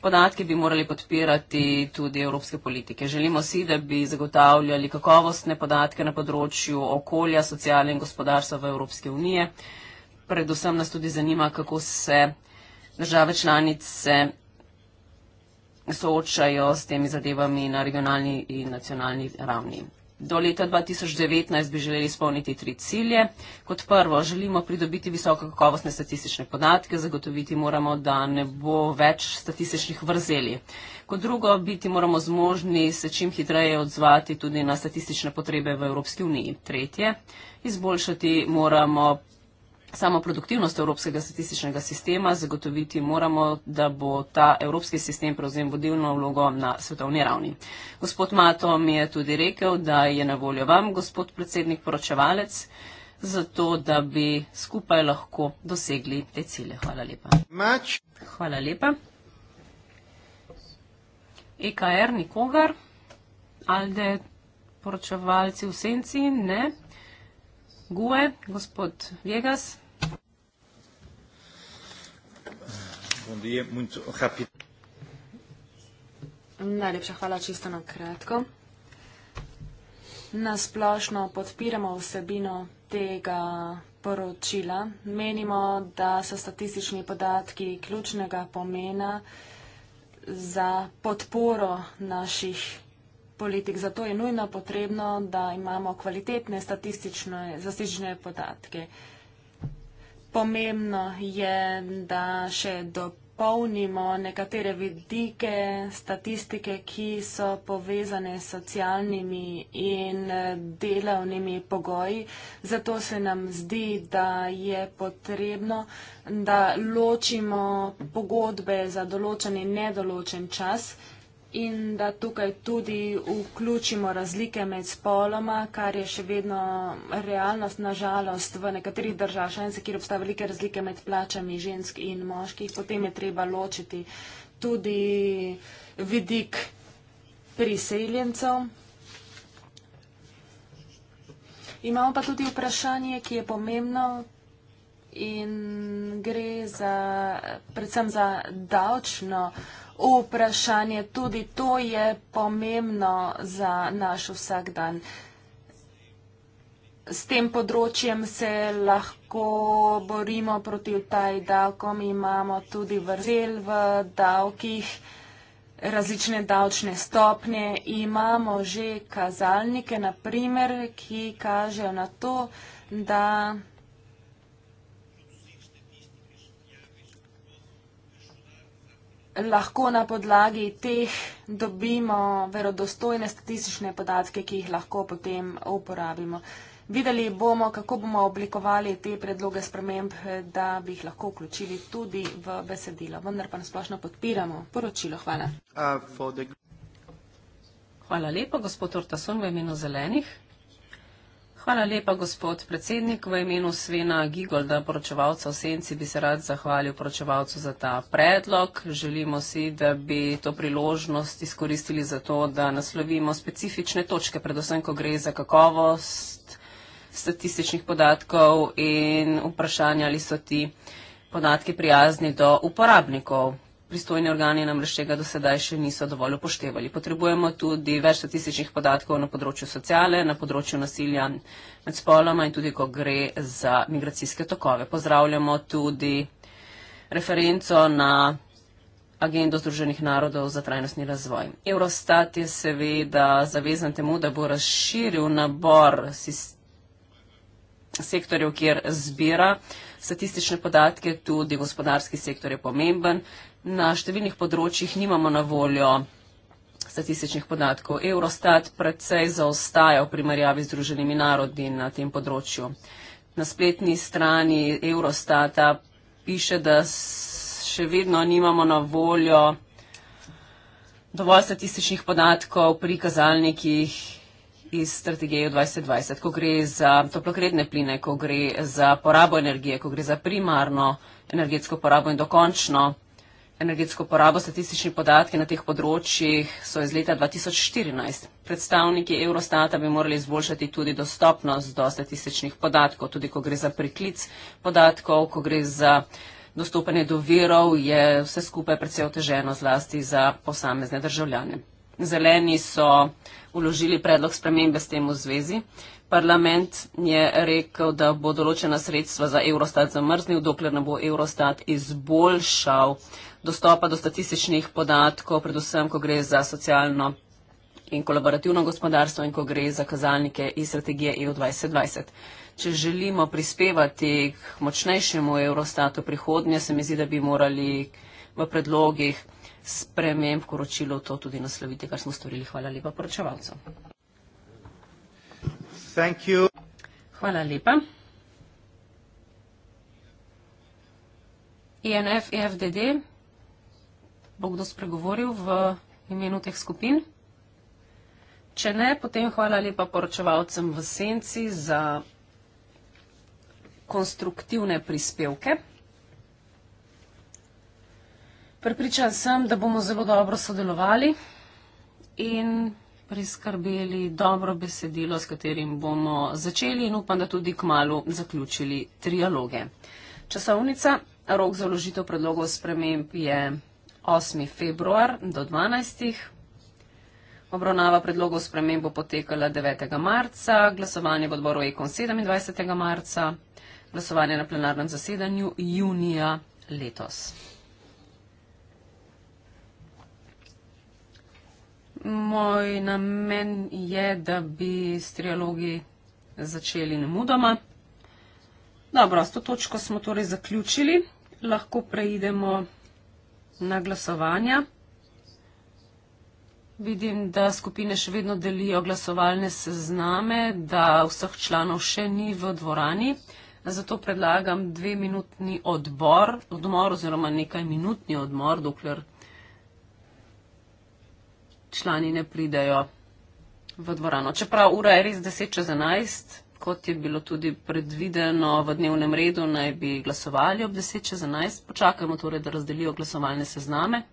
Podatki bi morali podpirati tudi evropske politike. Želimo si, da bi zagotavljali kakovostne podatke na področju okolja, socialne in gospodarstva v Evropske unije. Predvsem nas tudi zanima, kako se države članice soočajo s temi zadevami na regionalni in nacionalni ravni. Do leta 2019 bi želeli spolniti tri cilje. Kot prvo, želimo pridobiti visoko kakovostne statistične podatke, zagotoviti moramo, da ne bo več statističnih vrzeli. Kot drugo, biti moramo zmožni se čim hitreje odzvati tudi na statistične potrebe v Evropski uniji. Tretje, izboljšati moramo Samo produktivnost evropskega statističnega sistema zagotoviti moramo, da bo ta evropski sistem prevzel vodilno vlogo na svetovni ravni. Gospod Mato mi je tudi rekel, da je na voljo vam, gospod predsednik poročevalec, zato da bi skupaj lahko dosegli te cilje. Hvala lepa. Mač. Hvala lepa. EKR er, nikogar? Alde poročevalci v senci? Ne. Gue, gospod Vegas. respondia muito rápido. Najlepša lepša hvala čisto na kratko. Na splošno podpiramo vsebino tega poročila. Menimo, da so statistični podatki ključnega pomena za podporo naših politik. Zato je nujno potrebno, da imamo kvalitetne statistične, statistične podatke. Pomembno je, da še do dopolnimo nekatere vidike statistike, ki so povezane s socialnimi in eh, delavnimi pogoji. Zato se nam zdi, da je potrebno, da ločimo pogodbe za določen in nedoločen čas, in da tukaj tudi vključimo razlike med spoloma, kar je še vedno realnost, nažalost, v nekaterih državah članice, kjer obstajajo velike razlike med plačami žensk in moških. Potem je treba ločiti tudi vidik priseljencev. Imamo pa tudi vprašanje, ki je pomembno in gre za, predvsem za davčno vprašanje vprašanje. Tudi to je pomembno za naš vsakdan. S tem področjem se lahko borimo proti taj davkom. Imamo tudi vrzel v davkih, različne davčne stopnje. Imamo že kazalnike, naprimer, ki kažejo na to, da... lahko na podlagi teh dobimo verodostojne statistične podatke, ki jih lahko potem uporabimo. Videli bomo, kako bomo oblikovali te predloge sprememb, da bi jih lahko vključili tudi v besedilo. Vendar pa nasplošno podpiramo poročilo. Hvala. Uh, Hvala lepa, gospod Ortason, v imenu zelenih. Hvala lepa, gospod predsednik. V imenu Svena Gigolda, poročevalca v Senci, bi se rad zahvalil poročevalcu za ta predlog. Želimo si, da bi to priložnost izkoristili za to, da naslovimo specifične točke, predvsem, ko gre za kakovost statističnih podatkov in vprašanje, ali so ti podatki prijazni do uporabnikov pristojni organi nam rešega do sedaj še niso dovolj upoštevali. Potrebujemo tudi več statističnih podatkov na področju sociale, na področju nasilja med spoloma in tudi, ko gre za migracijske tokove. Pozdravljamo tudi referenco na agendo Združenih narodov za trajnostni razvoj. Eurostat je seveda zavezan temu, da bo razširil nabor sektorjev, kjer zbira statistične podatke, tudi gospodarski sektor je pomemben, na številnih področjih nimamo na voljo statističnih podatkov. Eurostat predvsej zaostaja v primerjavi z druženimi narodi na tem področju. Na spletni strani Eurostata piše, da še vedno nimamo na voljo dovolj statističnih podatkov pri kazalnikih iz strategije 2020, ko gre za toplogredne pline, ko gre za porabo energije, ko gre za primarno energetsko porabo in dokončno energetsko porabo. Statistični podatki na teh področjih so iz leta 2014. Predstavniki Eurostata bi morali izboljšati tudi dostopnost do statističnih podatkov, tudi ko gre za priklic podatkov, ko gre za dostopanje do virov, je vse skupaj predvsej oteženo zlasti za posamezne državljane. Zeleni so uložili predlog spremembe s tem v zvezi. Parlament je rekel, da bo določena sredstva za Eurostat zamrznil, dokler ne bo Eurostat izboljšal dostopa do statističnih podatkov, predvsem, ko gre za socialno in kolaborativno gospodarstvo in ko gre za kazalnike iz strategije EU 2020. Če želimo prispevati k močnejšemu Eurostatu prihodnje, se mi zdi, da bi morali v predlogih sprememb poročilo to tudi nasloviti, kar smo storili. Hvala lepa poročevalcu. Hvala lepa. INF, e EFDD bo kdo spregovoril v imenu teh skupin? Če ne, potem hvala lepa poročevalcem v senci za konstruktivne prispevke. Pripričan sem, da bomo zelo dobro sodelovali in priskrbeli dobro besedilo, s katerim bomo začeli in upam, da tudi k malu zaključili trialoge. Časovnica, rok za ložitev predlogov sprememb je 8. februar do 12. Obravnava predlogov sprememb bo potekala 9. marca, glasovanje v odboru EKON 27. marca, glasovanje na plenarnem zasedanju junija letos. Moj namen je, da bi s trialogi začeli nemudoma. Dobro, s to točko smo torej zaključili. Lahko preidemo na glasovanja. Vidim, da skupine še vedno delijo glasovalne sezname, da vseh članov še ni v dvorani. Zato predlagam dve minutni odbor, odmor oziroma nekaj minutni odmor, dokler člani ne pridejo v dvorano. Čeprav ura je res 10 čez 11 kot je bilo tudi predvideno v dnevnem redu, naj bi glasovali ob 10.11. Počakamo torej, da razdelijo glasovalne sezname.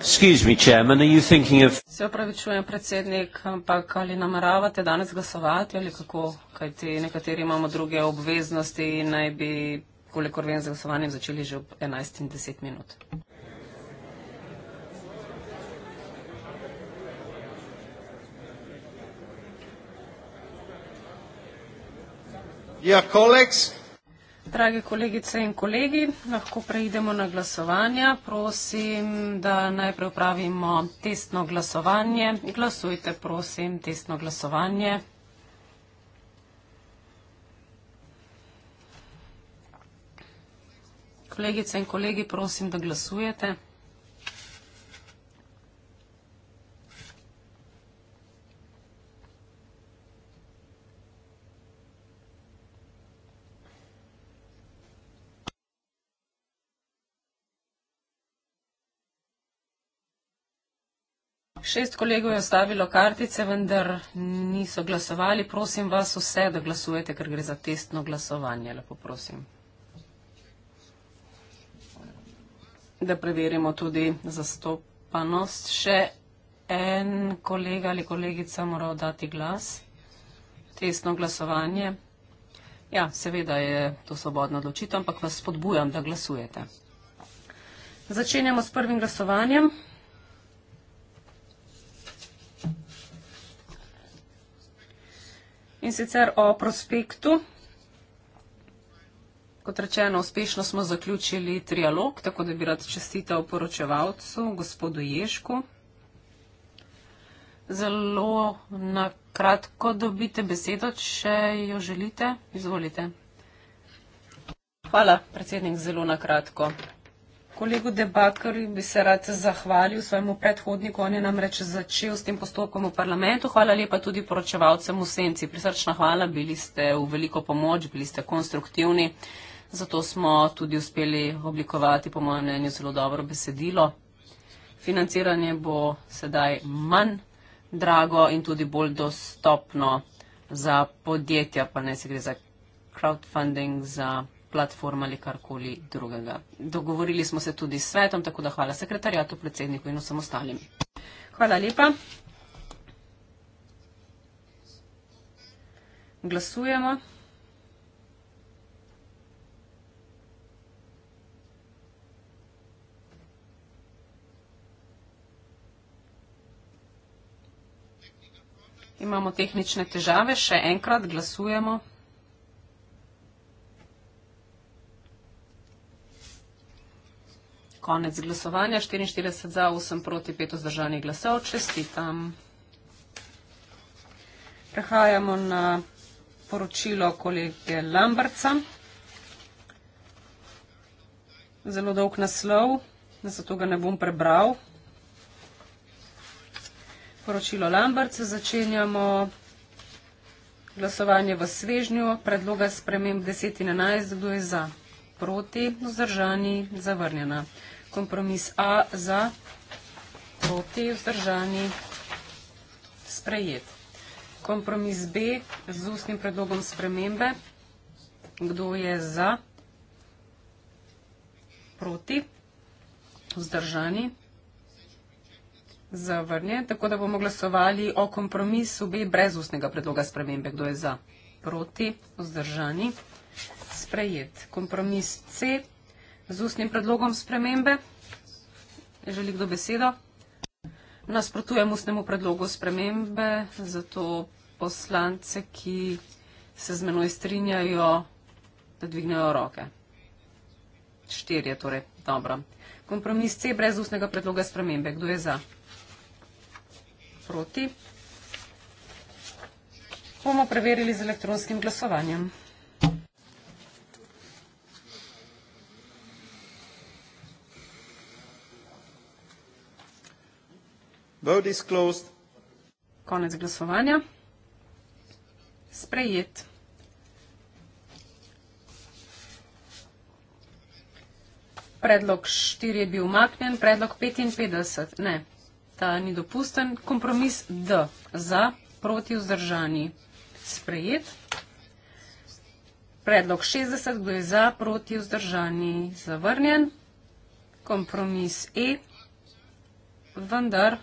Se opravičujem, predsednik, ampak ali nameravate danes glasovati ali kako? Kaj ti nekateri imamo druge obveznosti in naj bi, kolikor vem, z glasovanjem začeli že ob 11 in 10 minut. Ja, kolegs. Drage kolegice in kolegi, lahko preidemo na glasovanja. Prosim, da najprej upravimo testno glasovanje. Glasujte, prosim, testno glasovanje. Kolegice in kolegi, prosim, da glasujete. Šest kolegov je ostavilo kartice, vendar niso glasovali. Prosim vas vse, da glasujete, ker gre za testno glasovanje. Lepo prosim. Da preverimo tudi zastopanost. Še en kolega ali kolegica mora dati glas. Testno glasovanje. Ja, seveda je to svobodno odločitev, ampak vas spodbujam, da glasujete. Začenjamo s prvim glasovanjem. in sicer o prospektu. Kot rečeno, uspešno smo zaključili trialog, tako da bi rad čestital poročevalcu, gospodu Ješku. Zelo na kratko dobite besedo, če jo želite. Izvolite. Hvala, predsednik, zelo na kratko kolegu Debakarju bi se rad zahvalil svojemu predhodniku, on je namreč začel s tem postopkom v parlamentu. Hvala lepa tudi poročevalcem v senci. Prisrčna hvala, bili ste v veliko pomoč, bili ste konstruktivni, zato smo tudi uspeli oblikovati, po mojem mnenju, zelo dobro besedilo. Financiranje bo sedaj manj drago in tudi bolj dostopno za podjetja, pa ne se gre za crowdfunding, za platform ali karkoli drugega. Dogovorili smo se tudi s svetom, tako da hvala sekretarjatu, predsedniku in vsem ostalim. Hvala lepa. Glasujemo. Imamo tehnične težave, še enkrat glasujemo. Konec glasovanja, 44 za, 8 proti, 5 vzdržanih glasov. Čestitam. Prehajamo na poročilo kolege Lamberca. Zelo dolg naslov, zato ga ne bom prebral. Poročilo Lamberca začenjamo. Glasovanje v svežnju, predloga sprememb 10 in 11, kdo je za, proti, vzdržani, zavrnjena kompromis A za proti vzdržani sprejet. Kompromis B z ustnim predlogom spremembe. Kdo je za proti vzdržani zavrnje, tako da bomo glasovali o kompromisu B brez ustnega predloga spremembe. Kdo je za proti vzdržani sprejet. Kompromis C z ustnim predlogom spremembe. Želi kdo besedo? Nasprotujem ustnemu predlogu spremembe, zato poslance, ki se z menoj strinjajo, da dvignejo roke. Štiri je torej. Dobro. Kompromis C brez ustnega predloga spremembe. Kdo je za? Proti. Bomo preverili z elektronskim glasovanjem. Vote is closed. Konec glasovanja. Sprejet. Predlog 4 je bil umaknjen, predlog 55. Ne, ta ni dopusten. Kompromis D za proti vzdržani. Sprejet. Predlog 60, kdo je za proti vzdržani, zavrnjen. Kompromis E, vendar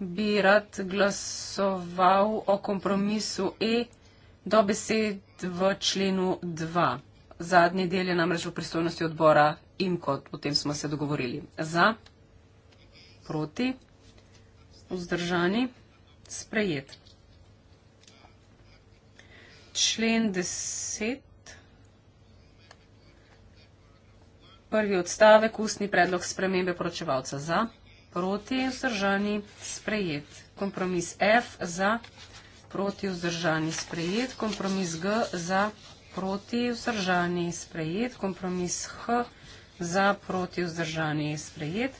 bi rad glasoval o kompromisu E do besed v členu 2. Zadnji del je namreč v pristojnosti odbora in kot o tem smo se dogovorili. Za, proti, vzdržani, sprejet. Člen 10. Prvi odstavek, ustni predlog spremembe poročevalca za proti vzdržani sprejet. Kompromis F za proti vzdržani sprejet. Kompromis G za proti vzdržani sprejet. Kompromis H za proti vzdržani sprejet.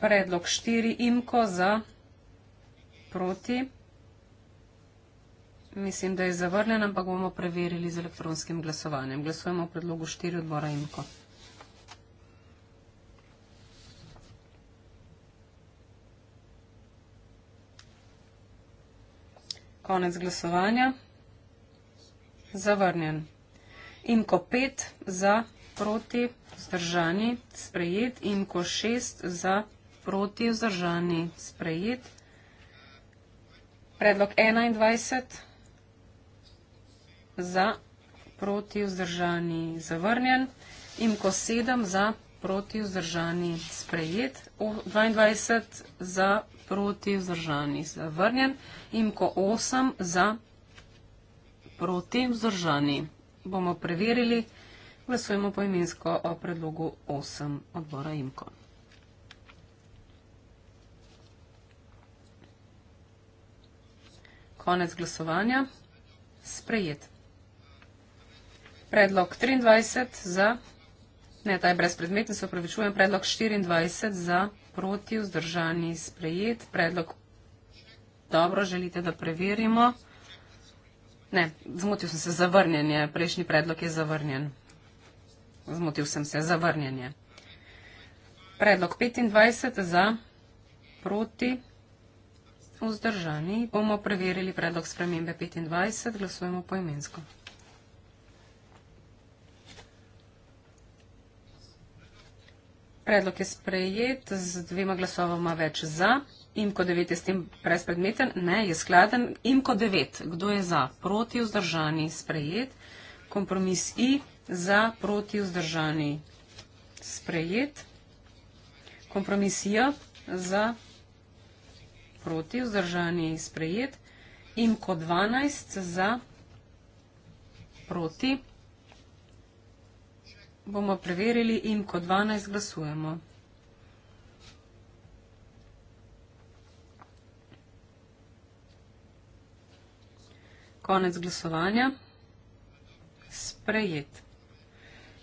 Predlog 4 imko za proti. Mislim, da je zavrnjen, ampak bomo preverili z elektronskim glasovanjem. Glasujemo v predlogu 4 odbora imko. Konec glasovanja. Zavrnjen. In ko pet za, proti, vzdržani, sprejet. In ko šest za, proti, vzdržani, sprejet. Predlog 21 za, proti, vzdržani, zavrnjen. In ko sedem za, proti, vzdržani, sprejet proti vzdržani sprejet, 22 za proti vzdržani zavrnjen in ko 8 za proti vzdržani. Bomo preverili, glasujemo po imensko o predlogu 8 odbora IMKO. Konec glasovanja. Sprejet. Predlog 23 za proti vzdržani zavrnjen. Ne, ta je brezpredmeten, se upravičujem. Predlog 24 za proti vzdržani sprejet. Predlog dobro, želite, da preverimo. Ne, zmotil sem se, zavrnjen je. Prejšnji predlog je zavrnjen. Zmotil sem se, zavrnjen je. Predlog 25 za proti vzdržani. Bomo preverili predlog spremembe 25. Glasujemo po imensko. Predlog je sprejet z dvema glasovoma več za. Imko 9 je s tem brezpredmeten, ne, je skladen. Imko 9, kdo je za, proti vzdržani, sprejet. Kompromis I, za, proti vzdržani, sprejet. Kompromis J, za, proti vzdržani, sprejet. Imko 12, za, proti vzdržani bomo preverili in ko 12 glasujemo. Konec glasovanja. Sprejet.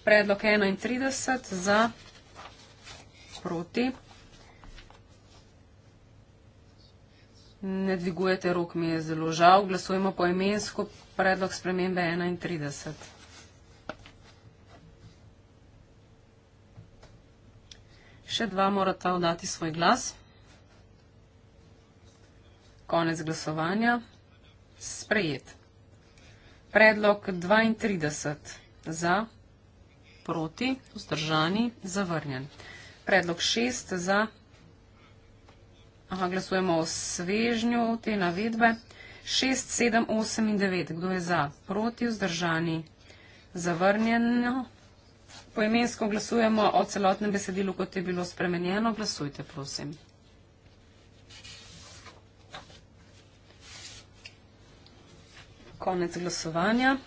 Predlog 31 za proti. Ne dvigujete rok, mi je zelo žal. Glasujemo poemensko predlog spremembe 31. še dva morata oddati svoj glas. Konec glasovanja. Sprejet. Predlog 32 za, proti, vzdržani, zavrnjen. Predlog 6 za, aha, glasujemo o svežnju te navedbe. 6, 7, 8 in 9. Kdo je za, proti, vzdržani, zavrnjeno, poimensko glasujemo o celotnem besedilu, kot je bilo spremenjeno. Glasujte, prosim. Konec glasovanja.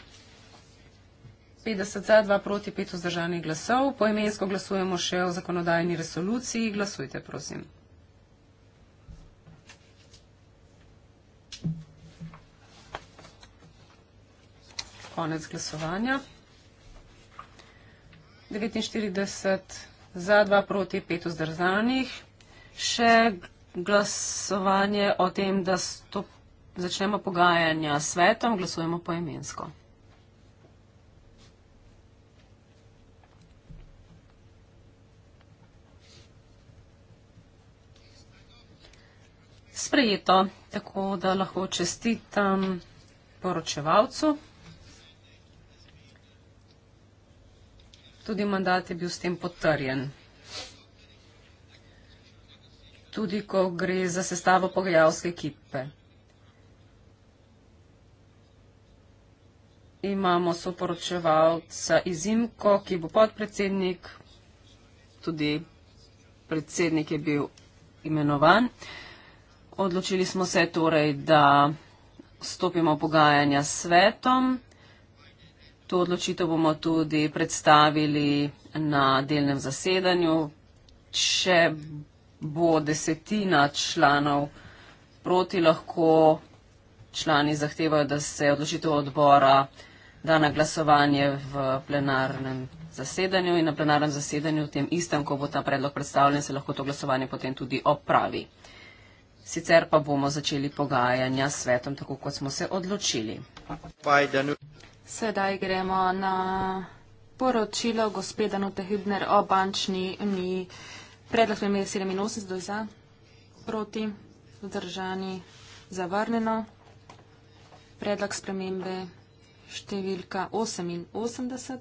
50 za, 2 proti, 5 vzdržanih glasov. Poimensko glasujemo še o zakonodajni resoluciji. Glasujte, prosim. Konec glasovanja. 49 za, 2 proti, 5 vzdržanih. Še glasovanje o tem, da stop, začnemo pogajanja s svetom, glasujemo poimensko. Sprejeto, tako da lahko čestitam poročevalcu. tudi mandat je bil s tem potrjen. Tudi, ko gre za sestavo pogajalske ekipe. Imamo soporočevalca izimko, ki bo podpredsednik, tudi predsednik je bil imenovan. Odločili smo se torej, da stopimo v pogajanja s svetom. To odločitev bomo tudi predstavili na delnem zasedanju. Če bo desetina članov proti, lahko člani zahtevajo, da se odločitev odbora da na glasovanje v plenarnem zasedanju in na plenarnem zasedanju v tem istem, ko bo ta predlog predstavljen, se lahko to glasovanje potem tudi opravi. Sicer pa bomo začeli pogajanja s svetom, tako kot smo se odločili. Biden. Sedaj gremo na poročilo gospeda Note Hübner o bančni uniji. Predlog smo imeli 87 za, proti, vzdržani, zavrneno. Predlog spremembe številka 88.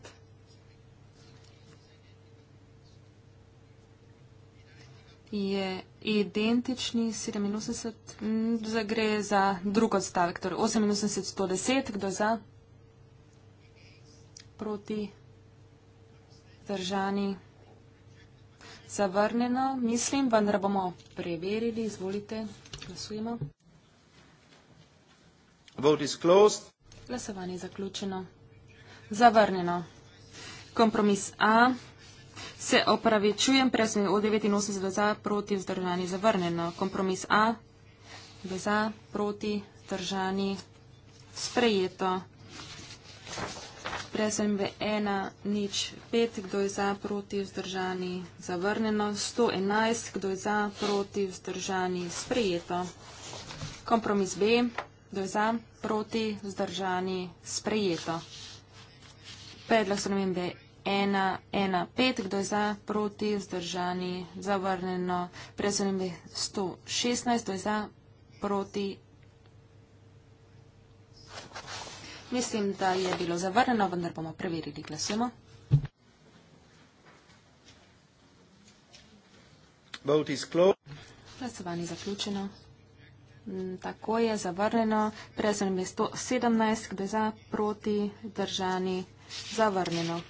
je identični 87, gre za drugo stavek, torej 88, 110, kdo za? proti, držani, zavrnjeno, mislim, vendar bomo preverili, izvolite, glasujemo. Glasovanje je zaključeno. Zavrnjeno. Kompromis A. Se opravičujem, prej sem 89 za, proti, vzdržani, zavrnjeno. Kompromis A. Za, proti, vzdržani, sprejeto. Prezembe 1, nič 5, kdo je za, proti, vzdržani, zavrnjeno. 111, kdo je za, proti, vzdržani, sprejeto. Kompromis B, kdo je za, proti, vzdržani, sprejeto. Predlog spremembe 1, 1, 5, kdo je za, proti, vzdržani, zavrnjeno. Prezembe 116, kdo je za, proti. Mislim, da je bilo zavrneno, vendar bomo preverili glasujemo. Glasovanje zaključeno. Mm, tako je zavrneno. Prezen je 117, kde za proti držani zavrneno.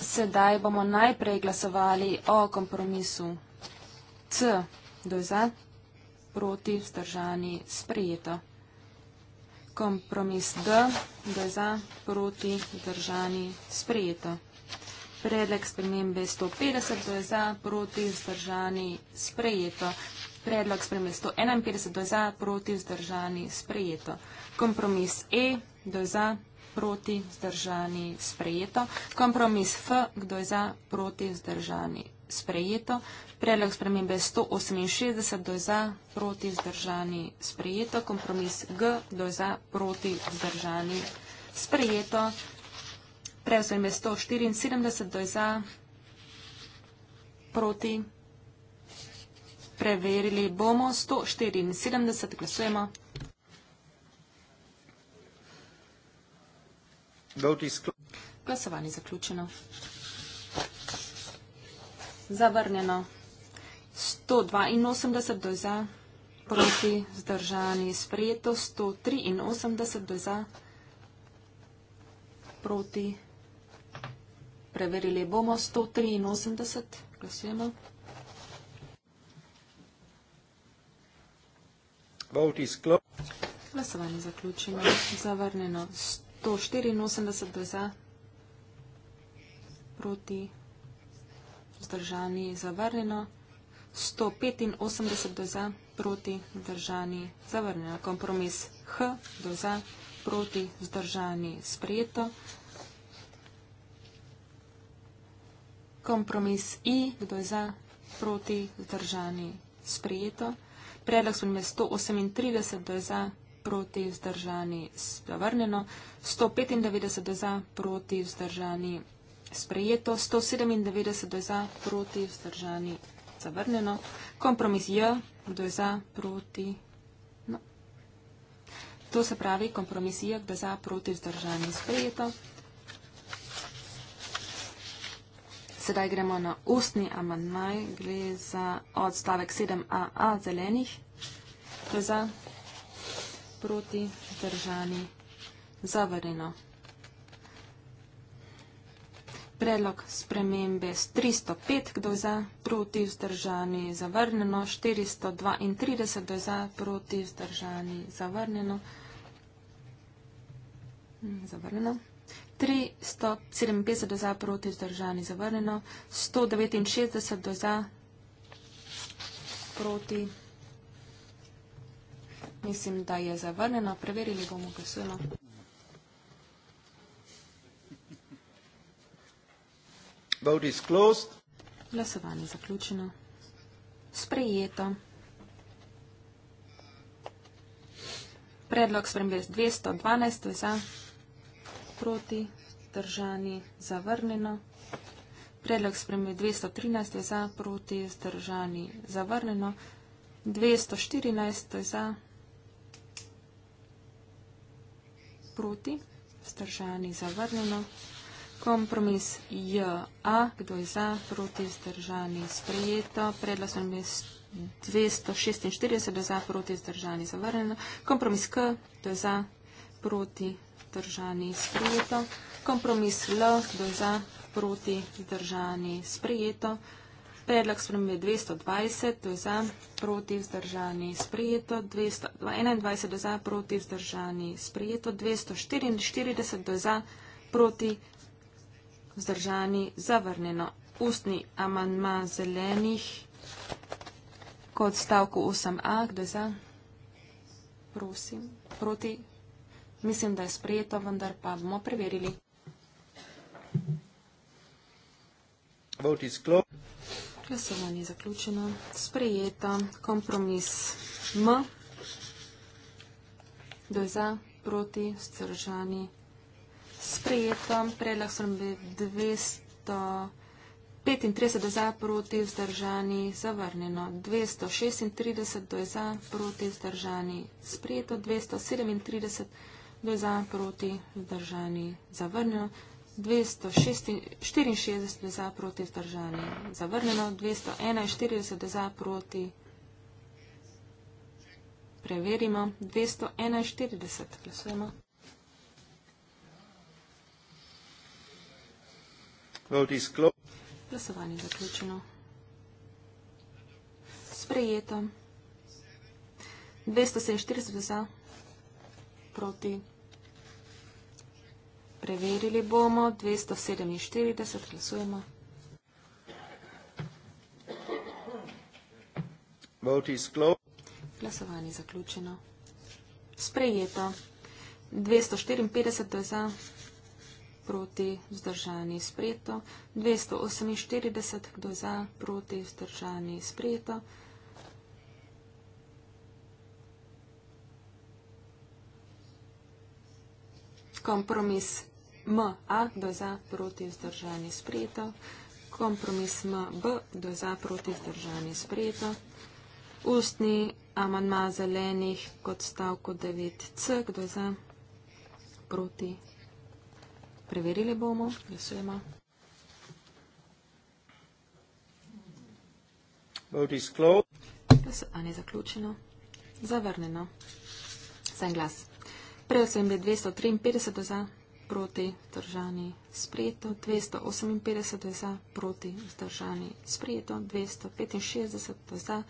Sedaj bomo najprej glasovali o kompromisu C do za proti vzdržani sprejeto. Kompromis D, da je za proti vzdržani sprejeto. Predlog spremembe 150, da je za proti vzdržani sprejeto. Predlog spremembe 151, da je za proti vzdržani sprejeto. Kompromis E, da je za proti vzdržani sprejeto. Kompromis F, kdo je za proti vzdržani sprejeto. Predlog spremembe 168 do za, proti vzdržani sprejeto. Kompromis G do za, proti vzdržani sprejeto. Predlog spremembe 174 do za, proti. Preverili bomo 174, glasujemo. Glasovanje zaključeno. Zavrnjeno. 182 do za, proti zdržani sprejeto. 183 do za, proti. Preverili bomo 183. Glasujemo. Vote is closed. Glasovanje zaključeno. Zavrnjeno. 184 do za, proti zdržani sprejeto vzdržani zavrnjeno, 185 do za, proti vzdržani zavrnjeno. Kompromis H do za, proti vzdržani sprejeto. Kompromis I do za, proti vzdržani sprejeto. Predlog spremembe 138 do za, proti vzdržani zavrnjeno, 195 do za, proti vzdržani sprejeto sprejeto, 197, kdo je za, proti, vzdržani, zavrnjeno, kompromis J, kdo je za, proti, no. To se pravi, kompromis J, kdo je za, proti, vzdržani, sprejeto. Sedaj gremo na ustni amandmaj, gre za odstavek 7aa zelenih, kdo je za, proti, vzdržani, zavrnjeno. Predlog spremembe s 305, kdo je za, proti vzdržani, zavrnjeno, 432, kdo je za, proti vzdržani, zavrnjeno, hmm, zavrnjeno. 357 do za, proti vzdržani, zavrnjeno, 169 do za, proti, mislim, da je zavrnjeno, preverili bomo, glasujemo. Vote is closed. Glasovanje je zaključeno. Sprejeto. Predlog spremembe 212 je za, proti, držani, zavrnjeno. Predlog spremembe 213 je za, proti, držani, zavrnjeno. 214 je za, proti, držani, zavrnjeno. Kompromis je A, kdo je za, proti zdržani sprejeto, predlog sem 246 za, proti zdržani zavrnjeno. Kompromis K, kdo je za, proti zdržani sprejeto. Kompromis L, kdo je za, proti zdržani sprejeto. Predlog spremembe 220, to je za, proti vzdržani sprejeto, 221 je za, proti vzdržani sprejeto, 244 je za, proti vzdržani, zavrnjeno. Ustni amanma zelenih, kod stavku 8a, kdo je za? Prosim, proti. Mislim, da je sprejeto, vendar pa bomo preverili. Glasovanje je zaključeno. Sprejeto. Kompromis M. Kdo je za? Proti. Vzdržani sprejeto, prejela so bili 235 do za, proti vzdržani, zavrnjeno, 236 do za, proti vzdržani, sprejeto, 237 do za, proti vzdržani, zavrnjeno. 264 za proti vzdržani zavrnjeno, 241 za proti preverimo, 241 glasujemo. Vote is closed. Glasovanje zaključeno. Sprejeto. 247 za. Proti. Preverili bomo. 247. Glasujemo. Vote is closed. Glasovanje zaključeno. Sprejeto. 254 za proti vzdržani sprejeto, 248 kdo za proti vzdržani sprejeto. Kompromis MA do za proti vzdržani sprejeto. Kompromis MB do za proti vzdržani sprejeto. Ustni amanma zelenih kot stavko 9C, kdo za proti Preverili bomo. Glasujemo. Glasovanje je zaključeno. Zavrnjeno. Za en glas. Prejel sem bil 253 za proti vzdržani sprejeto, 258 za proti vzdržani sprejeto, 265 za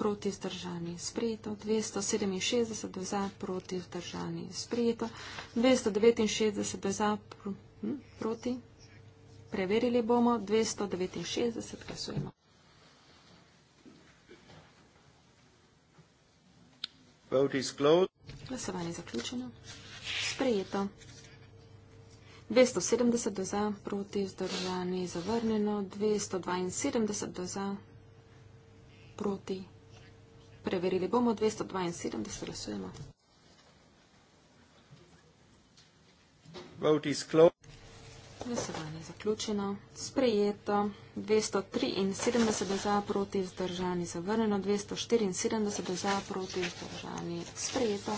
proti vzdržani sprejeto, 267 za proti vzdržani sprejeto, 269 za pr hm, proti. Preverili bomo 269, glasujemo. Glasovanje je zaključeno. Sprejeto. 270 za, proti vzdržani zavrnjeno, 272 za, proti. Preverili bomo 272, glasujemo. Glasovanje zaključeno, sprejeto, 273 za, proti vzdržani zavrnjeno, 274 za, proti vzdržani sprejeto.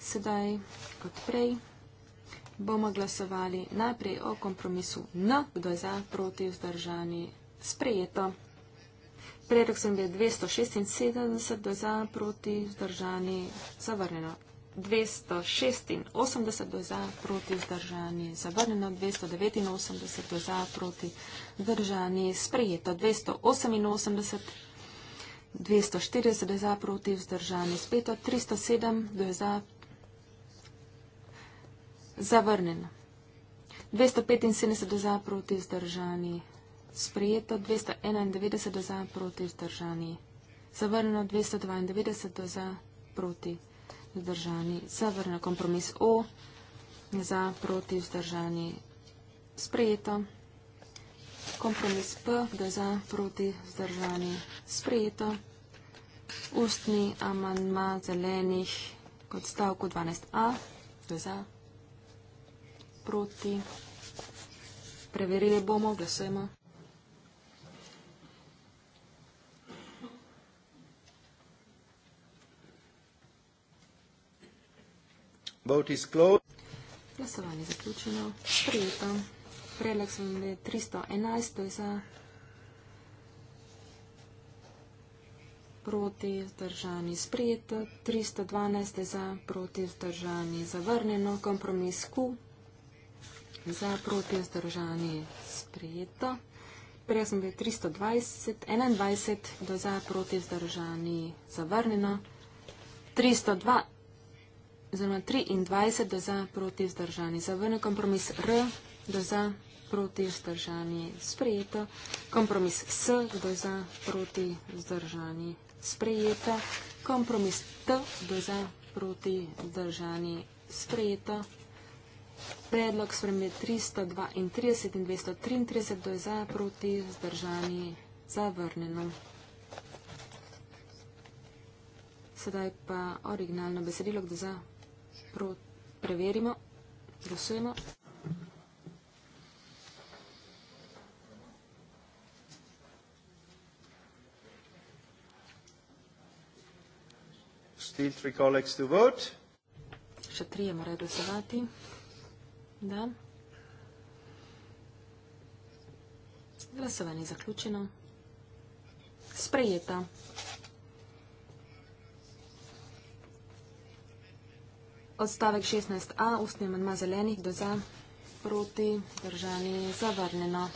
Sedaj kot prej bomo glasovali najprej o kompromisu N, kdo je za, proti, vzdržani, sprejeto. Predlog sem bil 276, kdo je za, proti, vzdržani, zavrnjeno. 286 do za proti zdržani zavrnjeno, 289 do za proti zdržani sprejeto, 288, 240 do za proti zdržani spet, 307 do za Zavrnen. 275 za proti vzdržani. Sprejeto. 291 za proti vzdržani. Zavrnjeno. 292 za proti vzdržani. Zavrnjeno. Kompromis O za proti vzdržani. Sprejeto. Kompromis P da za proti vzdržani. Sprejeto. Ustni amandma zelenih kot stavku 12a. Da za proti vzdržani proti. Preverili bomo, glasujemo. Glasovanje je zaključeno. Sprejeto. Predlog sem, da je 311, to je za proti vzdržani sprejeto, 312 je za proti vzdržani zavrnjeno, kompromis Q za proti vzdržani sprejeto. Prej sem bil 320, 21, kdo je za proti vzdržani zavrnjeno. 302, zelo 23, kdo je za proti vzdržani zavrnjeno. Kompromis R, kdo je za proti vzdržani sprejeto. Kompromis S, kdo je za proti vzdržani sprejeto. Kompromis T, kdo je za proti vzdržani sprejeto. Sprejeto. Predlog spremlje 332 in 233 do izaja proti zdržani zavrneno. Sedaj pa originalno besedilo, kdo za preverimo, glasujemo. Still three colleagues to vote. Še trije morajo glasovati. Da. Glasovanje je zaključeno. Sprejeta. Odstavek 16a, ustni amandma zelenih, do za, proti, zdržani, zavrnjeno.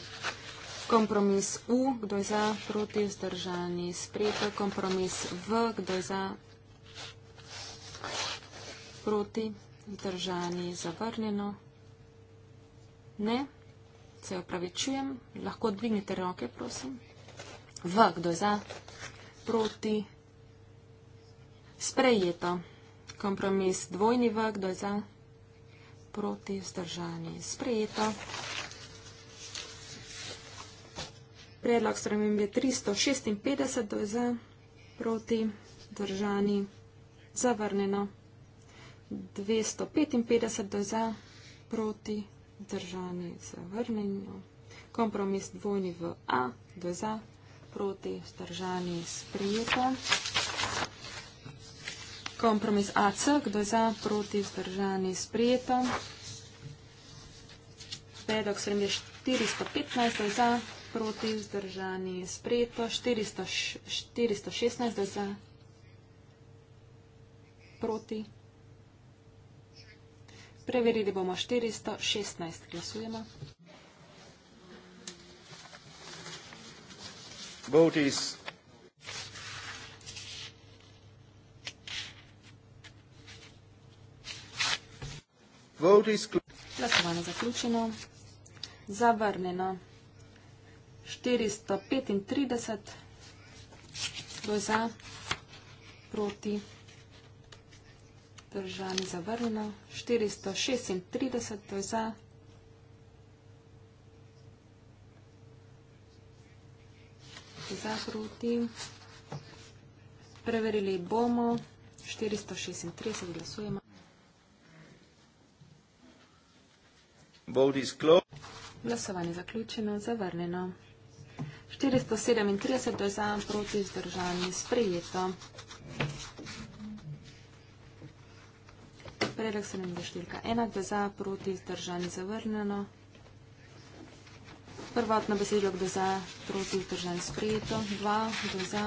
Kompromis U, kdo je za, proti, zdržani, sprejeto. Kompromis V, kdo je za, proti, zdržani, zavrnjeno. Ne, se opravičujem. Lahko dvignite roke, prosim. V, kdo za, proti, sprejeto. Kompromis, dvojni v, kdo za, proti, vzdržani, sprejeto. Predlog spremem je 356, kdo je za, proti, vzdržani, zavrneno. 255 do za, proti, držani zavrnjeno. Kompromis dvojni v A, dve za, proti, držani sprijeta. Kompromis AC, kdo je za, proti, zdržani, sprijeto. Predlog sprem je 415, kdo je za, proti, zdržani, sprijeto. 416, kdo je za, proti, zdržani, sprijeto. Preverili bomo 416. Glasujemo. Vote is... Vote is... Glasovanje zaključeno. Zavrnjeno. 435. Kdo je za? Proti. Držani zavrnjeno. 436, to je za. 4 za proti. Preverili bomo. 436 glasujemo. Glasovanje zaključeno, zavrnjeno. 437 to je za, proti zdržani, sprejeto. predlog se nam je številka ena, gdeza proti zdržan zavrnjeno. Prvotno besedilo gdeza proti zdržan sprejeto, dva gdeza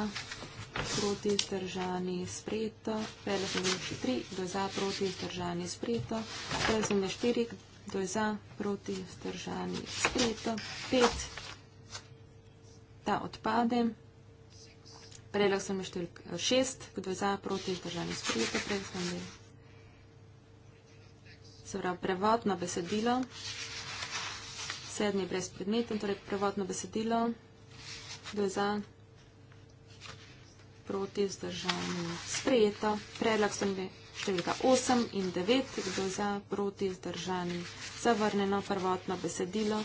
proti zdržani sprejeto, predlog se nam je tri gdeza proti zdržani sprejeto, predlog se nam je štiri gdeza proti zdržani sprejeto, pet ta odpade. Predlog sem je številka šest, kdo je za proti zdržanju sprejeto, predlog sem je Sora, prevodno besedilo. Sedmi brez predmetov, torej prevodno besedilo. Kdo je za? Proti vzdržanje. Sprejeto. Predlog so mi številka 8 in 9. Kdo je za? Proti vzdržanje. Zavrneno prvotno besedilo.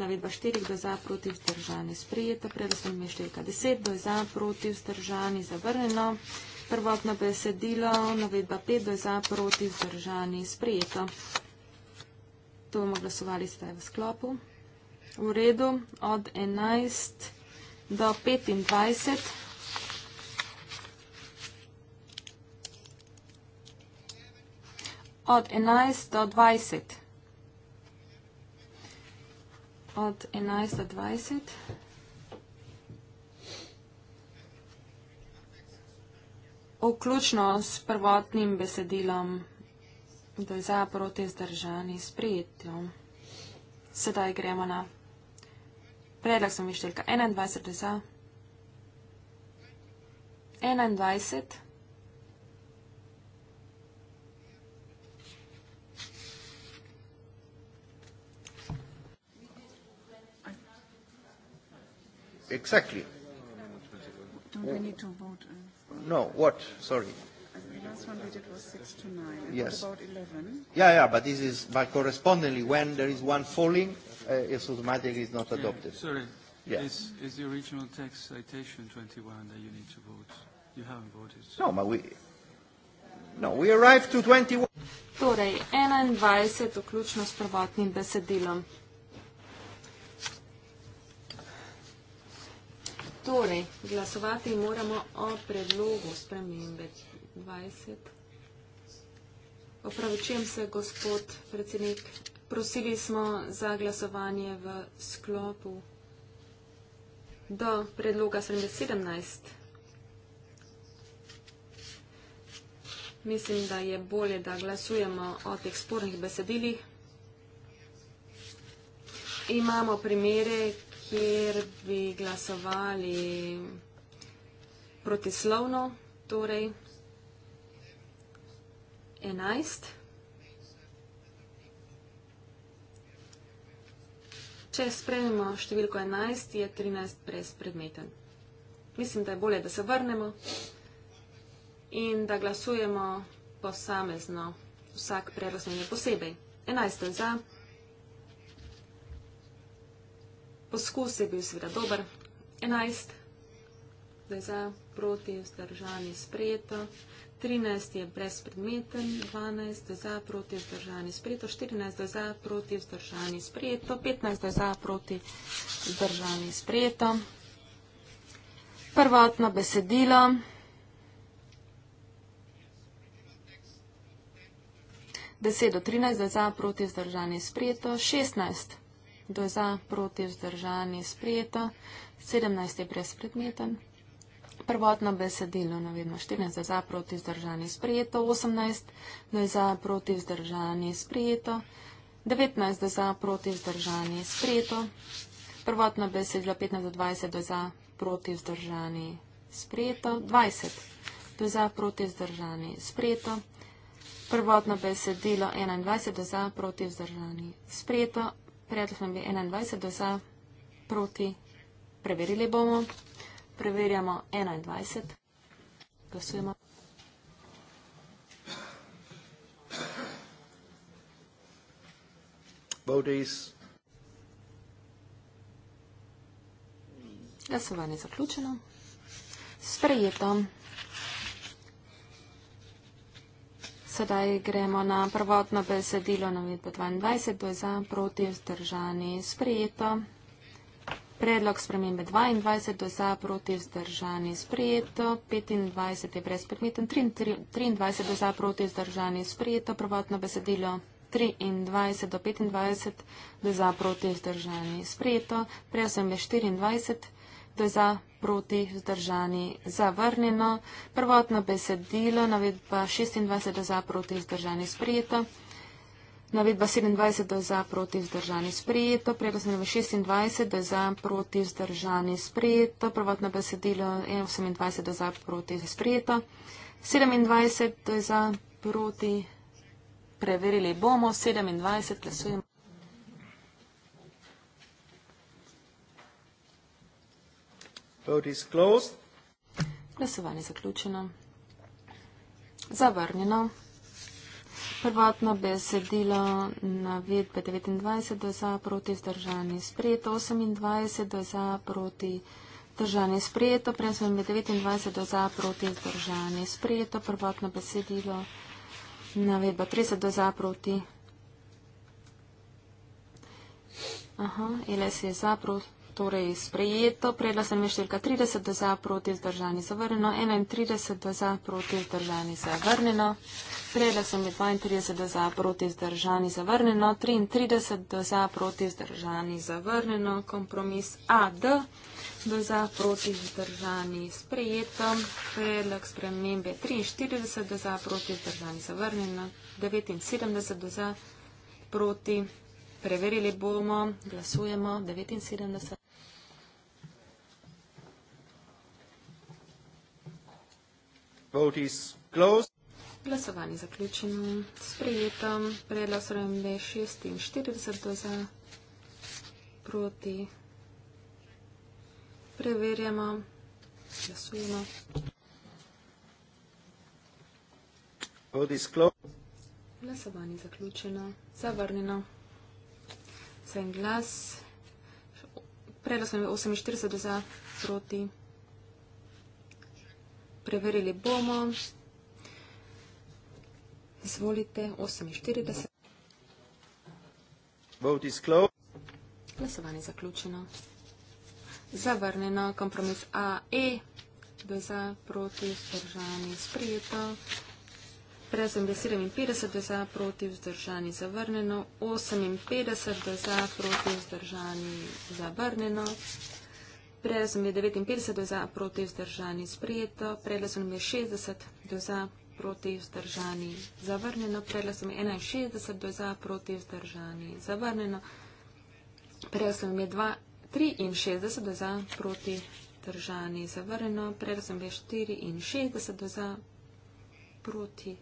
Navedba 4. Kdo je za? Proti vzdržanje. Sprejeto. Predlog so mi številka 10. Kdo je za? Proti vzdržanje. Zavrneno. Prvotno besedilo, navedba 5, do je za, proti, zdržani, sprijeto. To bomo glasovali sedaj v sklopu. V redu, od 11 do 25. Od 11 do 20. Od 11 do 20. vključno s prvotnim besedilom, da je za proti zdržani sprejetju. Sedaj gremo na predlog sem višteljka 21, da je za 21. Exactly. Don't we need to vote? Uh, No, what? Sorry. The last one we did was 6 to 9. And yes. About 11. Yeah, yeah, but this is by correspondingly when there is one falling, uh, it's automatically is not adopted. Yeah. Sorry. Yes. Is, is the original text citation 21 that you need to vote? You haven't voted. So. No, but we. No, we arrived to 21. Torej, 21 je to ključno s prvotnim besedilom. Torej, glasovati moramo o predlogu spremembe 20. Opravičujem se, gospod predsednik. Prosili smo za glasovanje v sklopu do predloga 17. Mislim, da je bolje, da glasujemo o teh spornih besedilih. Imamo primere, kjer bi glasovali protislovno, torej 11. Če sprememo številko 11, je 13 brezpredmeten. Mislim, da je bolje, da se vrnemo in da glasujemo posamezno, vsak prerazumje posebej. 11 za, Poskus je bil seveda dober. 11 je za, proti je zdržani sprejeto. 13 je brezpredmeten, 12 je za, proti je zdržani sprejeto. 14 je za, proti je zdržani sprejeto. 15 je za, proti je zdržani sprejeto. Prvotno besedilo. Deset do trinajst za, proti zdržanje sprejeto, šestnajst kdo je za, proti, vzdržani, sprijeto, 17 je brezpredmeten. Prvotno besedilo, no vedno 14 je za, proti, vzdržani, sprijeto, 18, kdo je za, proti, vzdržani, sprijeto, 19 je za, proti, vzdržani, sprijeto. Prvotno besedilo 15 do 20 je za, proti, vzdržani, sprijeto, 20 kdo je za, proti, vzdržani, sprijeto. Prvotno besedilo 21 za, proti vzdržani, sprejeto Predlog nam je 21, da za, proti, preverili bomo. Preverjamo 21. Glasujemo. Bodis. Glasovanje zaključeno. Sprejeto. Sedaj gremo na prvotno besedilo navedbe 22, to je za proti vzdržani sprejeto. Predlog spremembe 22, to je za proti vzdržani sprejeto. 25 je brezpredmeten, 23 je za proti vzdržani sprejeto. Prvotno besedilo. 23 do 25 do za proti vzdržani sprejeto, prej sem je 24. To je za proti vzdržani zavrnjeno. Prvotno besedilo, navedba 26 za proti vzdržani sprijeto. Navedba 27 do za proti vzdržani sprijeto, predlog smo 26 do za proti vzdržani sprijeto, prvotno besedilo 28 do za proti sprijeto, 27 do za proti, preverili bomo, 27 glasujemo. Vote is closed. Glasovanje zaključeno. Zavrnjeno. Prvotno besedilo navedbe 29 do za proti zdržanje sprejeto, 28 do za proti zdržanje sprejeto, prejemstvo je 29 do za proti zdržanje sprejeto, prvotno besedilo navedba 30 do za proti. Aha, LS je za proti torej sprejeto. Predla sem je številka 30 do za, proti zdržani zavrneno, 31 do za, proti zdržani zavrneno. Predla sem je 32 do za, proti zdržani zavrneno, 33 do za, proti zdržani zavrneno. Kompromis AD do za, proti zdržani sprejeto. Predlog spremembe 43 do za, proti zdržani zavrneno, 79 do za, proti. Preverili bomo, glasujemo 79. Vote is closed. Glasovanje zaključeno. Sprejeto. Predlog SRMB 46 do za proti. Preverjamo. Glasujemo. Vote is closed. Glasovanje zaključeno. Zavrnjeno. Za en glas. Predlog SRMB 48 do za proti. Preverili bomo. Izvolite, 48. Vote is closed. Glasovanje zaključeno. Zavrnjeno, kompromis AE, kdo je za, proti, vzdržani, sprijeto. Prezum je 57, kdo je za, proti, vzdržani, zavrnjeno. 58, kdo je za, proti, vzdržani, zavrnjeno. Prele sem je 59 za proti vzdržani sprejeto, prele sem je 60 za proti vzdržani zavrnjeno, prele sem je 61 za proti vzdržani zavrnjeno, prele sem je 63 za proti vzdržani zavrnjeno, prele sem je 64 za proti.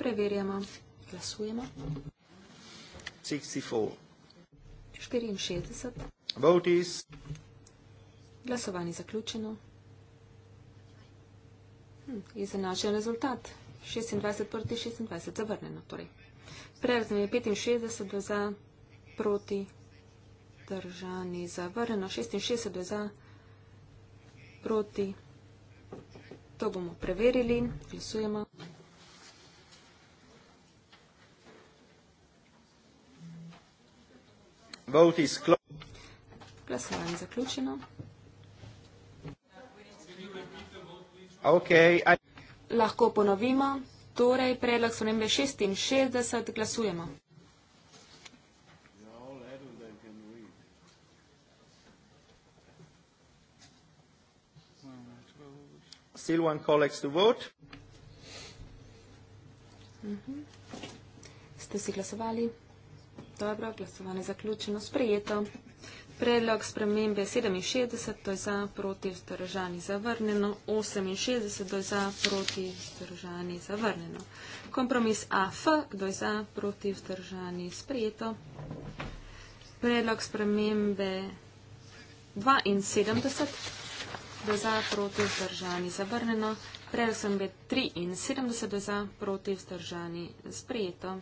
Preverjamo, glasujemo. 64. 64. Votis. Glasovanje zaključeno. Hm, Izenačen rezultat. 26 proti 26 zavrnjeno. Torej. Prevzem je 65 do za, proti držani zavrnjeno. 66 do za, proti. To bomo preverili. Glasujemo. Vote is Glasovanje zaključeno. Okay, I... Lahko ponovimo. Torej, predlog so nembe 66, glasujemo. Still one colleagues to vote. Mm -hmm. Ste si glasovali? Dobro, glasovanje zaključeno, sprejeto. Predlog spremembe 67, to je za, proti, vzdržani, zavrnjeno. 68, to je za, proti, vzdržani, zavrnjeno. Kompromis AF, to je za, proti, vzdržani, sprejeto. Predlog spremembe 72, to je za, proti, vzdržani, zavrnjeno. Predlog spremembe 73, to je za, proti, vzdržani, sprejeto.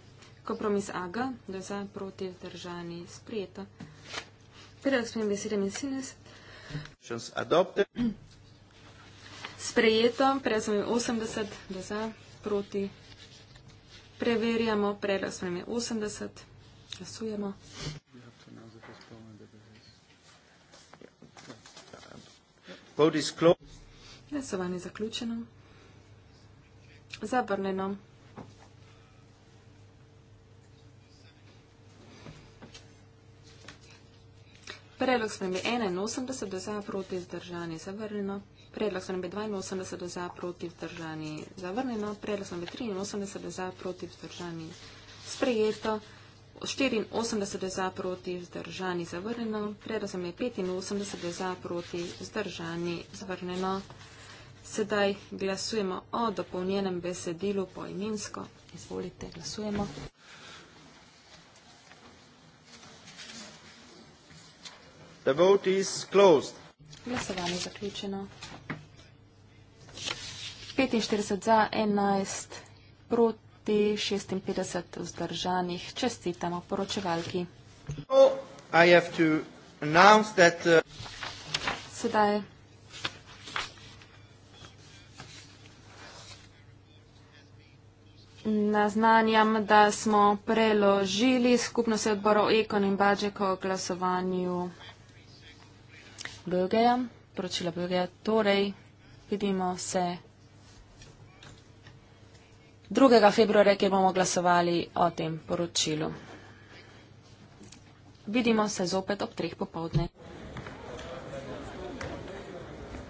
Kompromis AGA, da je za proti držani sprejeta. Predlog spremembe 77. Sprejeto, predlog spremembe 80, da je za proti. Preverjamo, predlog spremembe 80. Glasujemo. Glasovanje zaključeno. Zavrnjeno. Predlog spremembe 81 za proti vzdržani zavrnjeno. Predlog spremembe 82 za proti vzdržani zavrnjeno. Predlog spremembe 83 za proti vzdržani sprejeto. 84 za proti vzdržani zavrnjeno. Predlog spremembe 85 za proti vzdržani zavrnjeno. Sedaj glasujemo o dopolnjenem besedilu poimensko. Izvolite, glasujemo. The vote is closed. Glasovanje je zaključeno. 45 za, 11 proti, 56 vzdržanih. Čestitamo poročevalki. Oh, that, uh... Sedaj. Naznanjam, da smo preložili skupno se odboro Ekon in Bađeko o glasovanju. Bogeja, poročila Bogeja. Torej, vidimo se 2. februarja, kjer bomo glasovali o tem poročilu. Vidimo se zopet ob treh popovdne.